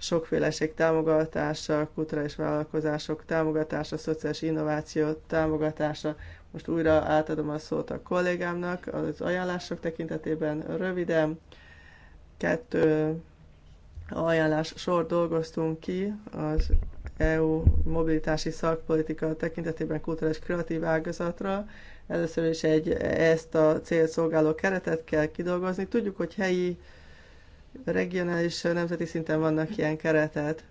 sokféleség támogatása, kulturális vállalkozások támogatása, szociális innováció támogatása. Most újra átadom a szót a kollégámnak az ajánlások tekintetében röviden. Kettő ajánlás sor dolgoztunk ki az EU mobilitási szakpolitika tekintetében kulturális kreatív ágazatra. Először is egy ezt a célt szolgáló keretet kell kidolgozni. Tudjuk, hogy helyi Regionális, nemzeti szinten vannak ilyen keretet,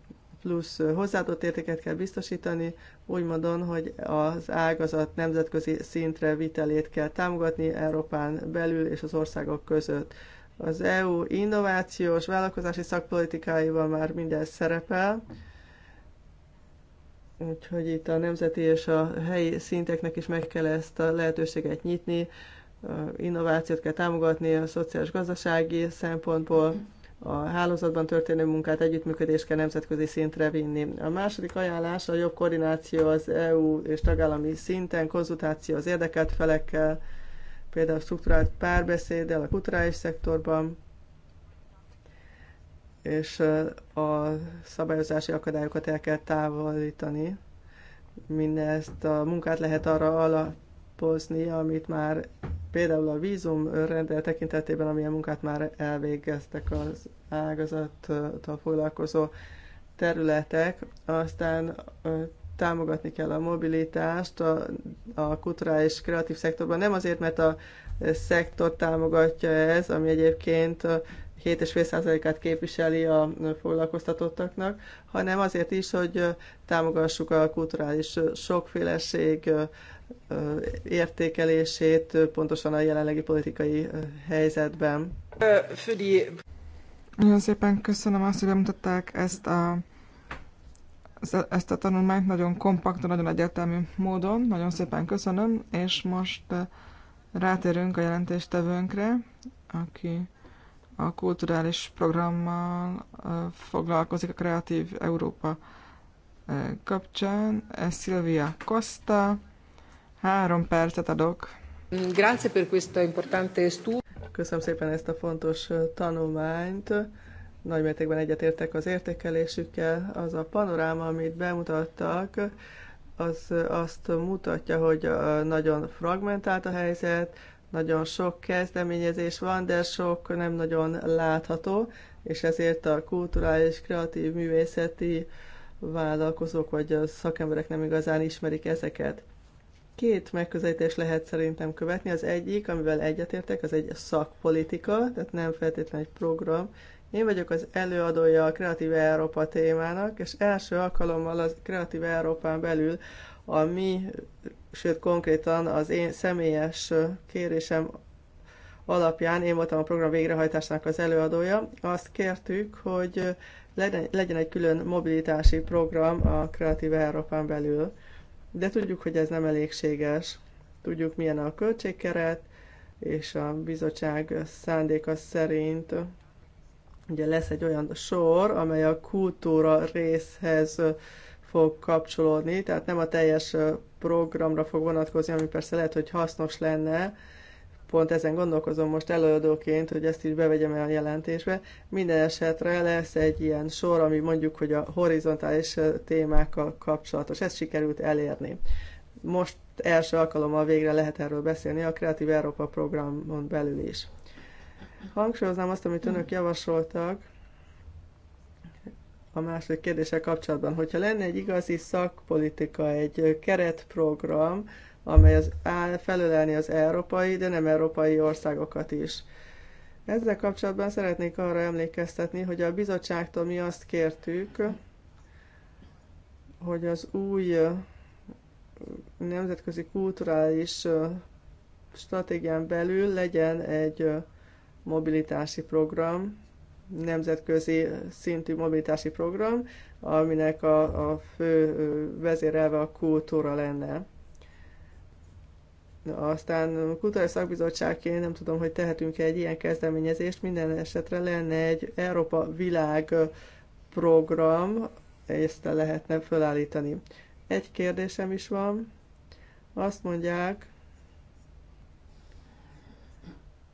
plusz hozzáadott értéket kell biztosítani, úgy módon, hogy az ágazat nemzetközi szintre vitelét kell támogatni Európán belül és az országok között. Az EU innovációs vállalkozási szakpolitikáiban már minden szerepel, úgyhogy itt a nemzeti és a helyi szinteknek is meg kell ezt a lehetőséget nyitni, innovációt kell támogatni a szociális gazdasági szempontból, a hálózatban történő munkát, együttműködést kell nemzetközi szintre vinni. A második ajánlás a jobb koordináció az EU és tagállami szinten, konzultáció az érdekelt felekkel, például struktúrált párbeszéddel a kulturális szektorban, és a szabályozási akadályokat el kell távolítani. Mindezt a munkát lehet arra alapozni, amit már például a vízum rendel tekintetében, amilyen munkát már elvégeztek az ágazattal foglalkozó területek. Aztán támogatni kell a mobilitást a, a kulturális kreatív szektorban. Nem azért, mert a szektor támogatja ez, ami egyébként 7,5%-át képviseli a foglalkoztatottaknak, hanem azért is, hogy támogassuk a kulturális sokféleség értékelését pontosan a jelenlegi politikai helyzetben. Nagyon szépen köszönöm azt, hogy bemutatták ezt a, ezt a tanulmányt nagyon kompakt, nagyon egyértelmű módon. Nagyon szépen köszönöm, és most rátérünk a jelentéstevőnkre, aki a kulturális programmal foglalkozik a Kreatív Európa kapcsán. Ez Szilvia Costa Három percet adok. Grazie per questo importante studio. Köszönöm szépen ezt a fontos tanulmányt. mértékben egyetértek az értékelésükkel. Az a panoráma, amit bemutattak, az azt mutatja, hogy nagyon fragmentált a helyzet, nagyon sok kezdeményezés van, de sok nem nagyon látható, és ezért a kulturális, kreatív, művészeti vállalkozók vagy a szakemberek nem igazán ismerik ezeket. Két megközelítés lehet szerintem követni. Az egyik, amivel egyetértek, az egy szakpolitika, tehát nem feltétlenül egy program. Én vagyok az előadója a Kreatív Európa témának, és első alkalommal a Kreatív Európán belül a mi, sőt konkrétan az én személyes kérésem alapján én voltam a program végrehajtásának az előadója. Azt kértük, hogy legyen, egy külön mobilitási program a Kreatív Európán belül de tudjuk, hogy ez nem elégséges. Tudjuk, milyen a költségkeret, és a bizottság szándéka szerint ugye lesz egy olyan sor, amely a kultúra részhez fog kapcsolódni, tehát nem a teljes programra fog vonatkozni, ami persze lehet, hogy hasznos lenne, pont ezen gondolkozom most előadóként, hogy ezt is bevegyem el a jelentésbe. Minden esetre lesz egy ilyen sor, ami mondjuk, hogy a horizontális témákkal kapcsolatos. Ezt sikerült elérni. Most első alkalommal végre lehet erről beszélni a Kreatív Európa programon belül is. Hangsúlyoznám azt, amit önök javasoltak, a második kérdéssel kapcsolatban. Hogyha lenne egy igazi szakpolitika, egy keretprogram, amely az felölelni az európai, de nem európai országokat is. Ezzel kapcsolatban szeretnék arra emlékeztetni, hogy a bizottságtól mi azt kértük, hogy az új nemzetközi kulturális stratégián belül legyen egy mobilitási program, nemzetközi szintű mobilitási program, aminek a, a fő vezérelve a kultúra lenne. Aztán kulturális szakbizottságként nem tudom, hogy tehetünk -e egy ilyen kezdeményezést. Minden esetre lenne egy Európa világ program, ezt lehetne felállítani. Egy kérdésem is van. Azt mondják,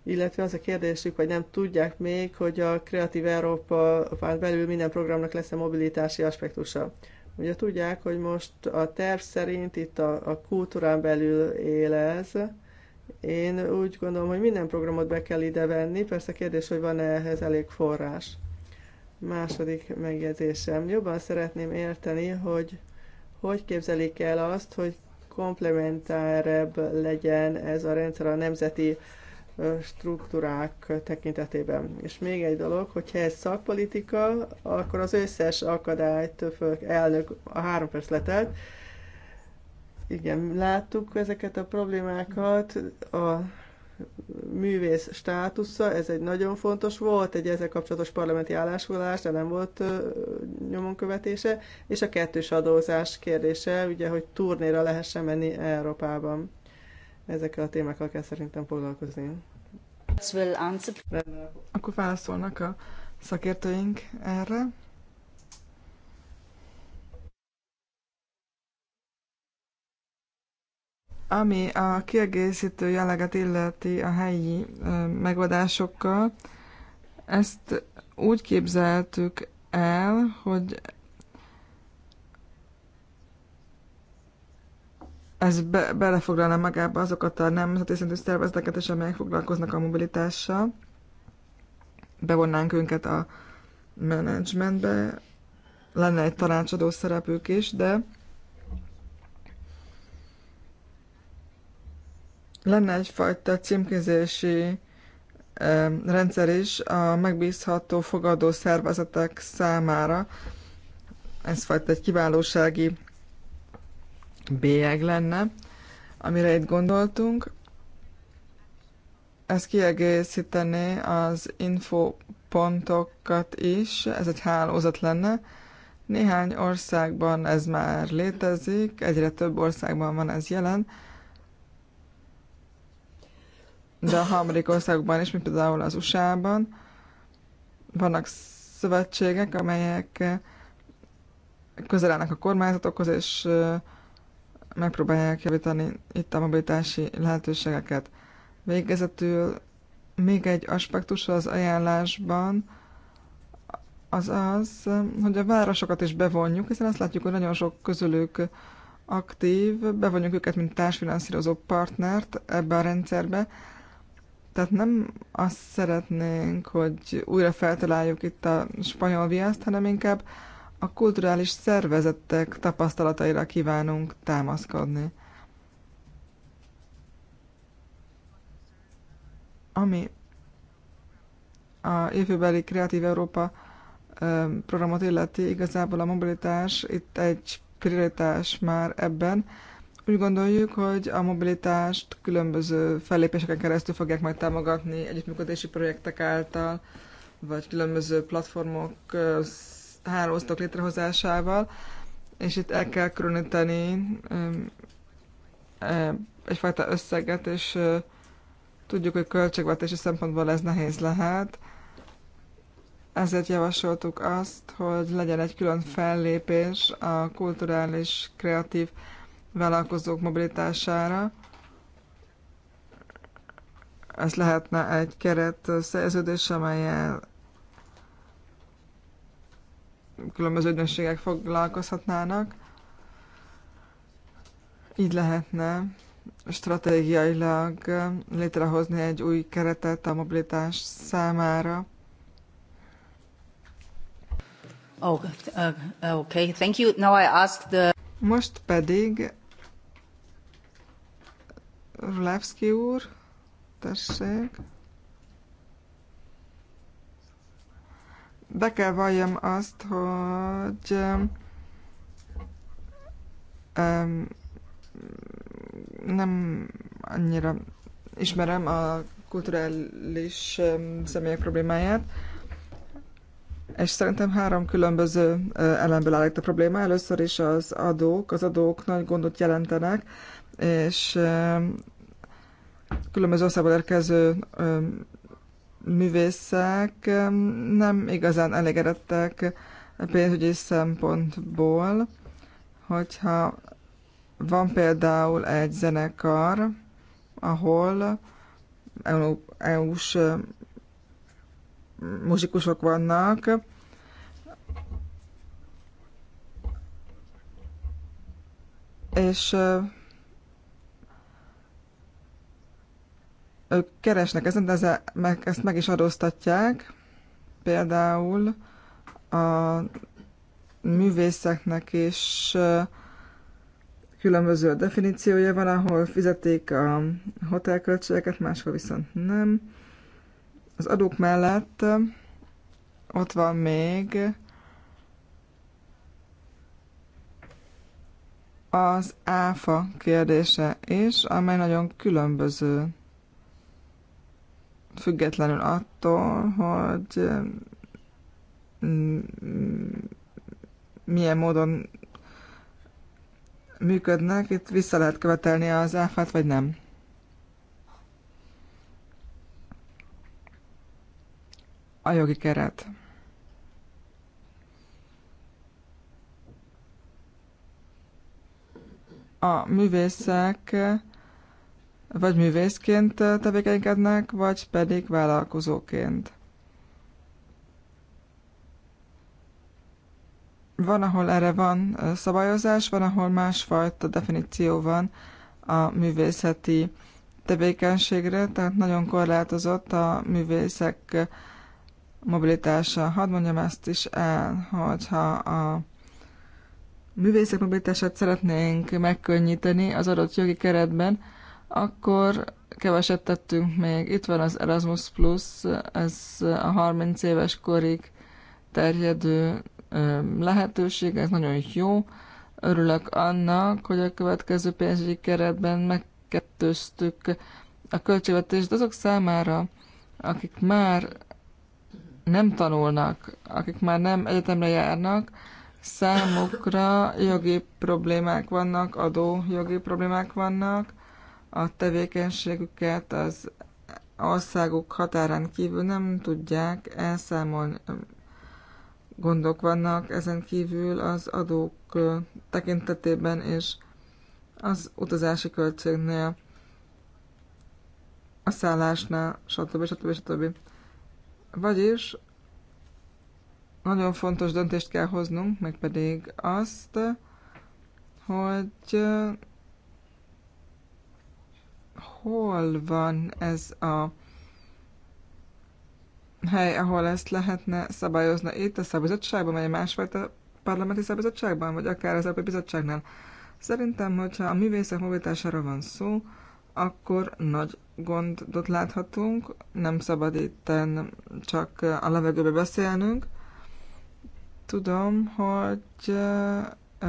illetve az a kérdésük, hogy nem tudják még, hogy a Kreatív Európa belül minden programnak lesz a mobilitási aspektusa. Ugye tudják, hogy most a terv szerint itt a, a kultúrán belül élez. Én úgy gondolom, hogy minden programot be kell ide venni, persze kérdés, hogy van-e ehhez elég forrás. Második megjegyzésem. Jobban szeretném érteni, hogy hogy képzelik el azt, hogy komplementárebb legyen ez a rendszer a nemzeti struktúrák tekintetében. És még egy dolog, hogyha ez szakpolitika, akkor az összes akadályt föl, elnök a három perc letelt. Igen, láttuk ezeket a problémákat, a művész státusza, ez egy nagyon fontos volt, egy ezzel kapcsolatos parlamenti állásfoglalás, de nem volt nyomon követése, és a kettős adózás kérdése, ugye, hogy turnéra lehessen menni Európában. Ezekkel a témákkal kell szerintem foglalkozni. Akkor válaszolnak a szakértőink erre. Ami a kiegészítő jelleget illeti a helyi megoldásokkal, ezt úgy képzeltük el, hogy ez be, belefoglalna magába azokat a nemzeti szintű szervezeteket is, amelyek foglalkoznak a mobilitással. Bevonnánk őket a menedzsmentbe, lenne egy tanácsadó szerepük is, de lenne egyfajta címkézési rendszer is a megbízható fogadó szervezetek számára. Ez fajta egy kiválósági bélyeg lenne, amire itt gondoltunk. Ez kiegészítené az infopontokat is, ez egy hálózat lenne. Néhány országban ez már létezik, egyre több országban van ez jelen, de a harmadik országokban is, mint például az USA-ban, vannak szövetségek, amelyek közel állnak a kormányzatokhoz, és megpróbálják javítani itt a mobilitási lehetőségeket. Végezetül még egy aspektus az ajánlásban az az, hogy a városokat is bevonjuk, hiszen azt látjuk, hogy nagyon sok közülük aktív, bevonjuk őket, mint társfinanszírozó partnert ebbe a rendszerbe. Tehát nem azt szeretnénk, hogy újra feltaláljuk itt a spanyol viaszt, hanem inkább a kulturális szervezetek tapasztalataira kívánunk támaszkodni. Ami a jövőbeli Kreatív Európa programot illeti, igazából a mobilitás itt egy prioritás már ebben. Úgy gondoljuk, hogy a mobilitást különböző fellépéseken keresztül fogják majd támogatni együttműködési projektek által, vagy különböző platformok hálózatok létrehozásával, és itt el kell különíteni egyfajta összeget, és tudjuk, hogy költségvetési szempontból ez nehéz lehet. Ezért javasoltuk azt, hogy legyen egy külön fellépés a kulturális, kreatív vállalkozók mobilitására. Ez lehetne egy keret szerződés, amelyel különböző ügynökségek foglalkozhatnának. Így lehetne stratégiailag létrehozni egy új keretet a mobilitás számára. Oh, uh, uh, okay, thank you. Now I ask the... Most pedig Vlevski úr, tessék. be kell valljam azt, hogy nem annyira ismerem a kulturális személyek problémáját, és szerintem három különböző elemből áll a probléma. Először is az adók. Az adók nagy gondot jelentenek, és különböző országból érkező művészek nem igazán elégedettek pénzügyi szempontból, hogyha van például egy zenekar, ahol EU-s muzsikusok vannak, és Ők keresnek ezen, de ezzel meg, ezt meg is adóztatják. Például a művészeknek is különböző definíciója van, ahol fizetik a hotelköltségeket, máshol viszont nem. Az adók mellett ott van még az áfa kérdése is, amely nagyon különböző függetlenül attól, hogy um, mm, milyen módon működnek, itt vissza lehet követelni az áfát, vagy nem. A jogi keret. A művészek vagy művészként eh, tevékenykednek, vagy pedig vállalkozóként. Van, ahol erre van eh, szabályozás, van, ahol másfajta definíció van a művészeti tevékenységre, tehát nagyon korlátozott a művészek eh, mobilitása. Hadd mondjam ezt is el, hogyha a művészek mobilitását szeretnénk megkönnyíteni az adott jogi keretben, akkor keveset tettünk még. Itt van az Erasmus Plus, ez a 30 éves korig terjedő lehetőség, ez nagyon jó. Örülök annak, hogy a következő pénzügyi keretben megkettőztük a költségvetést azok számára, akik már nem tanulnak, akik már nem egyetemre járnak, számukra jogi problémák vannak, adó jogi problémák vannak, a tevékenységüket az országuk határán kívül nem tudják elszámolni. Gondok vannak ezen kívül az adók tekintetében és az utazási költségnél, a szállásnál, stb. stb. stb. Vagyis nagyon fontos döntést kell hoznunk, meg pedig azt, hogy hol van ez a hely, ahol ezt lehetne szabályozni? Itt a szabadságban, vagy másfajta parlamenti szabadságban, vagy akár az Európai Bizottságnál? Szerintem, hogyha a művészek mobilitásáról van szó, akkor nagy gondot láthatunk, nem szabad itt csak a levegőbe beszélnünk. Tudom, hogy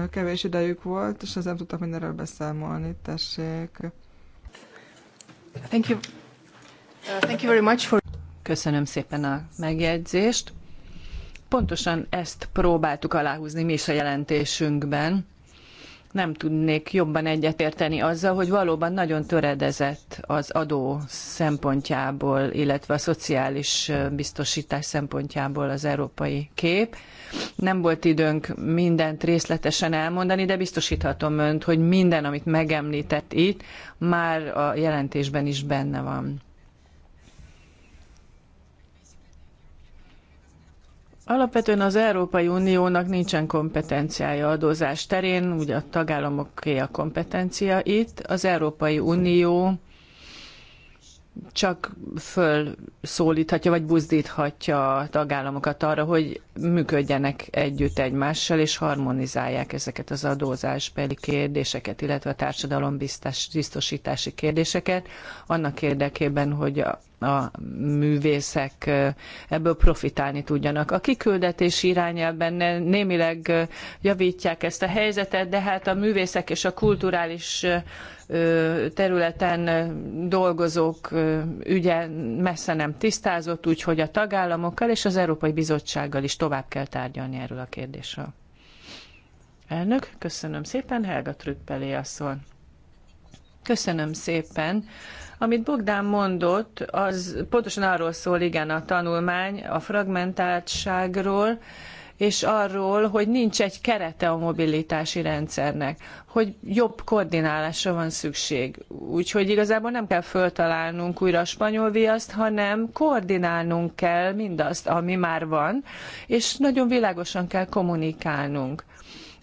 kevés idejük volt, és ezzel nem tudtak mindenről beszámolni, tessék. Thank you. Uh, thank you very much for... Köszönöm szépen a megjegyzést. Pontosan ezt próbáltuk aláhúzni mi is a jelentésünkben nem tudnék jobban egyetérteni azzal, hogy valóban nagyon töredezett az adó szempontjából, illetve a szociális biztosítás szempontjából az európai kép. Nem volt időnk mindent részletesen elmondani, de biztosíthatom önt, hogy minden, amit megemlített itt, már a jelentésben is benne van. Alapvetően az Európai Uniónak nincsen kompetenciája adózás terén, ugye a tagállamoké a kompetencia itt. Az Európai Unió csak fölszólíthatja, vagy buzdíthatja a tagállamokat arra, hogy működjenek együtt egymással, és harmonizálják ezeket az adózásbeli kérdéseket, illetve a társadalom biztosítási kérdéseket, annak érdekében, hogy a, a művészek ebből profitálni tudjanak. A kiküldetés irányában némileg javítják ezt a helyzetet, de hát a művészek és a kulturális területen dolgozók ügye messze nem tisztázott, úgyhogy a tagállamokkal és az Európai Bizottsággal is tovább kell tárgyalni erről a kérdésről. Elnök, köszönöm szépen, Helga Trüppelé asszony. Köszönöm szépen. Amit Bogdán mondott, az pontosan arról szól, igen, a tanulmány, a fragmentáltságról, és arról, hogy nincs egy kerete a mobilitási rendszernek, hogy jobb koordinálásra van szükség. Úgyhogy igazából nem kell föltalálnunk újra a spanyol viaszt, hanem koordinálnunk kell mindazt, ami már van, és nagyon világosan kell kommunikálnunk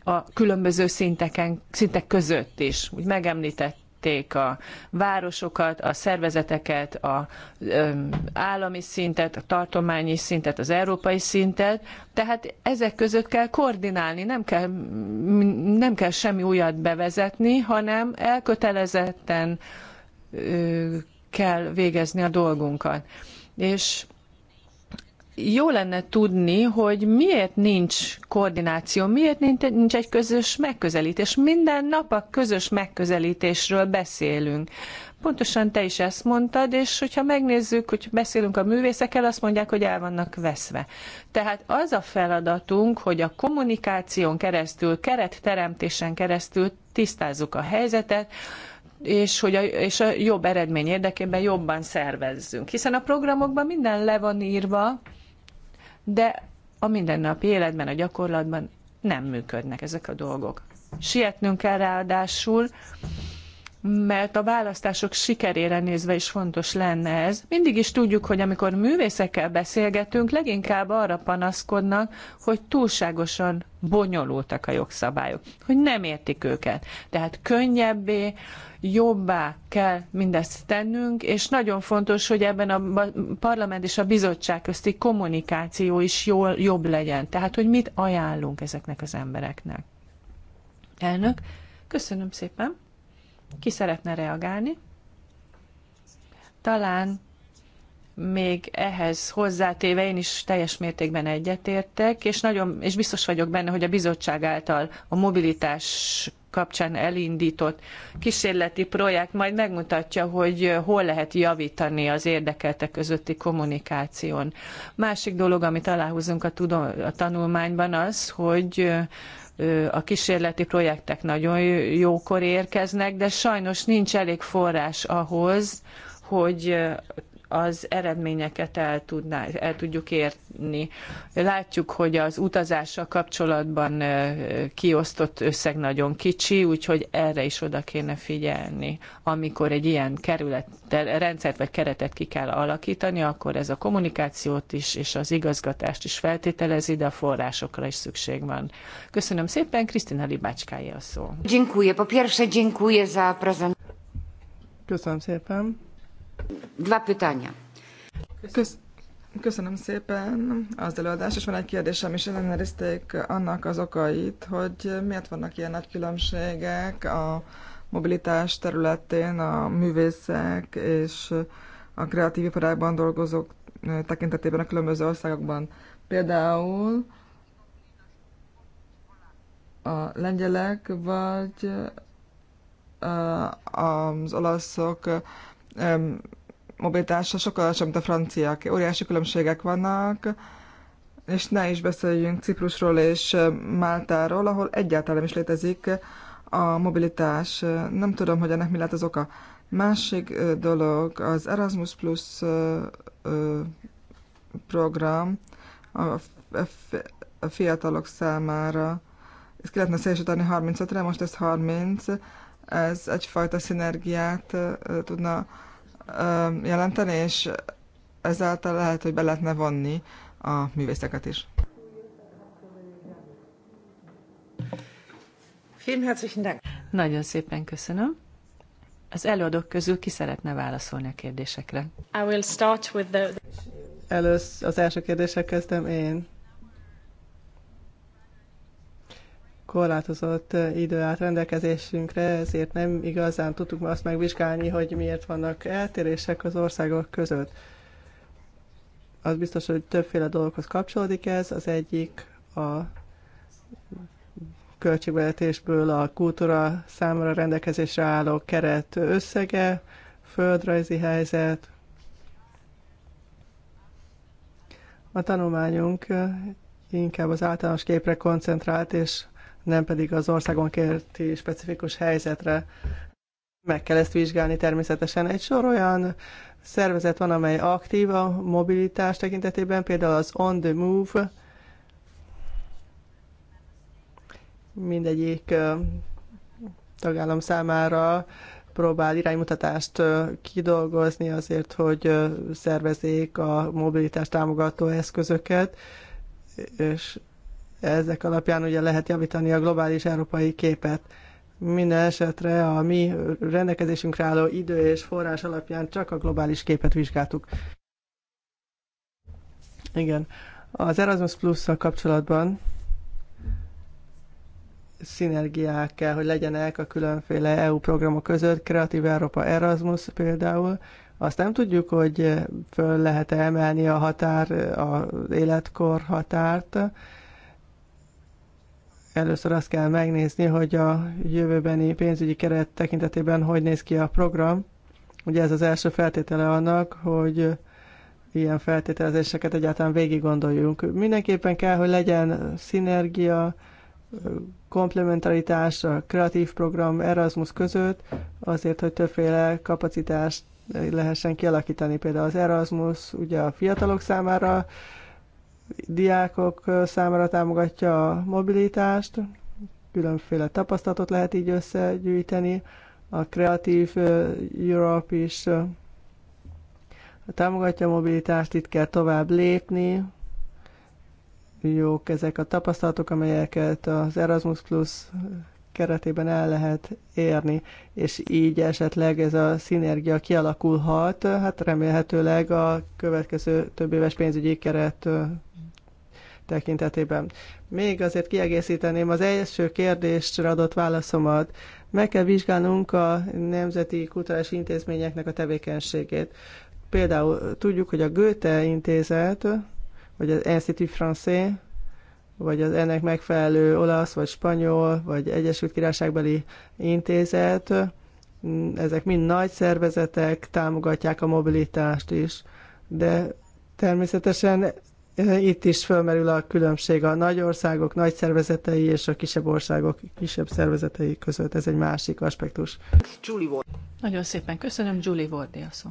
a különböző szinteken, szintek között is. Úgy megemlített segítették a városokat, a szervezeteket, a állami szintet, a tartományi szintet, az európai szintet. Tehát ezek között kell koordinálni, nem kell, nem kell semmi újat bevezetni, hanem elkötelezetten kell végezni a dolgunkat. És jó lenne tudni, hogy miért nincs koordináció, miért nincs egy közös megközelítés. Minden nap a közös megközelítésről beszélünk. Pontosan te is ezt mondtad, és hogyha megnézzük, hogy beszélünk a művészekkel, azt mondják, hogy el vannak veszve. Tehát az a feladatunk, hogy a kommunikáción keresztül, keretteremtésen keresztül tisztázzuk a helyzetet, és, hogy a, és a jobb eredmény érdekében jobban szervezzünk. Hiszen a programokban minden le van írva, de a mindennapi életben, a gyakorlatban nem működnek ezek a dolgok. Sietnünk kell ráadásul, mert a választások sikerére nézve is fontos lenne ez. Mindig is tudjuk, hogy amikor művészekkel beszélgetünk, leginkább arra panaszkodnak, hogy túlságosan bonyolultak a jogszabályok, hogy nem értik őket. Tehát könnyebbé, jobbá kell mindezt tennünk, és nagyon fontos, hogy ebben a parlament és a bizottság közti kommunikáció is jól, jobb legyen. Tehát, hogy mit ajánlunk ezeknek az embereknek. Elnök, köszönöm szépen! Ki szeretne reagálni? Talán még ehhez hozzátéve én is teljes mértékben egyetértek, és, nagyon, és biztos vagyok benne, hogy a bizottság által a mobilitás kapcsán elindított kísérleti projekt majd megmutatja, hogy hol lehet javítani az érdekeltek közötti kommunikáción. Másik dolog, amit aláhúzunk a, tudom, a tanulmányban az, hogy a kísérleti projektek nagyon jókor érkeznek, de sajnos nincs elég forrás ahhoz, hogy az eredményeket el, tudná, el tudjuk érni. Látjuk, hogy az utazással kapcsolatban kiosztott összeg nagyon kicsi, úgyhogy erre is oda kéne figyelni. Amikor egy ilyen kerület, rendszert vagy keretet ki kell alakítani, akkor ez a kommunikációt is és az igazgatást is feltételezi, de a forrásokra is szükség van. Köszönöm szépen, Krisztina Libácskája a szó. Dziękuję. Po pierwsze, dziękuję za prezent. Köszönöm szépen pytania. köszönöm szépen az előadást, és van egy kérdésem is, ellenőrizték annak az okait, hogy miért vannak ilyen nagy különbségek a mobilitás területén a művészek és a kreatív iparágban dolgozók tekintetében a különböző országokban. Például a lengyelek vagy az olaszok mobilitásra sokkal alacsonyabb, mint a franciák. Óriási különbségek vannak, és ne is beszéljünk Ciprusról és Máltáról, ahol egyáltalán is létezik a mobilitás. Nem tudom, hogy ennek mi lehet az oka. Másik dolog az Erasmus Plus program a fiatalok számára. Ezt ki lehetne szélsőtani 35-re, most ez 30 ez egyfajta szinergiát tudna jelenteni, és ezáltal lehet, hogy be lehetne vonni a művészeket is. Nagyon szépen köszönöm. Az előadók közül ki szeretne válaszolni a kérdésekre? I will start with the... Először az első kérdésre kezdem én. korlátozott idő állt rendelkezésünkre, ezért nem igazán tudtuk azt megvizsgálni, hogy miért vannak eltérések az országok között. Az biztos, hogy többféle dologhoz kapcsolódik ez. Az egyik a költségvetésből a kultúra számára rendelkezésre álló keret összege, földrajzi helyzet. A tanulmányunk inkább az általános képre koncentrált, és nem pedig az országon kérti specifikus helyzetre. Meg kell ezt vizsgálni természetesen. Egy sor olyan szervezet van, amely aktív a mobilitás tekintetében, például az On the Move, mindegyik tagállam számára próbál iránymutatást kidolgozni azért, hogy szervezék a mobilitást támogató eszközöket, és ezek alapján ugye lehet javítani a globális európai képet. Minden esetre a mi rendelkezésünkre álló idő és forrás alapján csak a globális képet vizsgáltuk. Igen. Az Erasmus Plus-szal kapcsolatban szinergiák kell, hogy legyenek a különféle EU programok között, Kreatív Európa Erasmus például. Azt nem tudjuk, hogy föl lehet -e emelni a határ, az életkor határt, Először azt kell megnézni, hogy a jövőbeni pénzügyi keret tekintetében hogy néz ki a program. Ugye ez az első feltétele annak, hogy ilyen feltételezéseket egyáltalán végig gondoljunk. Mindenképpen kell, hogy legyen szinergia, komplementaritás a kreatív program Erasmus között, azért, hogy többféle kapacitást lehessen kialakítani. Például az Erasmus ugye a fiatalok számára diákok számára támogatja a mobilitást, különféle tapasztalatot lehet így összegyűjteni. A kreatív Europe is támogatja a mobilitást, itt kell tovább lépni. Jók ezek a tapasztalatok, amelyeket az Erasmus Plus keretében el lehet érni, és így esetleg ez a szinergia kialakulhat, hát remélhetőleg a következő több éves pénzügyi keret tekintetében. Még azért kiegészíteném az első kérdésre adott válaszomat. Meg kell vizsgálnunk a nemzeti kutatási intézményeknek a tevékenységét. Például tudjuk, hogy a Goethe intézet, vagy az Institut Français vagy az ennek megfelelő olasz, vagy spanyol, vagy Egyesült Királyságbeli intézet, ezek mind nagy szervezetek, támogatják a mobilitást is, de természetesen eh, itt is fölmerül a különbség a nagy országok, nagy szervezetei és a kisebb országok, kisebb szervezetei között. Ez egy másik aspektus. Julie Ward. Nagyon szépen köszönöm, Julie Wardi a szó.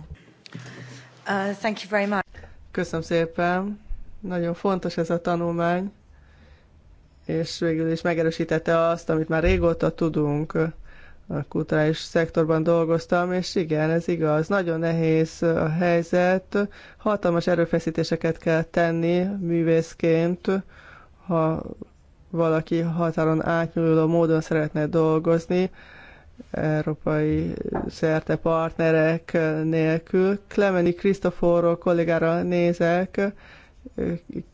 Uh, thank you very much. Köszönöm szépen. Nagyon fontos ez a tanulmány és végül is megerősítette azt, amit már régóta tudunk. A kulturális szektorban dolgoztam, és igen, ez igaz. Nagyon nehéz a helyzet. Hatalmas erőfeszítéseket kell tenni művészként, ha valaki határon átnyúló módon szeretne dolgozni, európai szerte partnerek nélkül. Klemeni Krisztoforról kollégára nézek,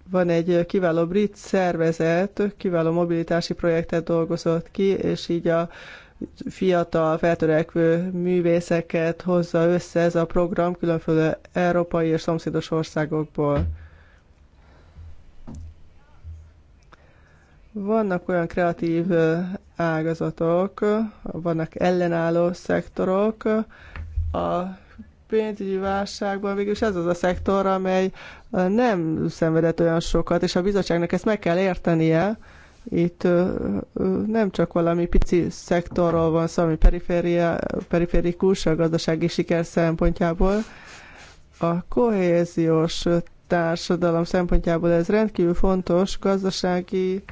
van egy kiváló brit szervezet, kiváló mobilitási projektet dolgozott ki, és így a fiatal, feltörekvő művészeket hozza össze ez a program különféle európai és szomszédos országokból. Vannak olyan kreatív ágazatok, vannak ellenálló szektorok, a pénzügyi válságban végül is ez az a szektor, amely nem szenvedett olyan sokat, és a bizottságnak ezt meg kell értenie, itt nem csak valami pici szektorról van szó, ami periférikus a gazdasági siker szempontjából. A kohéziós társadalom szempontjából ez rendkívül fontos gazdasági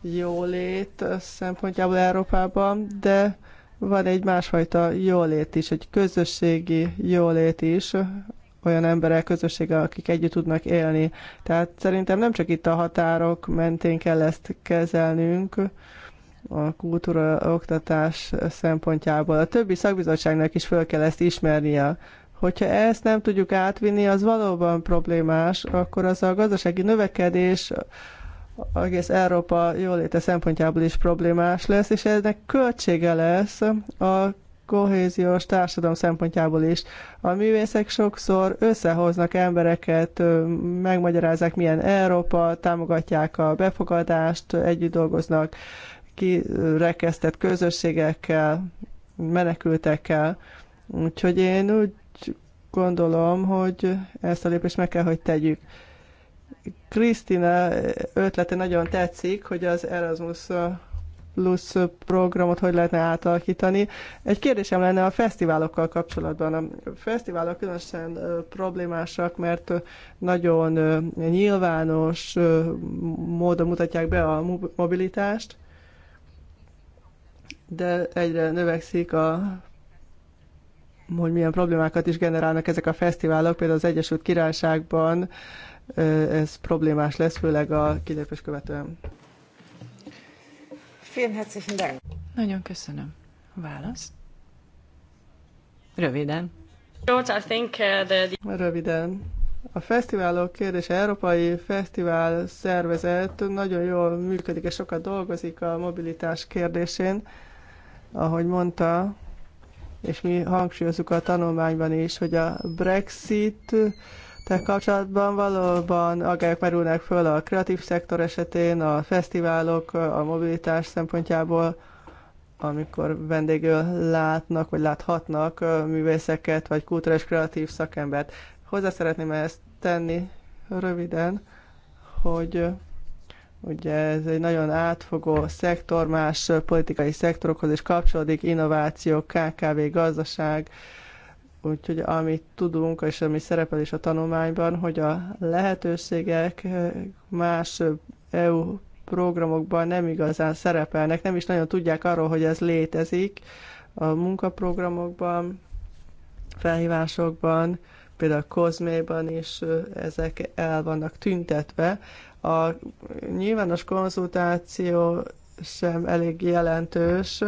jólét szempontjából Európában, de van egy másfajta jólét is, egy közösségi jólét is, olyan emberek közössége, akik együtt tudnak élni. Tehát szerintem nem csak itt a határok mentén kell ezt kezelnünk, a kultúra oktatás szempontjából. A többi szakbizottságnak is föl kell ezt ismernie. Hogyha ezt nem tudjuk átvinni, az valóban problémás, akkor az a gazdasági növekedés egész Európa jóléte szempontjából is problémás lesz, és ennek költsége lesz a kohéziós társadalom szempontjából is. A művészek sokszor összehoznak embereket, megmagyarázzák, milyen Európa, támogatják a befogadást, együtt dolgoznak kirekesztett közösségekkel, menekültekkel. Úgyhogy én úgy gondolom, hogy ezt a lépést meg kell, hogy tegyük. Krisztina ötlete nagyon tetszik, hogy az Erasmus Plus programot hogy lehetne átalakítani. Egy kérdésem lenne a fesztiválokkal kapcsolatban. A fesztiválok különösen problémásak, mert nagyon nyilvános módon mutatják be a mobilitást, de egyre növekszik a hogy milyen problémákat is generálnak ezek a fesztiválok, például az Egyesült Királyságban ez problémás lesz, főleg a kilépés követően. Nagyon köszönöm. Válasz? Röviden. Uh, Röviden. A fesztiválok kérdése, Európai Fesztivál szervezet nagyon jól működik, és sokat dolgozik a mobilitás kérdésén, ahogy mondta, és mi hangsúlyozunk a tanulmányban is, hogy a Brexit tehát kapcsolatban valóban agályok merülnek föl a kreatív szektor esetén, a fesztiválok, a mobilitás szempontjából, amikor vendégül látnak, vagy láthatnak művészeket, vagy kulturális kreatív szakembert. Hozzá szeretném ezt tenni röviden, hogy ugye ez egy nagyon átfogó szektor, más politikai szektorokhoz is kapcsolódik, innováció, KKV, gazdaság, Úgyhogy amit tudunk, és ami szerepel is a tanulmányban, hogy a lehetőségek más EU programokban nem igazán szerepelnek, nem is nagyon tudják arról, hogy ez létezik a munkaprogramokban, felhívásokban, például a Kozméban is ezek el vannak tüntetve. A nyilvános konzultáció sem elég jelentős,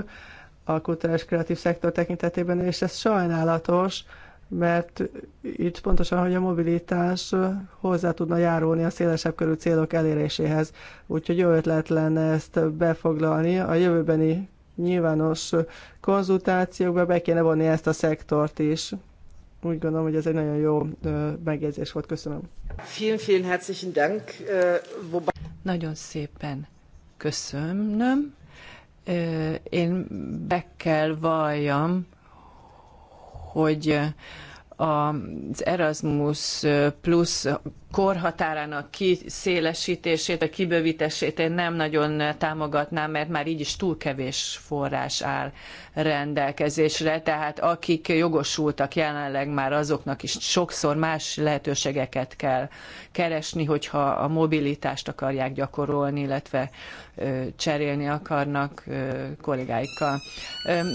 a kulturális kreatív szektor tekintetében, és ez sajnálatos, mert itt pontosan, hogy a mobilitás hozzá tudna járulni a szélesebb körű célok eléréséhez. Úgyhogy jó ötlet lenne ezt befoglalni. A jövőbeni nyilvános konzultációkba be kéne vonni ezt a szektort is. Úgy gondolom, hogy ez egy nagyon jó megjegyzés volt. Köszönöm. Vielen, vielen herzlichen Dank. Nagyon szépen köszönöm én be kell valljam, hogy az Erasmus plusz korhatárának kiszélesítését, a kibővítését én nem nagyon támogatnám, mert már így is túl kevés forrás áll rendelkezésre, tehát akik jogosultak jelenleg már azoknak is sokszor más lehetőségeket kell keresni, hogyha a mobilitást akarják gyakorolni, illetve cserélni akarnak kollégáikkal.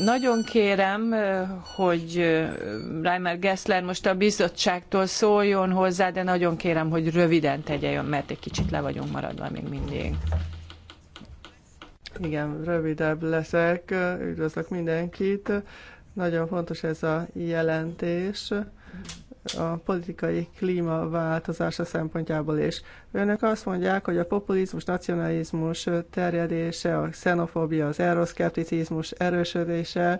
Nagyon kérem, hogy Reimer Gessler most a bizottságtól szóljon hozzá, de nagyon kérem, kérem, hogy röviden tegye, mert egy kicsit le vagyunk maradva még mindig. Igen, rövidebb leszek. Üdvözlök mindenkit. Nagyon fontos ez a jelentés a politikai klíma változása szempontjából is. Önök azt mondják, hogy a populizmus, nacionalizmus terjedése, a xenofóbia, az eroszkepticizmus erősödése,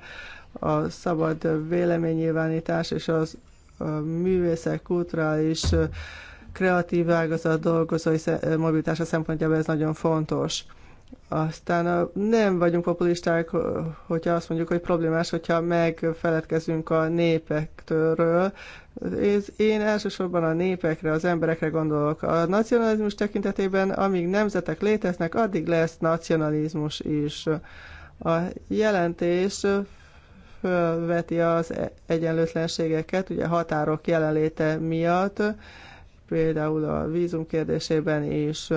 a szabad véleménynyilvánítás és az a művészek kulturális kreatív ágazat dolgozói mobilitása szempontjából ez nagyon fontos. Aztán a, nem vagyunk populisták, hogyha azt mondjuk, hogy problémás, hogyha megfeledkezünk a népektől. Ez, én elsősorban a népekre, az emberekre gondolok. A nacionalizmus tekintetében, amíg nemzetek léteznek, addig lesz nacionalizmus is. A jelentés fölveti az e-, egyenlőtlenségeket, ugye határok jelenléte miatt, például a vízum kérdésében is,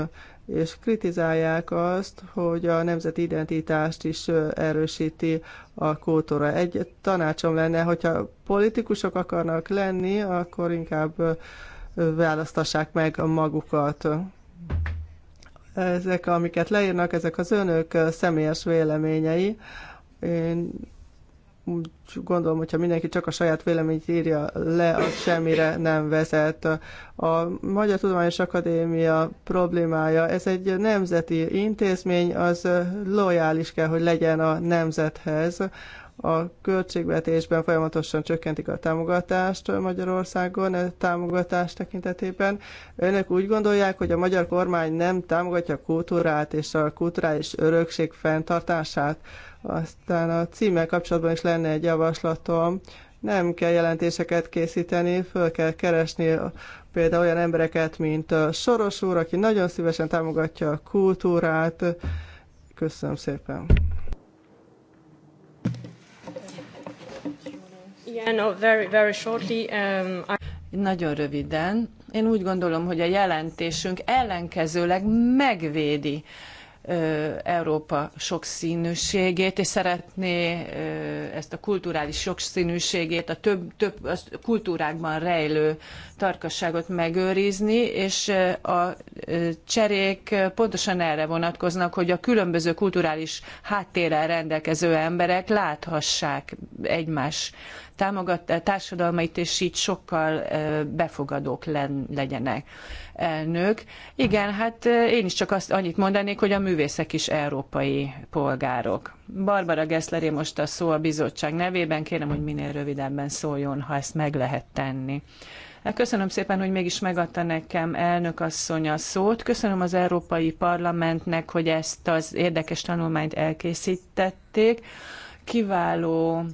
és kritizálják azt, hogy a nemzeti identitást is erősíti a kultúra. Egy tanácsom lenne, hogyha politikusok akarnak lenni, akkor inkább választassák meg magukat. Ezek, amiket leírnak, ezek az önök személyes véleményei. Én úgy gondolom, hogyha mindenki csak a saját véleményt írja le, az semmire nem vezet. A Magyar Tudományos Akadémia problémája, ez egy nemzeti intézmény, az lojális kell, hogy legyen a nemzethez. A költségvetésben folyamatosan csökkentik a támogatást Magyarországon, a e támogatás tekintetében. Önök úgy gondolják, hogy a magyar kormány nem támogatja a kultúrát és a kulturális örökség fenntartását? Aztán a címmel kapcsolatban is lenne egy javaslatom. Nem kell jelentéseket készíteni, föl kell keresni például olyan embereket, mint Soros úr, aki nagyon szívesen támogatja a kultúrát. Köszönöm szépen. Yeah, no, very, very shortly, um, I... Nagyon röviden. Én úgy gondolom, hogy a jelentésünk ellenkezőleg megvédi Európa sokszínűségét, és szeretné ezt a kulturális sokszínűségét a több, több kultúrákban rejlő tarkasságot megőrizni, és a cserék pontosan erre vonatkoznak, hogy a különböző kulturális háttérrel rendelkező emberek láthassák egymás támogat, társadalmait, és így sokkal befogadók legyenek. Elnök. Igen, hát én is csak azt annyit mondanék, hogy a művészek is európai polgárok. Barbara Gessleré most a szó a bizottság nevében, kérem, hogy minél rövidebben szóljon, ha ezt meg lehet tenni. Hát köszönöm szépen, hogy mégis megadta nekem elnök asszony a szót. Köszönöm az Európai Parlamentnek, hogy ezt az érdekes tanulmányt elkészítették. Kiváló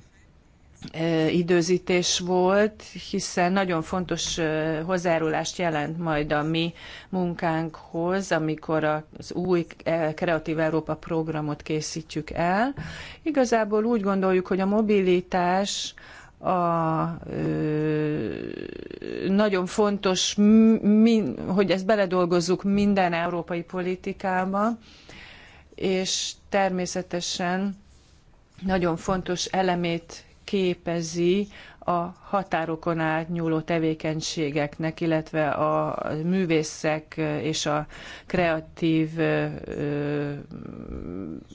e, időzítés volt, hiszen nagyon fontos e, hozzárulást jelent majd a mi munkánkhoz, amikor az új e, Kreatív Európa programot készítjük el. Igazából úgy gondoljuk, hogy a mobilitás a ö, nagyon fontos, min, hogy ezt beledolgozzuk minden európai politikába, és természetesen nagyon fontos elemét képezi a határokon átnyúló tevékenységeknek, illetve a művészek és a kreatív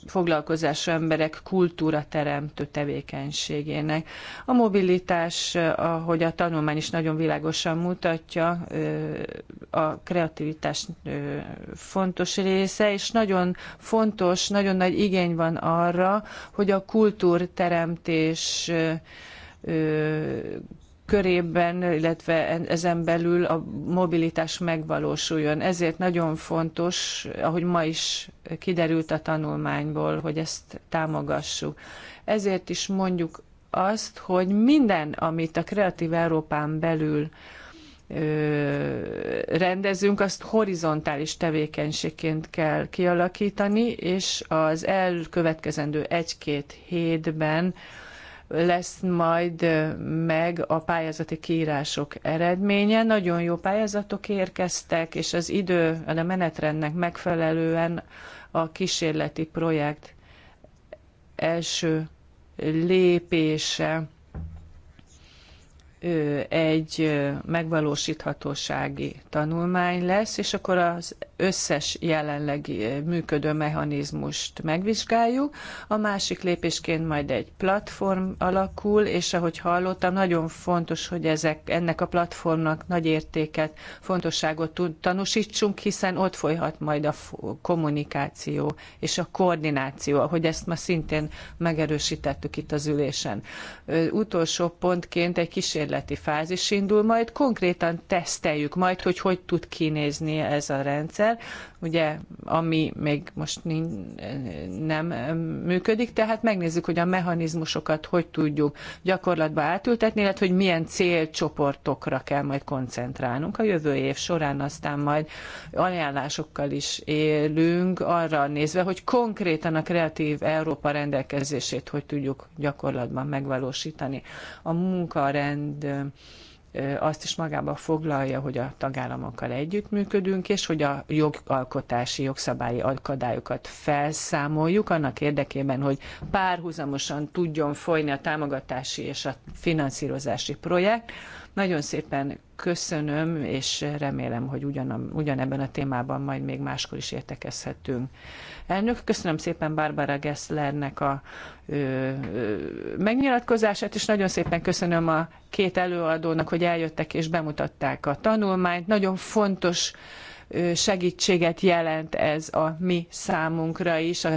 foglalkozású emberek kultúra teremtő tevékenységének. A mobilitás, ahogy a tanulmány is nagyon világosan mutatja, a kreativitás fontos része, és nagyon fontos, nagyon nagy igény van arra, hogy a kultúrteremtés teremtés körében, illetve ezen belül a mobilitás megvalósuljon. Ezért nagyon fontos, ahogy ma is kiderült a tanulmányból, hogy ezt támogassuk. Ezért is mondjuk azt, hogy minden, amit a Kreatív Európán belül rendezünk, azt horizontális tevékenységként kell kialakítani, és az elkövetkezendő egy-két hétben lesz majd meg a pályázati kiírások eredménye. Nagyon jó pályázatok érkeztek, és az idő, a menetrendnek megfelelően a kísérleti projekt első lépése egy megvalósíthatósági tanulmány lesz, és akkor az összes jelenlegi működő mechanizmust megvizsgáljuk. A másik lépésként majd egy platform alakul, és ahogy hallottam, nagyon fontos, hogy ezek, ennek a platformnak nagy értéket, fontosságot tanúsítsunk, hiszen ott folyhat majd a kommunikáció és a koordináció, ahogy ezt ma szintén megerősítettük itt az ülésen. Utolsó pontként egy kísérlet kísérleti fázis indul, majd konkrétan teszteljük majd, hogy hogy tud kinézni ez a rendszer, ugye, ami még most nem működik, tehát megnézzük, hogy a mechanizmusokat hogy tudjuk gyakorlatba átültetni, illetve hogy milyen célcsoportokra kell majd koncentrálnunk a jövő év során, aztán majd ajánlásokkal is élünk, arra nézve, hogy konkrétan a kreatív Európa rendelkezését hogy tudjuk gyakorlatban megvalósítani. A munkarend azt is magába foglalja, hogy a tagállamokkal együttműködünk, és hogy a jogalkotási, jogszabályi akadályokat felszámoljuk, annak érdekében, hogy párhuzamosan tudjon folyni a támogatási és a finanszírozási projekt, nagyon szépen köszönöm, és remélem, hogy ugyan, ugyanebben a témában majd még máskor is értekezhetünk. Elnök, köszönöm szépen Barbara Gesslernek a ö, ö, megnyilatkozását, és nagyon szépen köszönöm a két előadónak, hogy eljöttek és bemutatták a tanulmányt. Nagyon fontos segítséget jelent ez a mi számunkra is, a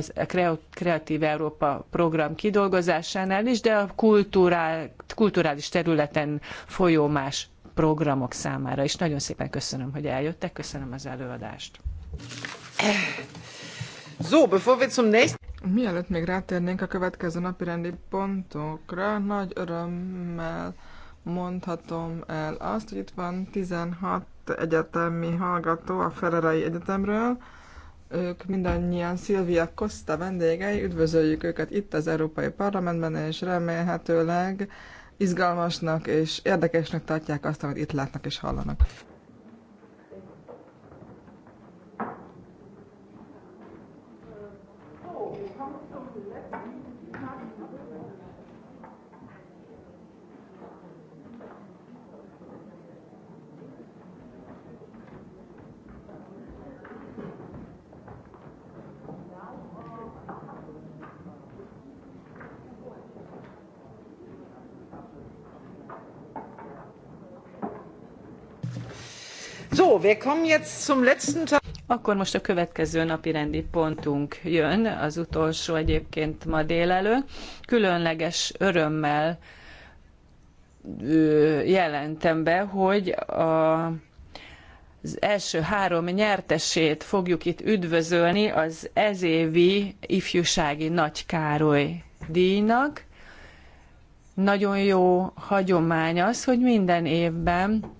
Kreatív Európa program kidolgozásánál is, de a kulturál, kulturális területen folyó más programok számára is. Nagyon szépen köszönöm, hogy eljöttek, köszönöm az előadást. So, bevor wir zum nächsten... Mielőtt még rátérnénk a következő napi rendi pontokra, nagy örömmel mondhatom el azt, hogy itt van 16 egyetemi hallgató a Ferrerai Egyetemről. Ők mindannyian Szilvia Costa vendégei, üdvözöljük őket itt az Európai Parlamentben, és remélhetőleg izgalmasnak és érdekesnek tartják azt, amit itt látnak és hallanak. So, wir kommen jetzt zum letzten Tag. Akkor most a következő napi rendi pontunk jön, az utolsó egyébként ma délelő. Különleges örömmel jelentem be, hogy a az első három nyertesét fogjuk itt üdvözölni az ezévi ifjúsági Nagy Károly díjnak. Nagyon jó hagyomány az, hogy minden évben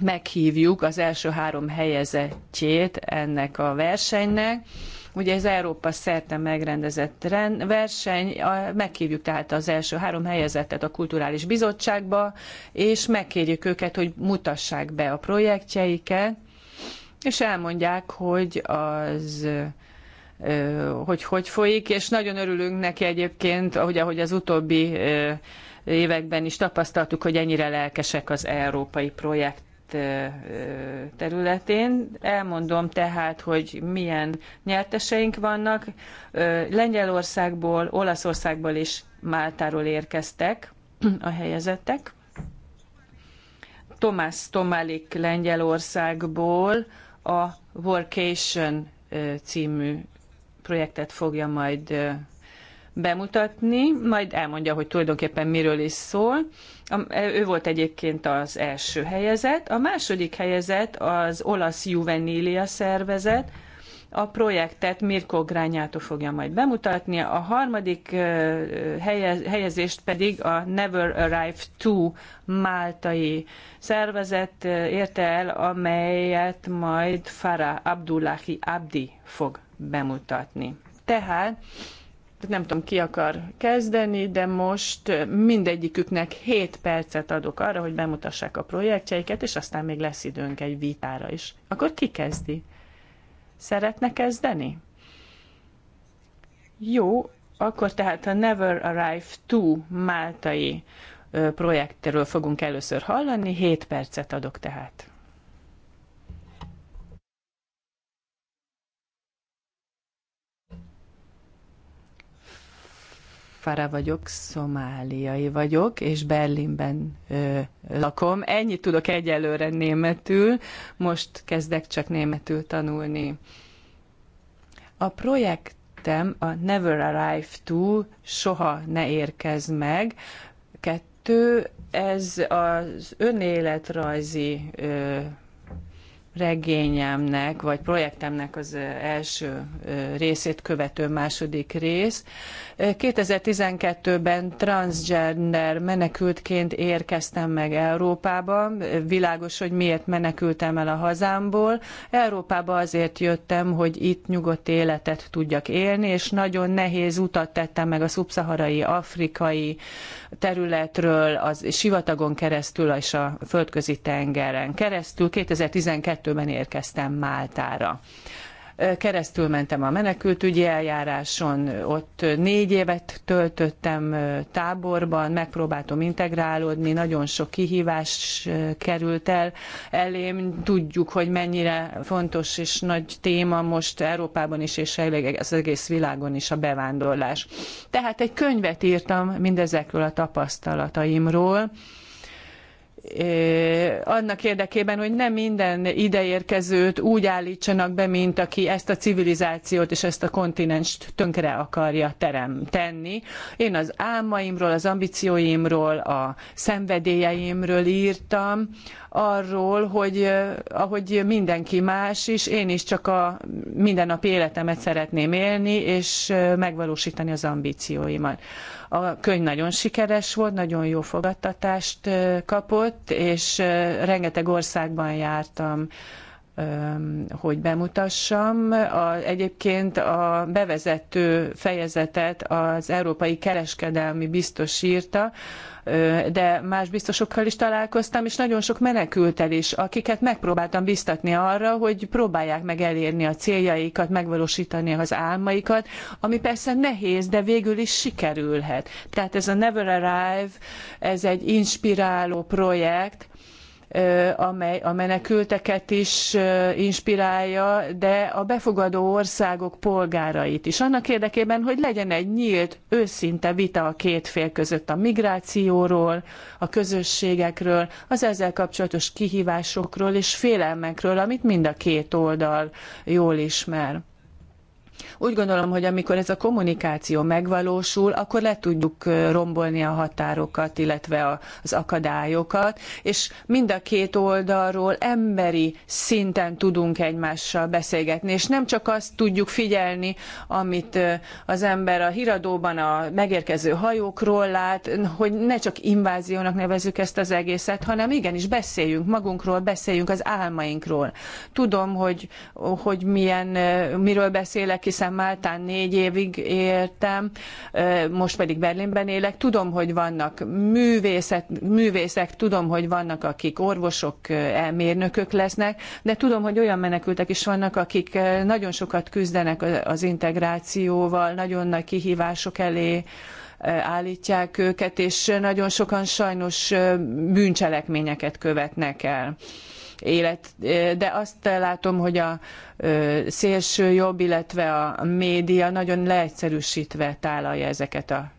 meghívjuk az első három helyezettjét ennek a versenynek. Ugye ez Európa szerte megrendezett verseny, meghívjuk tehát az első három helyezettet a Kulturális Bizottságba, és megkérjük őket, hogy mutassák be a projektjeiket, és elmondják, hogy az hogy hogy folyik, és nagyon örülünk neki egyébként, ahogy, ahogy az utóbbi években is tapasztaltuk, hogy ennyire lelkesek az európai projekt területén. Elmondom tehát, hogy milyen nyerteseink vannak. Lengyelországból, Olaszországból és Máltáról érkeztek a helyezettek. Tomás Tomalik Lengyelországból a Workation című projektet fogja majd bemutatni, majd elmondja, hogy tulajdonképpen miről is szól. Ő volt egyébként az első helyezett. A második helyezett az olasz Juvenilia szervezet, a projektet Mirko Grányátó fogja majd bemutatni, a harmadik helyezést pedig a Never Arrive 2 máltai szervezet érte el, amelyet majd Farah Abdullahi Abdi fog bemutatni. Tehát nem tudom, ki akar kezdeni, de most mindegyiküknek 7 percet adok arra, hogy bemutassák a projektjeiket, és aztán még lesz időnk egy vitára is. Akkor ki kezdi? Szeretne kezdeni? Jó, akkor tehát a Never Arrive 2 máltai projektről fogunk először hallani, 7 percet adok tehát. Fara vagyok, szomáliai vagyok, és Berlinben ö, lakom. Ennyit tudok egyelőre németül, most kezdek csak németül tanulni. A projektem a Never Arrive To, soha ne érkez meg, kettő, ez az önéletrajzi ö, regényemnek, vagy projektemnek az első részét követő második rész. 2012-ben transgender menekültként érkeztem meg Európába. Világos, hogy miért menekültem el a hazámból. Európába azért jöttem, hogy itt nyugodt életet tudjak élni, és nagyon nehéz utat tettem meg a szubszaharai afrikai területről, az sivatagon keresztül és a földközi tengeren keresztül. 2012-ben érkeztem Máltára keresztül mentem a menekültügyi eljáráson, ott négy évet töltöttem táborban, megpróbáltam integrálódni, nagyon sok kihívás került el elém. Tudjuk, hogy mennyire fontos és nagy téma most Európában is, és az egész világon is a bevándorlás. Tehát egy könyvet írtam mindezekről a tapasztalataimról, annak érdekében, hogy nem minden ideérkezőt úgy állítsanak be, mint aki ezt a civilizációt és ezt a kontinenst tönkre akarja terem, tenni. Én az álmaimról, az ambícióimról, a szenvedélyeimről írtam, arról, hogy ahogy mindenki más is, én is csak a mindennapi életemet szeretném élni, és megvalósítani az ambícióimat. A könyv nagyon sikeres volt, nagyon jó fogadtatást kapott, és rengeteg országban jártam hogy bemutassam. A, egyébként a bevezető fejezetet az Európai Kereskedelmi Biztos írta, de más biztosokkal is találkoztam, és nagyon sok menekültel is, akiket megpróbáltam biztatni arra, hogy próbálják meg elérni a céljaikat, megvalósítani az álmaikat, ami persze nehéz, de végül is sikerülhet. Tehát ez a Never Arrive, ez egy inspiráló projekt, amely a menekülteket is inspirálja, de a befogadó országok polgárait is. Annak érdekében, hogy legyen egy nyílt, őszinte vita a két fél között a migrációról, a közösségekről, az ezzel kapcsolatos kihívásokról és félelmekről, amit mind a két oldal jól ismer. Úgy gondolom, hogy amikor ez a kommunikáció megvalósul, akkor le tudjuk rombolni a határokat, illetve az akadályokat, és mind a két oldalról emberi szinten tudunk egymással beszélgetni, és nem csak azt tudjuk figyelni, amit az ember a híradóban a megérkező hajókról lát, hogy ne csak inváziónak nevezzük ezt az egészet, hanem igenis beszéljünk magunkról, beszéljünk az álmainkról. Tudom, hogy, hogy milyen, miről beszélek, hiszen Máltán négy évig éltem, most pedig Berlinben élek. Tudom, hogy vannak művészet, művészek, tudom, hogy vannak, akik orvosok, e, mérnökök lesznek, de tudom, hogy olyan menekültek is vannak, akik nagyon sokat küzdenek az integrációval, nagyon nagy kihívások elé állítják őket, és nagyon sokan sajnos bűncselekményeket követnek el élet, de azt látom, hogy a szélső jobb, illetve a média nagyon leegyszerűsítve tálalja ezeket a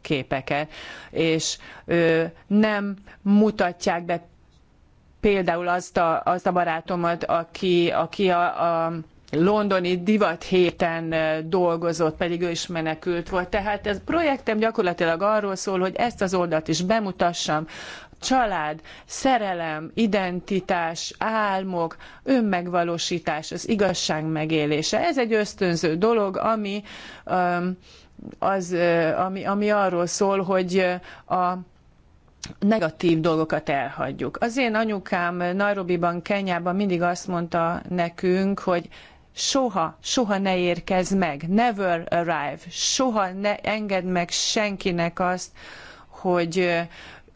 képeket, és nem mutatják be például azt a, azt a barátomat, aki, aki a, a londoni divat héten dolgozott, pedig ő is menekült volt. Tehát ez projektem gyakorlatilag arról szól, hogy ezt az oldalt is bemutassam, család, szerelem, identitás, álmok, önmegvalósítás, az igazság megélése. Ez egy ösztönző dolog, ami, az, ami, ami arról szól, hogy a negatív dolgokat elhagyjuk. Az én anyukám Nairobiban, Kenyában mindig azt mondta nekünk, hogy soha, soha ne érkezz meg, never arrive, soha ne engedd meg senkinek azt, hogy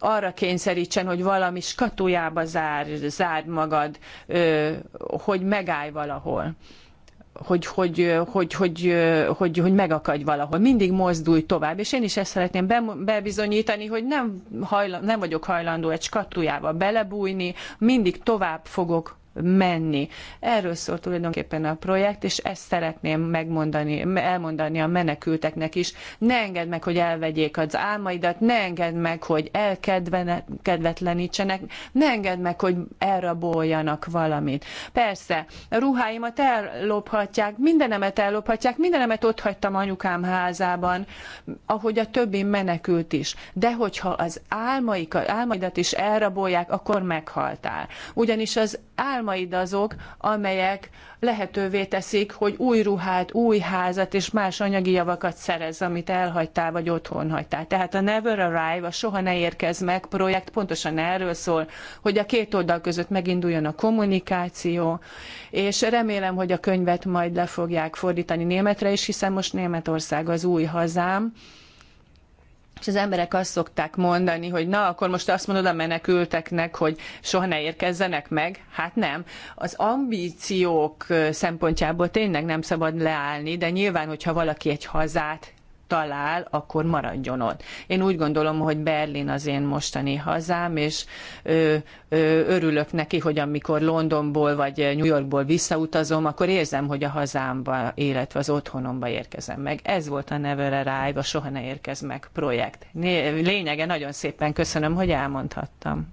arra kényszerítsen, hogy valami skatujába zár, zárd magad, hogy megállj valahol. Hogy, hogy, hogy, hogy, hogy, hogy megakadj valahol. Mindig mozdulj tovább. És én is ezt szeretném bebizonyítani, hogy nem, hajla, nem vagyok hajlandó egy skatujába belebújni, mindig tovább fogok menni. Erről szól tulajdonképpen a projekt, és ezt szeretném megmondani, elmondani a menekülteknek is. Ne engedd meg, hogy elvegyék az álmaidat, ne engedd meg, hogy elkedvetlenítsenek, ne engedd meg, hogy elraboljanak valamit. Persze, a ruháimat ellophatják, mindenemet ellophatják, mindenemet ott hagytam anyukám házában, ahogy a többi menekült is. De hogyha az álmaikat, álmaidat is elrabolják, akkor meghaltál. Ugyanis az álmaid azok, amelyek lehetővé teszik, hogy új ruhát, új házat és más anyagi javakat szerez, amit elhagytál vagy otthon hagytál. Tehát a Never Arrive, a Soha ne érkezz meg projekt pontosan erről szól, hogy a két oldal között meginduljon a kommunikáció, és remélem, hogy a könyvet majd le fogják fordítani németre is, hiszen most Németország az új hazám, és az emberek azt szokták mondani, hogy na, akkor most azt mondod a menekülteknek, hogy soha ne érkezzenek meg? Hát nem. Az ambíciók szempontjából tényleg nem szabad leállni, de nyilván, hogyha valaki egy hazát talál, akkor maradjon ott. Én úgy gondolom, hogy Berlin az én mostani hazám, és ö, ö, örülök neki, hogy amikor Londonból vagy New Yorkból visszautazom, akkor érzem, hogy a hazámba, illetve az otthonomba érkezem meg. Ez volt a Never Arrive, a Soha ne érkez meg projekt. Lényege nagyon szépen köszönöm, hogy elmondhattam.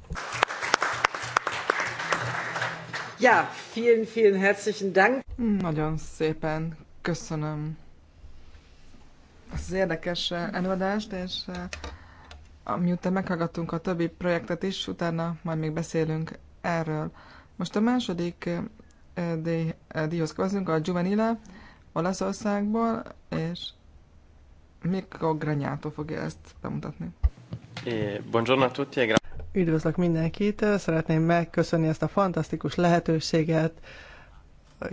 Ja, vielen, vielen herzlichen Dank. Nagyon szépen köszönöm az, érdekes eh, előadást, és eh, miután meghallgattunk a többi projektet is, utána majd még beszélünk erről. Most a második eh, díjhoz kezdünk, a Juvenile Olaszországból, és Mikko Granyátó fogja ezt bemutatni. Buongiorno a tutti, e Üdvözlök mindenkit, szeretném megköszönni ezt a fantasztikus lehetőséget,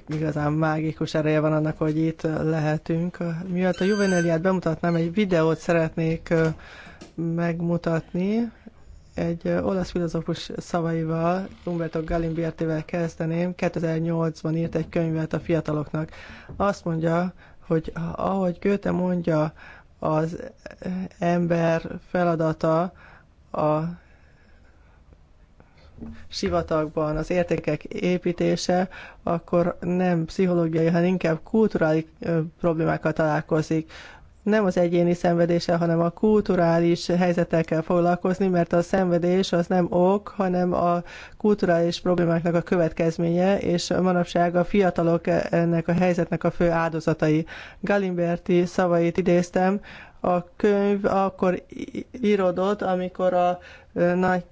igazán mágikus ereje van annak, hogy itt lehetünk. Miatt a Juveneliát bemutatnám, egy videót szeretnék megmutatni. Egy olasz filozófus szavaival, Umberto Galimbertével kezdeném. 2008-ban írt egy könyvet a fiataloknak. Azt mondja, hogy ahogy Göte mondja, az ember feladata a sivatagban az értékek építése, akkor nem pszichológiai, hanem inkább kulturális problémákkal találkozik. Nem az egyéni szenvedése, hanem a kulturális helyzetekkel kell foglalkozni, mert a szenvedés az nem ok, hanem a kulturális problémáknak a következménye, és manapság a fiatalok ennek a helyzetnek a fő áldozatai. Galimberti szavait idéztem, a könyv akkor íródott, amikor a nagy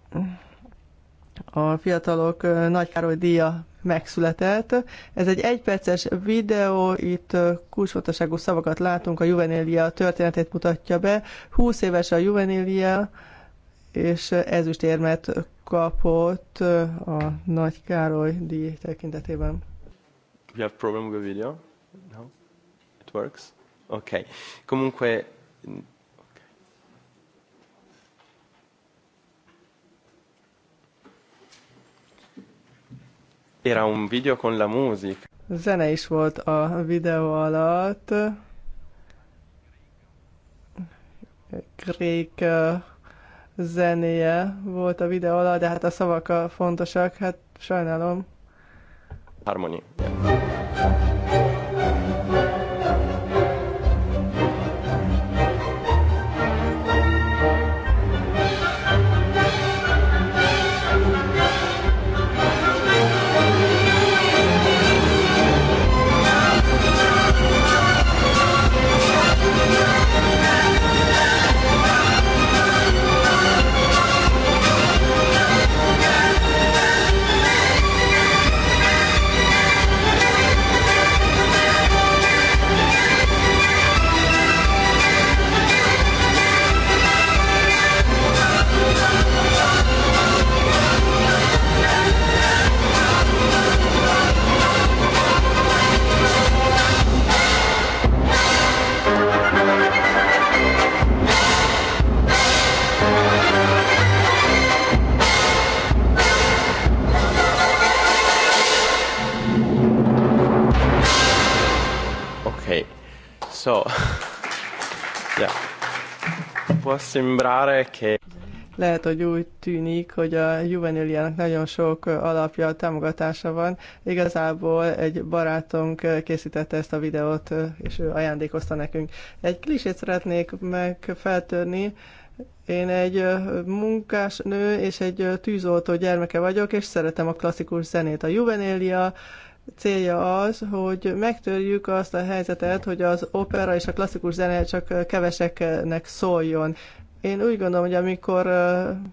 a fiatalok Nagy Károly díja megszületett. Ez egy egyperces videó, itt kulcsfontosságú szavakat látunk, a Juvenélia történetét mutatja be. 20 éves a Juvenélia, és ezüstérmet kapott a Nagy Károly díj tekintetében. We have problem with video? No? It works? Okay. Comunque Era un video con la musica. Zene is volt a videó alatt. Grék zenéje volt a videó alatt, de hát a szavak a fontosak, hát sajnálom. Harmony. Yeah. So, yeah. Può sembrare che... Lehet, hogy úgy tűnik, hogy a Juvenilia-nak nagyon sok alapja, támogatása van. Igazából egy barátunk készítette ezt a videót, és ő ajándékozta nekünk. Egy klisét szeretnék megfeltörni. Én egy munkás nő és egy tűzoltó gyermeke vagyok, és szeretem a klasszikus zenét. A Juvenilia célja az, hogy megtörjük azt a helyzetet, hogy az opera és a klasszikus zene csak keveseknek szóljon. Én úgy gondolom, hogy amikor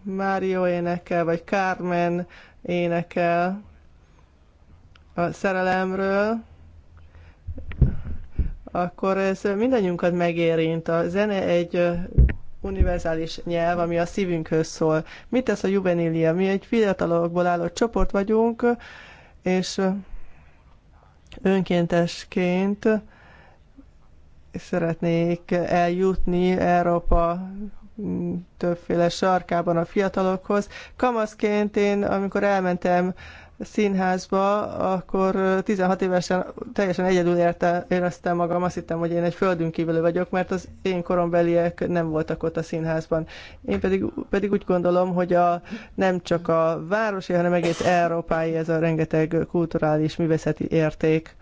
Mário énekel, vagy Carmen énekel a szerelemről, akkor ez mindannyiunkat megérint. A zene egy univerzális nyelv, ami a szívünkhöz szól. Mit tesz a juvenilia? Mi egy fiatalokból álló csoport vagyunk, és önkéntesként szeretnék eljutni Európa mm, többféle sarkában a fiatalokhoz. Kamaszként én, amikor elmentem színházba, akkor 16 évesen teljesen egyedül érte, éreztem magam, azt hittem, hogy én egy földünk kívülő vagyok, mert az én korombeliek nem voltak ott a színházban. Én pedig, pedig úgy gondolom, hogy a, nem csak a városi, hanem egész európai ez a rengeteg kulturális, művészeti érték.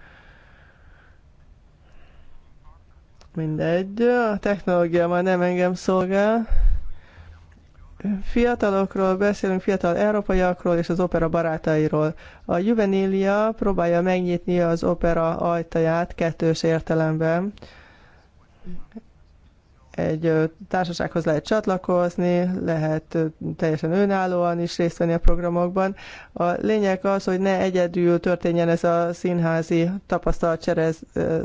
Mindegy, a technológia már nem engem szolgál fiatalokról beszélünk, fiatal európaiakról és az opera barátairól. A Juvenilia próbálja megnyitni az opera ajtaját kettős értelemben egy társasághoz lehet csatlakozni, lehet teljesen önállóan is részt venni a programokban. A lényeg az, hogy ne egyedül történjen ez a színházi tapasztalatcsere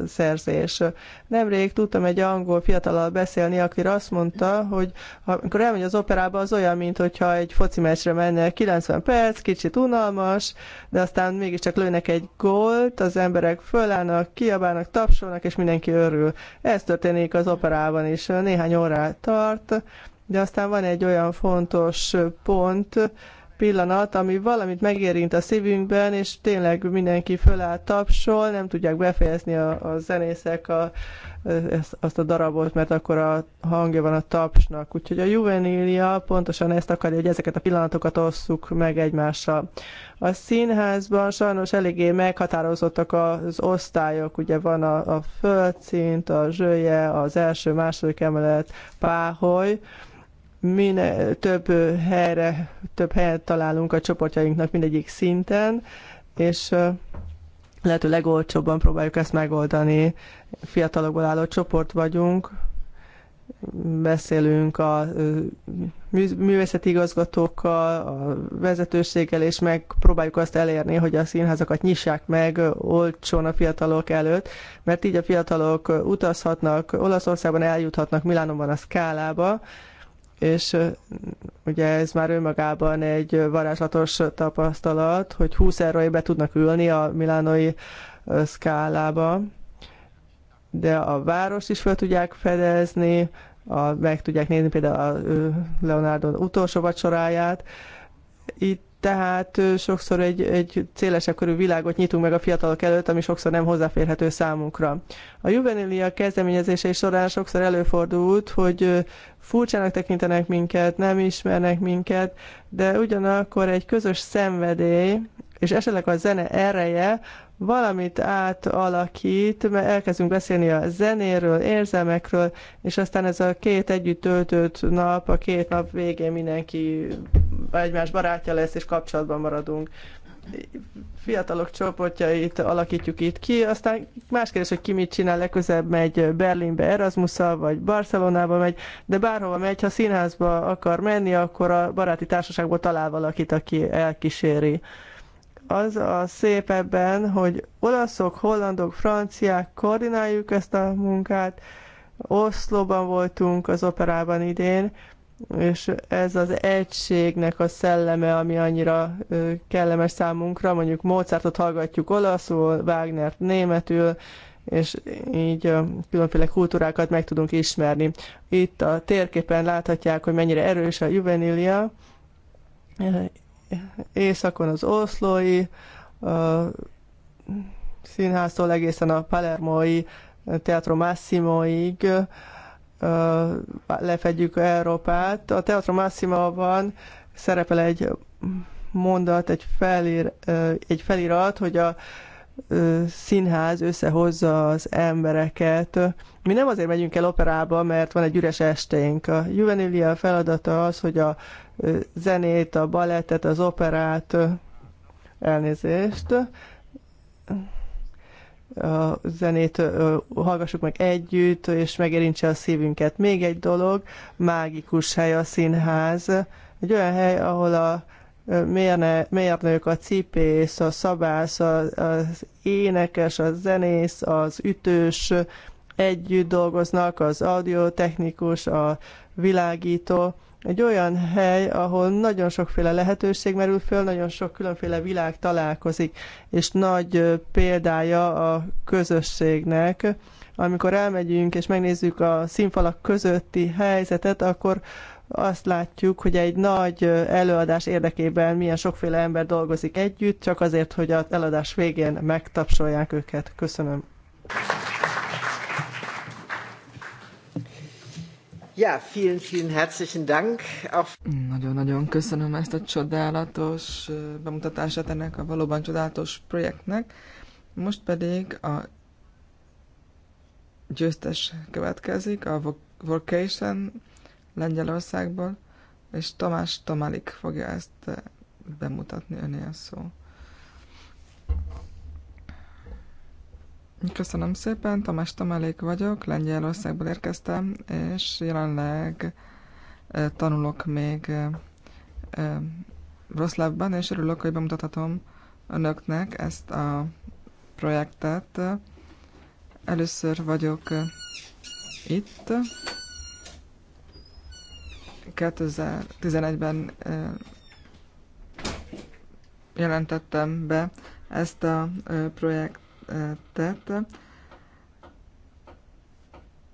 szerzés. Nemrég tudtam egy angol fiatalal beszélni, aki azt mondta, hogy amikor elmegy az operába, az olyan, mint hogyha egy foci meccsre menne 90 perc, kicsit unalmas, de aztán mégiscsak lőnek egy gólt, az emberek fölállnak, kiabálnak, tapsolnak, és mindenki örül. Ez történik az operában is néhány órát tart, de aztán van egy olyan fontos pont, pillanat, ami valamit megérint a szívünkben, és tényleg mindenki föláll, tapsol, nem tudják befejezni a, a zenészek a, ezt, azt a darabot, mert akkor a hangja van a tapsnak. Úgyhogy a juvenília pontosan ezt akarja, hogy ezeket a pillanatokat osszuk meg egymással. A színházban sajnos eléggé meghatározottak az osztályok, ugye van a, a földszint, a zsője, az első, második emelet, páholy, minél több helyre, több helyet találunk a csoportjainknak mindegyik szinten, és lehető legolcsóbban próbáljuk ezt megoldani. Fiatalokból álló csoport vagyunk, beszélünk a művészeti igazgatókkal, a vezetőséggel, és megpróbáljuk azt elérni, hogy a színházakat nyissák meg olcsón a fiatalok előtt, mert így a fiatalok utazhatnak, Olaszországban eljuthatnak Milánóban a szkálába, és ugye ez már önmagában egy varázslatos tapasztalat, hogy 20 erői be tudnak ülni a milánoi szkálába, de a város is fel tudják fedezni, a, meg tudják nézni például a Leonardo utolsó vacsoráját. Itt tehát sokszor egy, egy célesebb körű világot nyitunk meg a fiatalok előtt, ami sokszor nem hozzáférhető számunkra. A juvenilia kezdeményezései során sokszor előfordult, hogy furcsának tekintenek minket, nem ismernek minket, de ugyanakkor egy közös szenvedély, és esetleg a zene ereje valamit átalakít, mert elkezdünk beszélni a zenéről, érzelmekről, és aztán ez a két együtt töltött nap, a két nap végén mindenki egymás barátja lesz, és kapcsolatban maradunk. Fiatalok csoportjait alakítjuk itt ki, aztán más kérdés, hogy ki mit csinál, legközebb megy Berlinbe erasmus vagy Barcelonába megy, de bárhova megy, ha színházba akar menni, akkor a baráti társaságból talál valakit, aki elkíséri az a szép ebben, hogy olaszok, hollandok, franciák koordináljuk ezt a munkát. Oszlóban voltunk az operában idén, és ez az egységnek a szelleme, ami annyira kellemes számunkra, mondjuk Mozartot hallgatjuk olaszul, Wagnert németül, és így különféle kultúrákat meg tudunk ismerni. Itt a térképen láthatják, hogy mennyire erős a juvenilia, északon az oszlói, a színháztól egészen a palermói, Teatro Massimoig, lefedjük Európát. A Teatro Massimo ban szerepel egy mondat, egy, felir, egy felirat, hogy a színház összehozza az embereket. Mi nem azért megyünk el operába, mert van egy üres esténk. A juvenilia feladata az, hogy a zenét, a balettet, az operát, elnézést, a zenét hallgassuk meg együtt, és megérintse a szívünket. Még egy dolog, mágikus hely a színház. Egy olyan hely, ahol a mérne, mérnök, a cipész, a szabász, az énekes, a zenész, az ütős együtt dolgoznak, az audiotechnikus, a világító, egy olyan hely, ahol nagyon sokféle lehetőség merül föl, nagyon sok különféle világ találkozik, és nagy példája a közösségnek. Amikor elmegyünk és megnézzük a színfalak közötti helyzetet, akkor azt látjuk, hogy egy nagy előadás érdekében milyen sokféle ember dolgozik együtt, csak azért, hogy az előadás végén megtapsolják őket. Köszönöm. Ja, vielen, vielen herzlichen Dank. Nagyon-nagyon köszönöm ezt a csodálatos bemutatását ennek a valóban csodálatos projektnek. Most pedig a győztes következik, a Vocation Lengyelországból, és Tamás Tomalik fogja ezt bemutatni önél szó. Köszönöm szépen, Tamás Tamelék vagyok, Lengyelországból érkeztem, és jelenleg tanulok még Roszlávban, és örülök, hogy bemutathatom önöknek ezt a projektet. Először vagyok itt. 2011-ben jelentettem be ezt a projektet tett,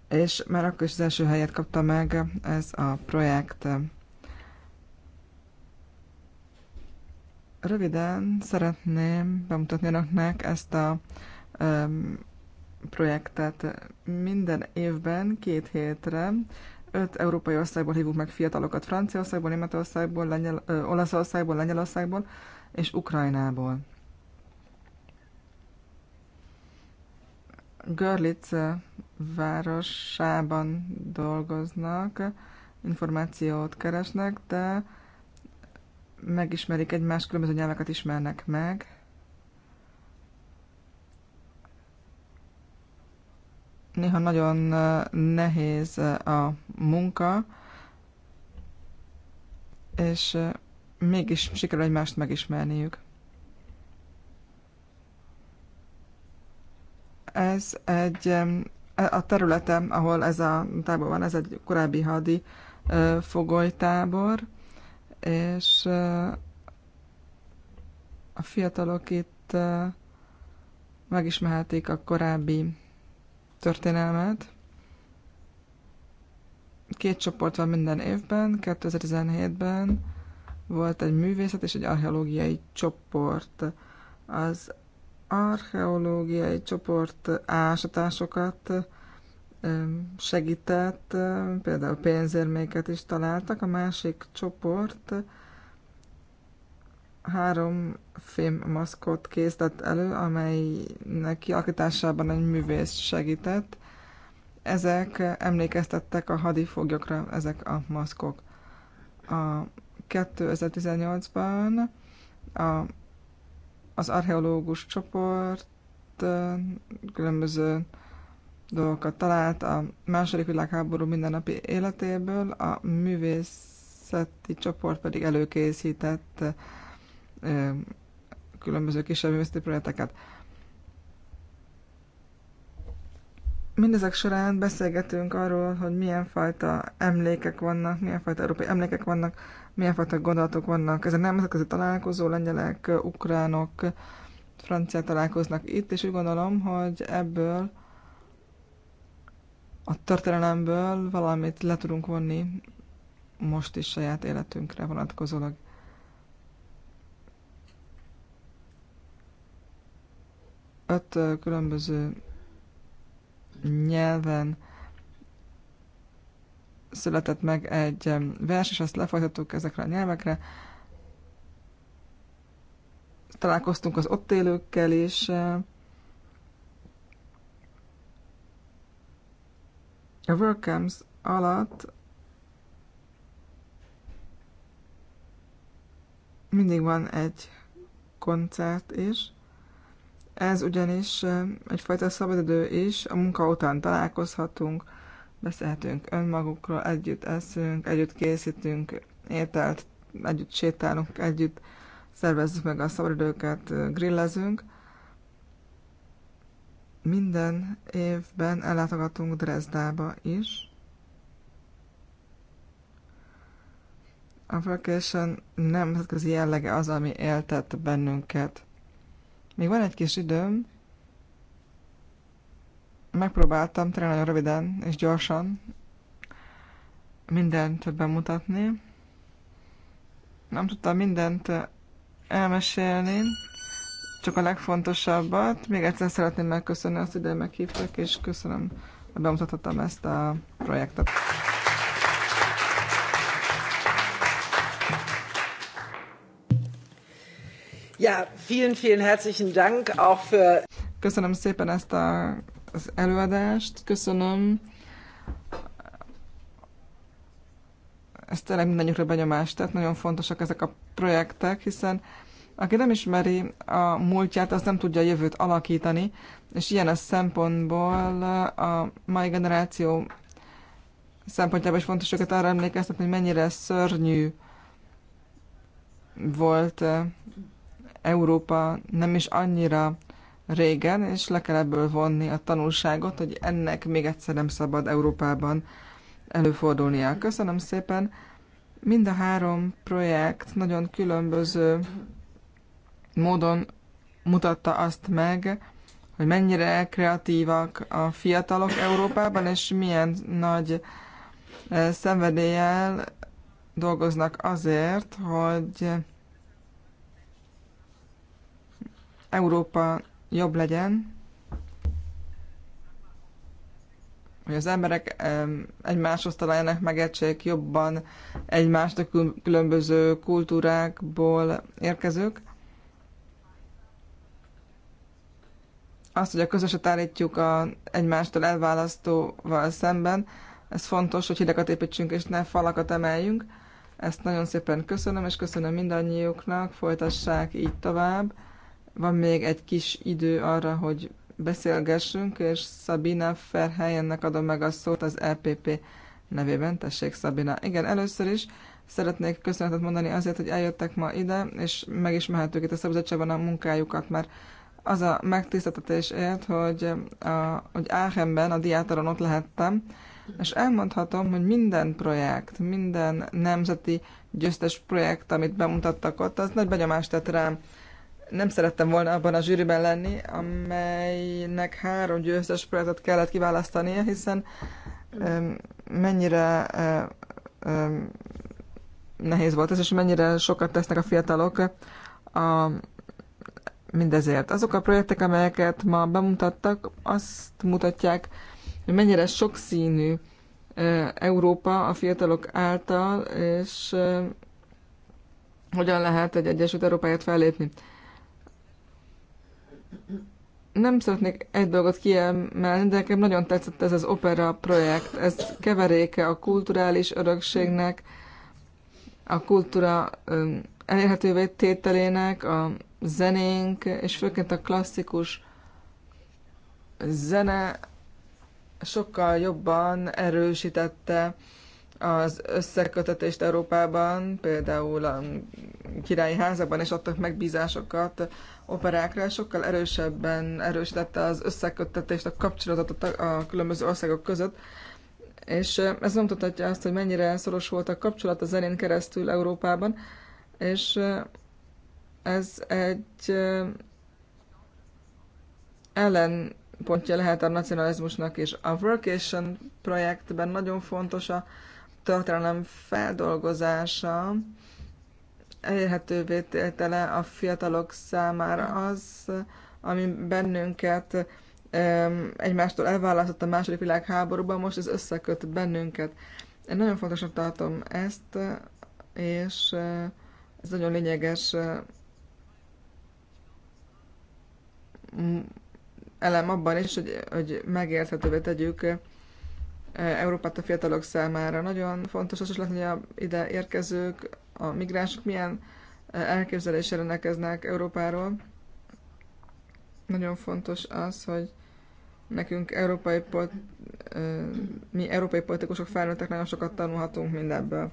és már akkor is az első helyet kapta meg ez a projekt. Röviden szeretném bemutatni önöknek ezt a um, projektet. Minden évben két hétre öt európai országból hívunk meg fiatalokat Franciaországból, Németországból, Lengyel, ö, Olaszországból, Lengyelországból és Ukrajnából. Görlitz városában dolgoznak, információt keresnek, de megismerik egymást, különböző nyelveket ismernek meg. Néha nagyon nehéz a munka, és mégis sikerül egymást megismerniük. Ez egy, e, a területe, ahol ez a tábor van, ez egy korábbi hadi fogolytábor, és a fiatalok itt megismerhetik a korábbi történelmet. Két csoport van minden évben, 2017-ben volt egy művészet és egy archeológiai csoport. Az archeológiai csoport ásatásokat segített, például pénzérméket is találtak. A másik csoport három maszkot készített elő, amelynek kialakításában egy művész segített. Ezek emlékeztettek a hadifoglyokra, ezek a maszkok. A 2018-ban a az archeológus csoport különböző dolgokat talált a második világháború mindennapi életéből, a művészeti csoport pedig előkészített különböző kisebb művészeti projekteket. Mindezek során beszélgetünk arról, hogy milyen fajta emlékek vannak, milyen fajta európai emlékek vannak milyen fajta gondolatok vannak. Ez a nemzetközi találkozó, lengyelek, ukránok, franciák találkoznak itt, és úgy gondolom, hogy ebből a történelemből valamit le tudunk vonni most is saját életünkre vonatkozólag. Öt különböző nyelven született meg egy vers, és azt lefolytattuk ezekre a nyelvekre. Találkoztunk az ott élőkkel, és a WordCamps alatt mindig van egy koncert is. Ez ugyanis egyfajta szabadidő is, a munka után találkozhatunk, beszélhetünk önmagukról, együtt eszünk, együtt készítünk ételt, együtt sétálunk, együtt szervezzük meg a szabadidőket, grillezünk. Minden évben ellátogatunk Dresdába is. A vacation nemzetközi jellege az, ami éltet bennünket. Még van egy kis időm, megpróbáltam tényleg nagyon röviden és gyorsan mindent bemutatni. Nem tudtam mindent elmesélni, csak a legfontosabbat. Még egyszer szeretném megköszönni azt, hogy meghívtak, és köszönöm, hogy bemutathattam ezt a projektet. Ja, vielen, vielen herzlichen Dank auch für... Köszönöm szépen ezt a az előadást. Köszönöm. Ez tényleg mindannyiukra benyomást tett, nagyon fontosak ezek a projektek, hiszen aki nem ismeri a múltját, az nem tudja a jövőt alakítani, és ilyen a szempontból a mai generáció szempontjából is fontos őket arra emlékeztetni, hogy mennyire szörnyű volt Európa, nem is annyira régen, és le kell ebből vonni a tanulságot, hogy ennek még egyszer nem szabad Európában előfordulnia. Köszönöm szépen! Mind a három projekt nagyon különböző módon mutatta azt meg, hogy mennyire kreatívak a fiatalok Európában, és milyen nagy eh, szenvedéllyel dolgoznak azért, hogy Európa jobb legyen, hogy az emberek egymáshoz találjanak megegység, jobban egymást a különböző kultúrákból érkezők. Azt, hogy a közöset állítjuk a egymástól elválasztóval szemben, ez fontos, hogy hidegat építsünk és ne falakat emeljünk. Ezt nagyon szépen köszönöm, és köszönöm mindannyiuknak, folytassák így tovább. Van még egy kis idő arra, hogy beszélgessünk, és Szabina Ferhelyennek adom meg a szót az LPP e nevében. Tessék, Szabina. Igen, először is szeretnék köszönetet mondani azért, hogy eljöttek ma ide, és megismerhetők itt a szabadságban a munkájukat, mert az a megtiszteltetés ért, hogy, a, hogy Áhemben, a diátoron ott lehettem, és elmondhatom, hogy minden projekt, minden nemzeti győztes projekt, amit bemutattak ott, az nagy benyomást tett rám nem szerettem volna abban a zsűriben lenni, amelynek három győztes projektet kellett kiválasztania, hiszen mennyire e, nehéz volt ez, és mennyire sokat tesznek a fiatalok a, mindezért. Azok a projektek, amelyeket ma bemutattak, azt mutatják, hogy mennyire sokszínű e, Európa a fiatalok által, és e, hogyan lehet egy Egyesült Európáért fellépni nem szeretnék egy dolgot kiemelni, de nekem nagyon tetszett ez az opera projekt. Ez keveréke a kulturális örökségnek, a kultúra elérhetővé tételének, a zenénk, és főként a klasszikus zene sokkal jobban erősítette az összekötetést Európában, például a királyi házakban, és adtak megbízásokat operákra, sokkal erősebben erősítette az összeköttetést, a kapcsolatot a, különböző országok között, és ez nem mutatja azt, hogy mennyire szoros volt a kapcsolat a zenén keresztül Európában, és ez egy ellenpontja lehet a nacionalizmusnak és A Workation projektben nagyon fontos a történelem feldolgozása, elérhetővé tétele a fiatalok számára az, ami bennünket egymástól elválasztott a második világháborúban, most ez összeköt bennünket. Én nagyon fontosnak tartom ezt, és ez nagyon lényeges elem abban is, hogy, hogy megérthetővé tegyük Európát a fiatalok számára. Nagyon fontos az is látni, hogy a ide érkezők a migránsok milyen eh, elképzelésre rendelkeznek Európáról. Nagyon fontos az, hogy nekünk európai polt, eh, mi európai politikusok felnőttek nagyon sokat tanulhatunk mindebből.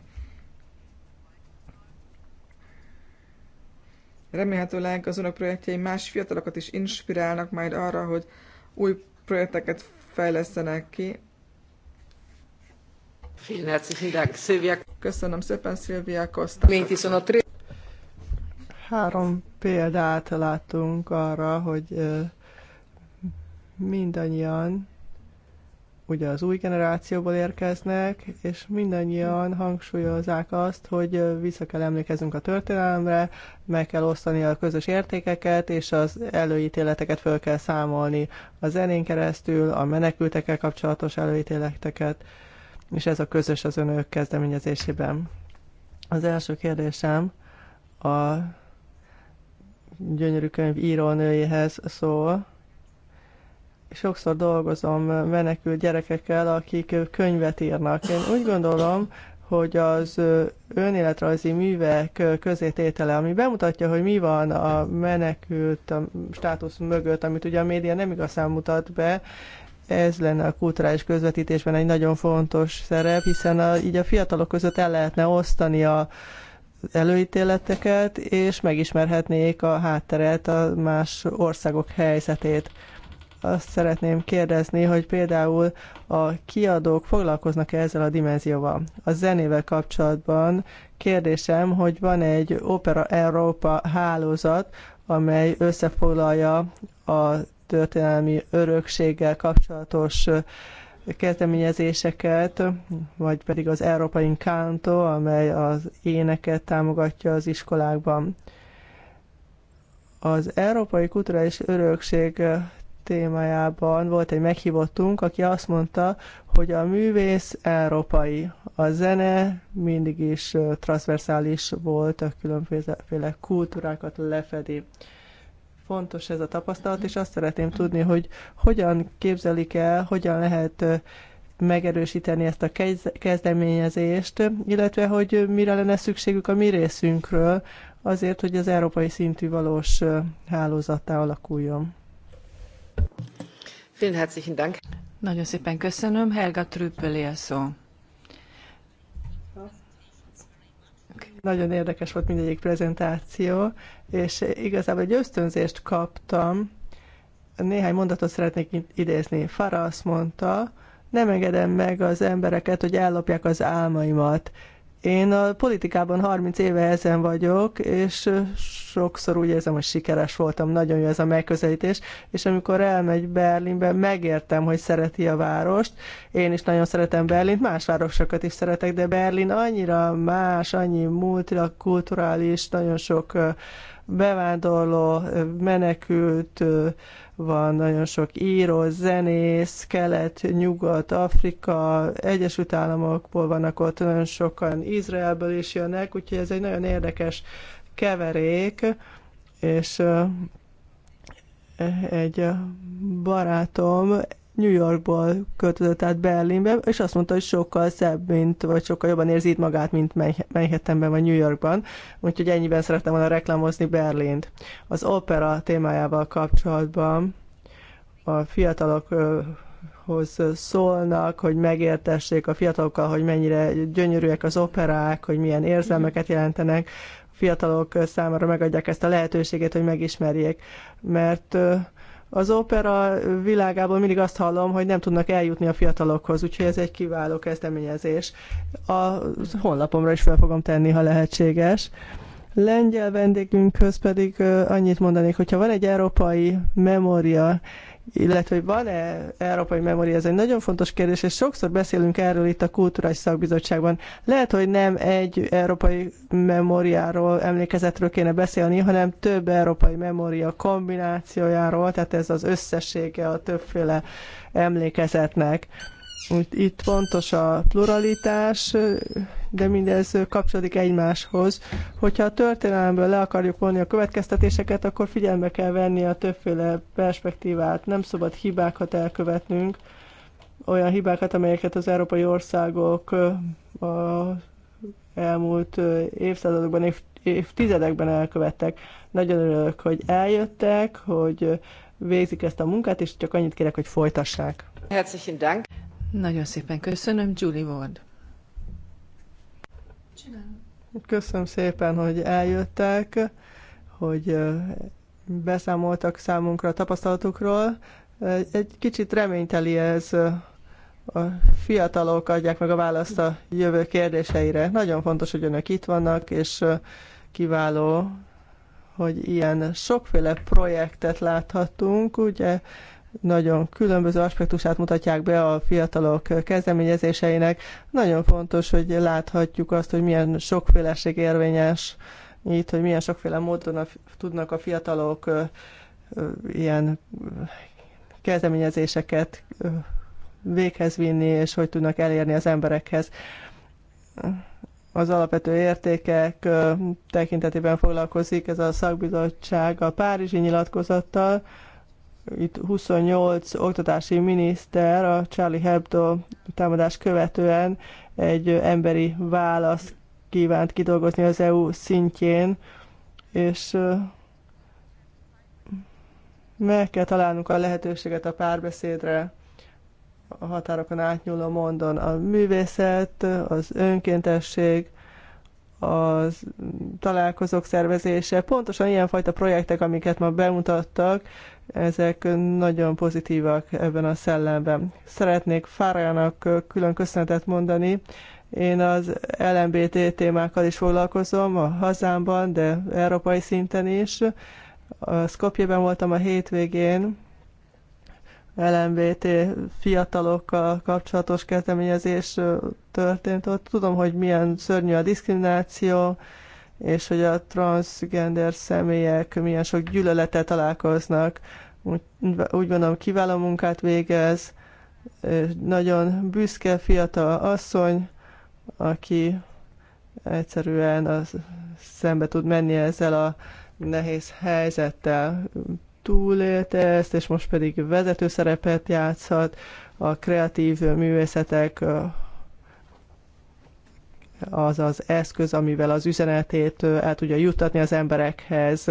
Remélhetőleg az önök projektjei más fiatalokat is inspirálnak majd arra, hogy új projekteket fejlesztenek ki, Köszönöm szépen, Szilvia Costa. Három példát láttunk arra, hogy mindannyian ugye az új generációból érkeznek, és mindannyian hangsúlyozzák azt, hogy vissza kell emlékeznünk a történelemre, meg kell osztani a közös értékeket, és az előítéleteket föl kell számolni a zenén keresztül, a menekültekkel kapcsolatos előítéleteket és ez a közös az önök kezdeményezésében. Az első kérdésem a gyönyörű könyv írónőjéhez szól. Sokszor dolgozom menekült gyerekekkel, akik könyvet írnak. Én úgy gondolom, hogy az önéletrajzi művek közététele, ami bemutatja, hogy mi van a menekült a státusz mögött, amit ugye a média nem igazán mutat be, ez lenne a kulturális közvetítésben egy nagyon fontos szerep, hiszen a, így a fiatalok között el lehetne osztani a előítéleteket, és megismerhetnék a hátteret, a más országok helyzetét. Azt szeretném kérdezni, hogy például a kiadók foglalkoznak -e ezzel a dimenzióval. A zenével kapcsolatban kérdésem, hogy van egy Opera Európa hálózat, amely összefoglalja a történelmi örökséggel kapcsolatos kezdeményezéseket, vagy pedig az Európai Kánto, amely az éneket támogatja az iskolákban. Az Európai Kulturális Örökség témájában volt egy meghívottunk, aki azt mondta, hogy a művész európai. A zene mindig is transzversális volt, a különféle kultúrákat lefedi fontos ez a tapasztalat, és azt szeretném tudni, hogy hogyan képzelik el, hogyan lehet megerősíteni ezt a kezdeményezést, illetve hogy mire lenne szükségük a mi részünkről, azért, hogy az európai szintű valós hálózattá alakuljon. Vielen herzlichen Dank. Nagyon szépen köszönöm. Helga Trüppeli a szó. Nagyon érdekes volt mindegyik prezentáció, és igazából egy ösztönzést kaptam. Néhány mondatot szeretnék idézni. Fara azt mondta, nem engedem meg az embereket, hogy ellopják az álmaimat. Én a politikában 30 éve ezen vagyok, és sokszor úgy érzem, hogy sikeres voltam, nagyon jó ez a megközelítés, és amikor elmegy Berlinbe, megértem, hogy szereti a várost. Én is nagyon szeretem Berlint, más városokat is szeretek, de Berlin annyira más, annyi multikulturális, nagyon sok bevándorló, menekült, van nagyon sok író, zenész, kelet, nyugat, Afrika, Egyesült Államokból vannak ott, nagyon sokan Izraelből is jönnek, úgyhogy ez egy nagyon érdekes keverék, és egy barátom New Yorkból költözött át Berlinbe, és azt mondta, hogy sokkal szebb, mint, vagy sokkal jobban érzi itt magát, mint Manhattanben vagy New Yorkban. Úgyhogy ennyiben szerettem volna reklámozni Berlint. Az opera témájával kapcsolatban a fiatalokhoz szólnak, hogy megértessék a fiatalokkal, hogy mennyire gyönyörűek az operák, hogy milyen érzelmeket jelentenek. A fiatalok számára megadják ezt a lehetőséget, hogy megismerjék. Mert az opera világában mindig azt hallom, hogy nem tudnak eljutni a fiatalokhoz, úgyhogy ez egy kiváló kezdeményezés. A honlapomra is fel fogom tenni, ha lehetséges. Lengyel vendégünkhöz pedig annyit mondanék, hogyha van egy európai memória, illetve hogy van-e európai memória, ez egy nagyon fontos kérdés, és sokszor beszélünk erről itt a Kulturális Szakbizottságban. Lehet, hogy nem egy európai memóriáról, emlékezetről kéne beszélni, hanem több európai memória kombinációjáról, tehát ez az összessége a többféle emlékezetnek. Úgy, itt fontos a pluralitás, de mindez kapcsolódik egymáshoz. Hogyha a történelemből le akarjuk vonni a következtetéseket, akkor figyelme kell venni a többféle perspektívát. Nem szabad hibákat elkövetnünk, olyan hibákat, amelyeket az európai országok a elmúlt évszázadokban, év, évtizedekben elkövettek. Nagyon örülök, hogy eljöttek, hogy végzik ezt a munkát, és csak annyit kérek, hogy folytassák. Herzlichen Dank. Nagyon szépen köszönöm, Julie Ward. Köszönöm szépen, hogy eljöttek, hogy beszámoltak számunkra a tapasztalatukról. Egy kicsit reményteli ez a fiatalok adják meg a választ a jövő kérdéseire. Nagyon fontos, hogy önök itt vannak, és kiváló, hogy ilyen sokféle projektet láthatunk. Ugye nagyon különböző aspektusát mutatják be a fiatalok kezdeményezéseinek. Nagyon fontos, hogy láthatjuk azt, hogy milyen sokféleség érvényes itt, hogy milyen sokféle módon a, tudnak a fiatalok ö, ö, ilyen kezdeményezéseket ö, véghez vinni, és hogy tudnak elérni az emberekhez. Az alapvető értékek tekintetében foglalkozik ez a szakbizottság a Párizsi nyilatkozattal, itt 28 oktatási miniszter a Charlie Hebdo támadás követően egy emberi választ kívánt kidolgozni az EU szintjén, és meg kell találnunk a lehetőséget a párbeszédre a határokon átnyúló mondon. A művészet, az önkéntesség, a találkozók szervezése, pontosan ilyenfajta projektek, amiket ma bemutattak, ezek nagyon pozitívak ebben a szellemben. Szeretnék Fárának külön köszönetet mondani. Én az LMBT témákkal is foglalkozom a hazámban, de európai szinten is. A Skopjében voltam a hétvégén, LMBT fiatalokkal kapcsolatos kezdeményezés történt ott. Tudom, hogy milyen szörnyű a diszkrimináció, és hogy a transgender személyek milyen sok gyűlöletet találkoznak. Úgy, úgy gondolom, kiváló munkát végez, nagyon büszke fiatal asszony, aki egyszerűen az szembe tud menni ezzel a nehéz helyzettel. Túlélte ezt, és most pedig vezető szerepet játszhat a kreatív művészetek az az eszköz, amivel az üzenetét el tudja juttatni az emberekhez.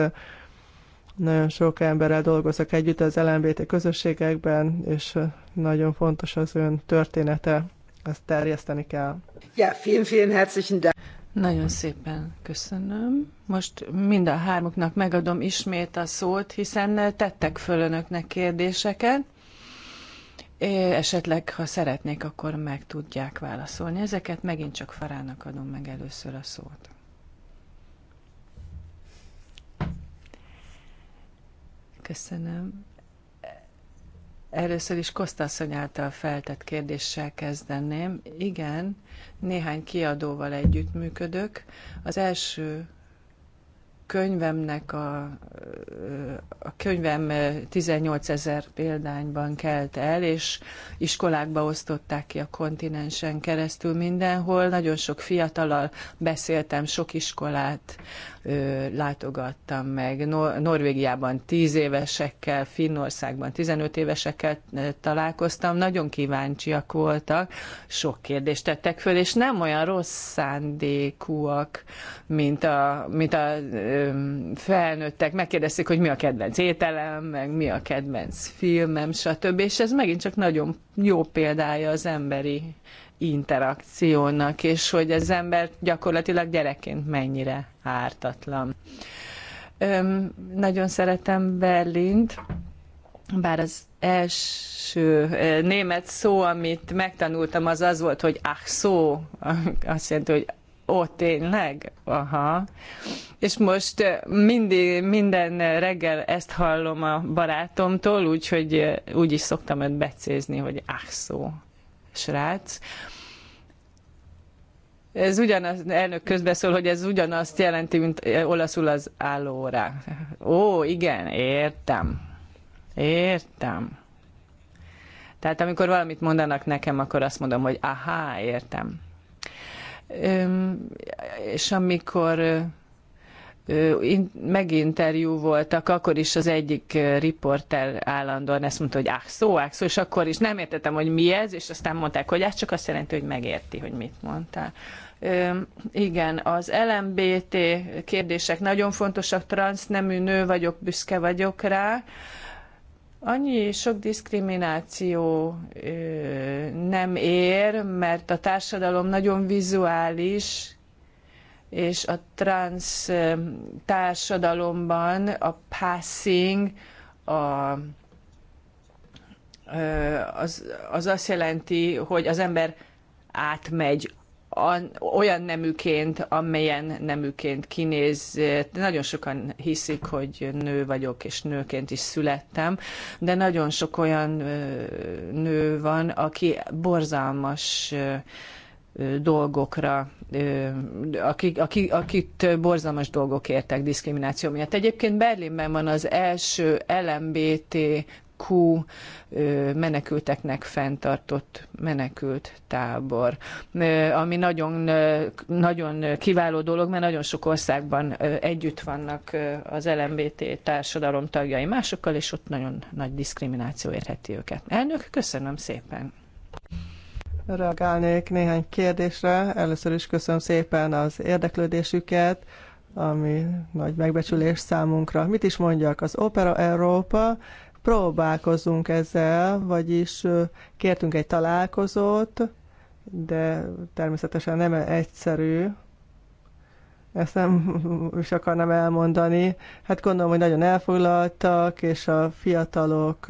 Nagyon sok emberrel dolgozok együtt az LMBT közösségekben, és nagyon fontos az ön története, ezt terjeszteni kell. Ja, vielen, vielen herzlichen Dank. Nagyon szépen köszönöm. Most mind a hármuknak megadom ismét a szót, hiszen tettek föl önöknek kérdéseket esetleg, ha szeretnék, akkor meg tudják válaszolni ezeket. Megint csak Farának adom meg először a szót. Köszönöm. Először is Kosztasszony által feltett kérdéssel kezdeném. Igen, néhány kiadóval együttműködök. Az első könyvemnek a, a könyvem 18 ezer példányban kelt el, és iskolákba osztották ki a kontinensen keresztül mindenhol. Nagyon sok fiatalal beszéltem, sok iskolát látogattam meg. Nor- Norvégiában 10 évesekkel, Finnországban 15 évesekkel találkoztam. Nagyon kíváncsiak voltak, sok kérdést tettek föl, és nem olyan rossz szándékúak, mint a, mint a ö, felnőttek. Megkérdezték, hogy mi a kedvenc ételem, meg mi a kedvenc filmem, stb. És ez megint csak nagyon jó példája az emberi interakciónak, és hogy az ember gyakorlatilag gyerekként mennyire ártatlan. Öm, nagyon szeretem Berlint, bár az első német szó, amit megtanultam, az az volt, hogy ach szó, azt jelenti, hogy ó, tényleg? Aha. És most mindig, minden reggel ezt hallom a barátomtól, úgyhogy úgy is szoktam őt becézni, hogy ach szó, srác. Ez ugyanaz, elnök közbeszól, hogy ez ugyanazt jelenti, mint eh, olaszul az állóra. Ó, igen, értem. Értem. Tehát amikor valamit mondanak nekem, akkor azt mondom, hogy aha, értem. és amikor meginterjú voltak, akkor is az egyik riporter állandóan ezt mondta, hogy ah, szó, ah, szó, és akkor is nem értettem, hogy mi ez, és aztán mondták, hogy ez hát csak azt jelenti, hogy megérti, hogy mit mondtál. Igen, az LMBT kérdések nagyon fontosak, transznemű nő vagyok, büszke vagyok rá. Annyi sok diszkrimináció nem ér, mert a társadalom nagyon vizuális, és a trans társadalomban a passing, a, az, az azt jelenti, hogy az ember átmegy olyan neműként, amelyen neműként kinéz. Nagyon sokan hiszik, hogy nő vagyok, és nőként is születtem, de nagyon sok olyan nő van, aki borzalmas dolgokra, akik, akik, akit borzalmas dolgok értek diszkrimináció miatt. Egyébként Berlinben van az első LMBTQ menekülteknek fenntartott menekült tábor, ami nagyon, nagyon kiváló dolog, mert nagyon sok országban együtt vannak az LMBT társadalom tagjai másokkal, és ott nagyon nagy diszkrimináció érheti őket. Elnök, köszönöm szépen! reagálnék néhány kérdésre. Először is köszönöm szépen az érdeklődésüket, ami nagy megbecsülés számunkra. Mit is mondjak? Az Opera Európa próbálkozunk ezzel, vagyis kértünk egy találkozót, de természetesen nem egyszerű. Ezt nem is akarnám elmondani. Hát gondolom, hogy nagyon elfoglaltak, és a fiatalok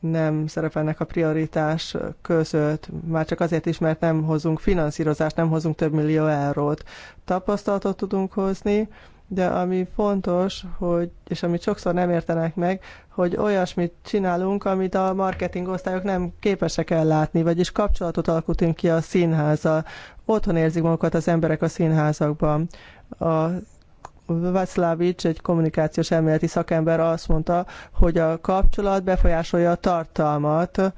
nem szerepelnek a prioritás között, már csak azért is, mert nem hozunk finanszírozást, nem hozunk több millió eurót. Tapasztalatot tudunk hozni, de ami fontos, hogy, és amit sokszor nem értenek meg, hogy olyasmit csinálunk, amit a marketing osztályok nem képesek ellátni, vagyis kapcsolatot alkotunk ki a színházzal. Otthon érzik magukat az emberek a színházakban. A Václavics, egy kommunikációs elméleti szakember azt mondta, hogy a kapcsolat befolyásolja a tartalmat,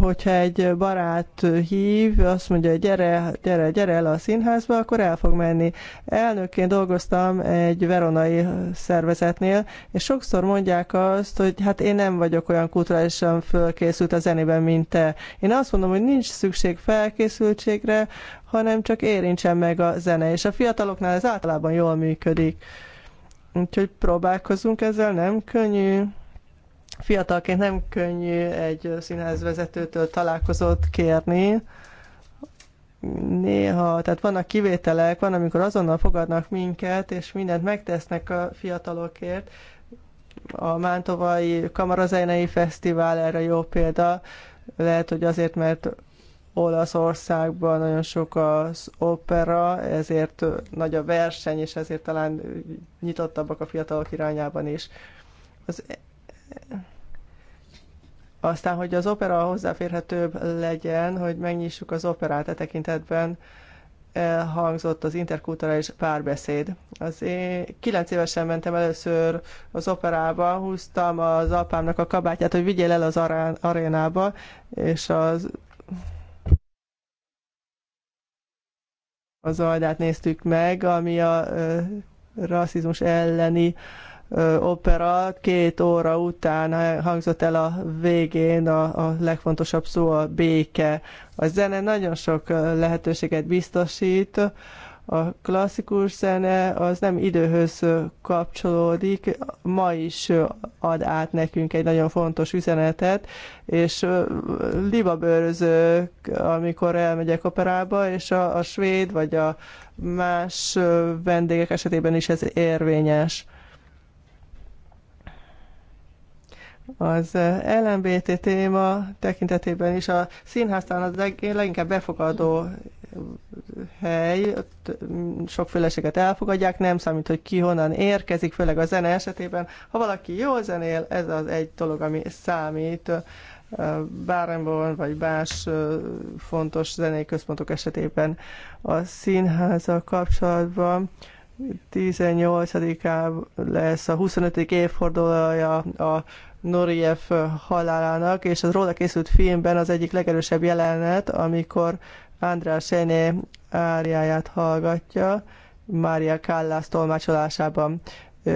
hogyha egy barát hív, azt mondja, hogy gyere, gyere, gyere el a színházba, akkor el fog menni. Elnökként dolgoztam egy veronai szervezetnél, és sokszor mondják azt, hogy hát én nem vagyok olyan kulturálisan fölkészült a zenében, mint te. Én azt mondom, hogy nincs szükség felkészültségre, hanem csak érintsen meg a zene, és a fiataloknál ez általában jól működik. Úgyhogy próbálkozunk ezzel, nem könnyű. Fiatalként nem könnyű egy színházvezetőtől találkozót kérni, néha, tehát vannak kivételek, van, amikor azonnal fogadnak minket, és mindent megtesznek a fiatalokért. A Mántovai Kamarazenei Fesztivál erre jó példa, lehet, hogy azért, mert Olaszországban nagyon sok az opera, ezért nagy a verseny, és ezért talán nyitottabbak a fiatalok irányában is. Az... E- Aztán, hogy az opera hozzáférhetőbb legyen, hogy megnyissuk az operát e tekintetben, elhangzott az interkulturális párbeszéd. Az én kilenc évesen mentem először az operába, húztam az apámnak a kabátját, hogy vigyél el az arénába, és az az aldát néztük meg, ami a ö, rasszizmus elleni ö, opera két óra után hangzott el a végén a, a legfontosabb szó, a béke. A zene nagyon sok lehetőséget biztosít, a klasszikus zene az nem időhöz kapcsolódik, ma is ad át nekünk egy nagyon fontos üzenetet, és libabőröző, amikor elmegyek operába, és a, a svéd vagy a más vendégek esetében is ez érvényes. az LMBT téma tekintetében is a színháztán az leginkább befogadó hely, mm, sokféleséget elfogadják, nem számít, hogy ki honnan érkezik, főleg a zene esetében. Ha valaki jól zenél, ez az egy dolog, ami számít. Bárenból, vagy más fontos zenei központok esetében a színházzal kapcsolatban 18-án lesz a 25. évfordulója a Noriev halálának, és az róla készült filmben az egyik legerősebb jelenet, amikor András Ené áriáját hallgatja, Mária Kállász tolmácsolásában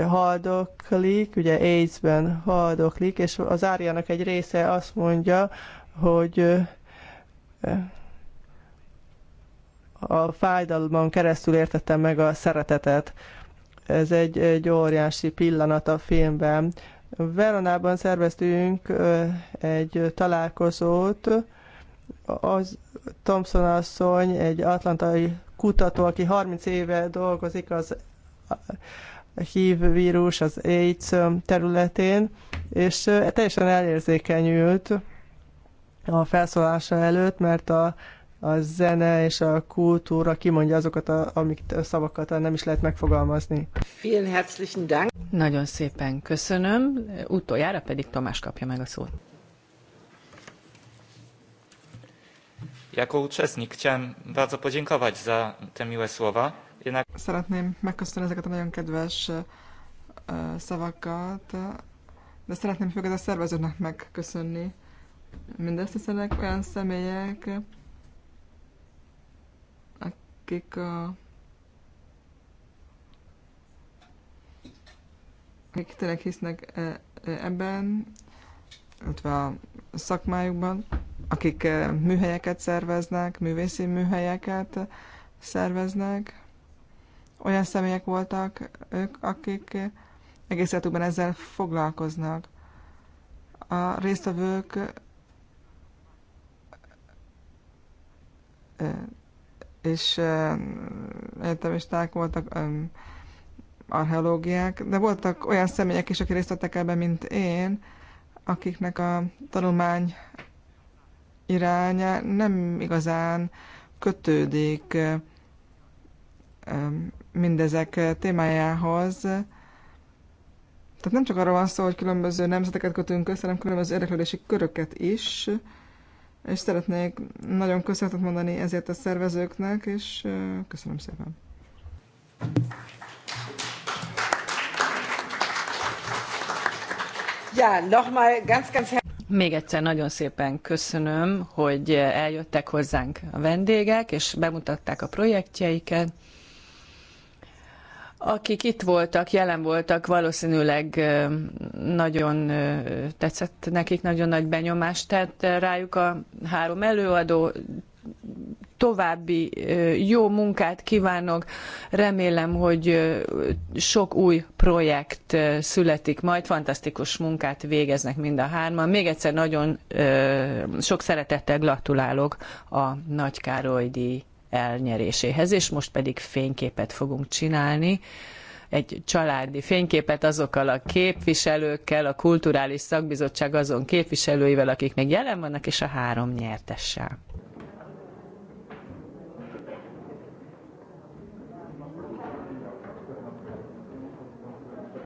haldoklik, ugye AIDS-ben haldoklik, és az áriának egy része azt mondja, hogy a fájdalomon keresztül értettem meg a szeretetet. Ez egy, egy óriási pillanat a filmben. Veronában szerveztünk egy találkozót, az Thompson asszony, egy atlantai kutató, aki 30 éve dolgozik az HIV vírus, az AIDS területén, és teljesen elérzékenyült a felszólása előtt, mert a, a zene és a kultúra kimondja azokat, a, amiket a szavakat nem is lehet megfogalmazni. Vielen herzlichen Dank. Nagyon szépen köszönöm. Utoljára pedig Tomás kapja meg a szót. Jako uczestnik chciałem bardzo podziękować za te miłe słowa. Jednak... Szeretném megköszönni ezeket a nagyon kedves e, e, szavakat, de szeretném főleg a szervezőnek megköszönni mindezt, hiszen olyan személyek, akik a akik tényleg hisznek e, ebben, illetve a szakmájukban akik eh, műhelyeket szerveznek, művészi műhelyeket szerveznek. Olyan személyek voltak ők, akik egész életükben ezzel foglalkoznak. A résztvevők eh, és eh, egyetemisták voltak, archeológiák, de voltak olyan személyek is, akik részt vettek ebben, mint én, akiknek a tanulmány iránya nem igazán kötődik mindezek témájához. Tehát nem csak arról van szó, hogy különböző nemzeteket kötünk össze, hanem különböző érdeklődési köröket is, és szeretnék nagyon köszönetet mondani ezért a szervezőknek, és köszönöm szépen. Ja, nochmal ganz, ganz herzlich még egyszer nagyon szépen köszönöm, hogy eljöttek hozzánk a vendégek, és bemutatták a projektjeiket. Akik itt voltak, jelen voltak, valószínűleg nagyon tetszett nekik, nagyon nagy benyomást tett rájuk a három előadó további jó munkát kívánok. Remélem, hogy sok új projekt születik majd. Fantasztikus munkát végeznek mind a hárman. Még egyszer nagyon sok szeretettel gratulálok a Nagy Károly díj elnyeréséhez, és most pedig fényképet fogunk csinálni egy családi fényképet azokkal a képviselőkkel, a kulturális szakbizottság azon képviselőivel, akik még jelen vannak, és a három nyertessel.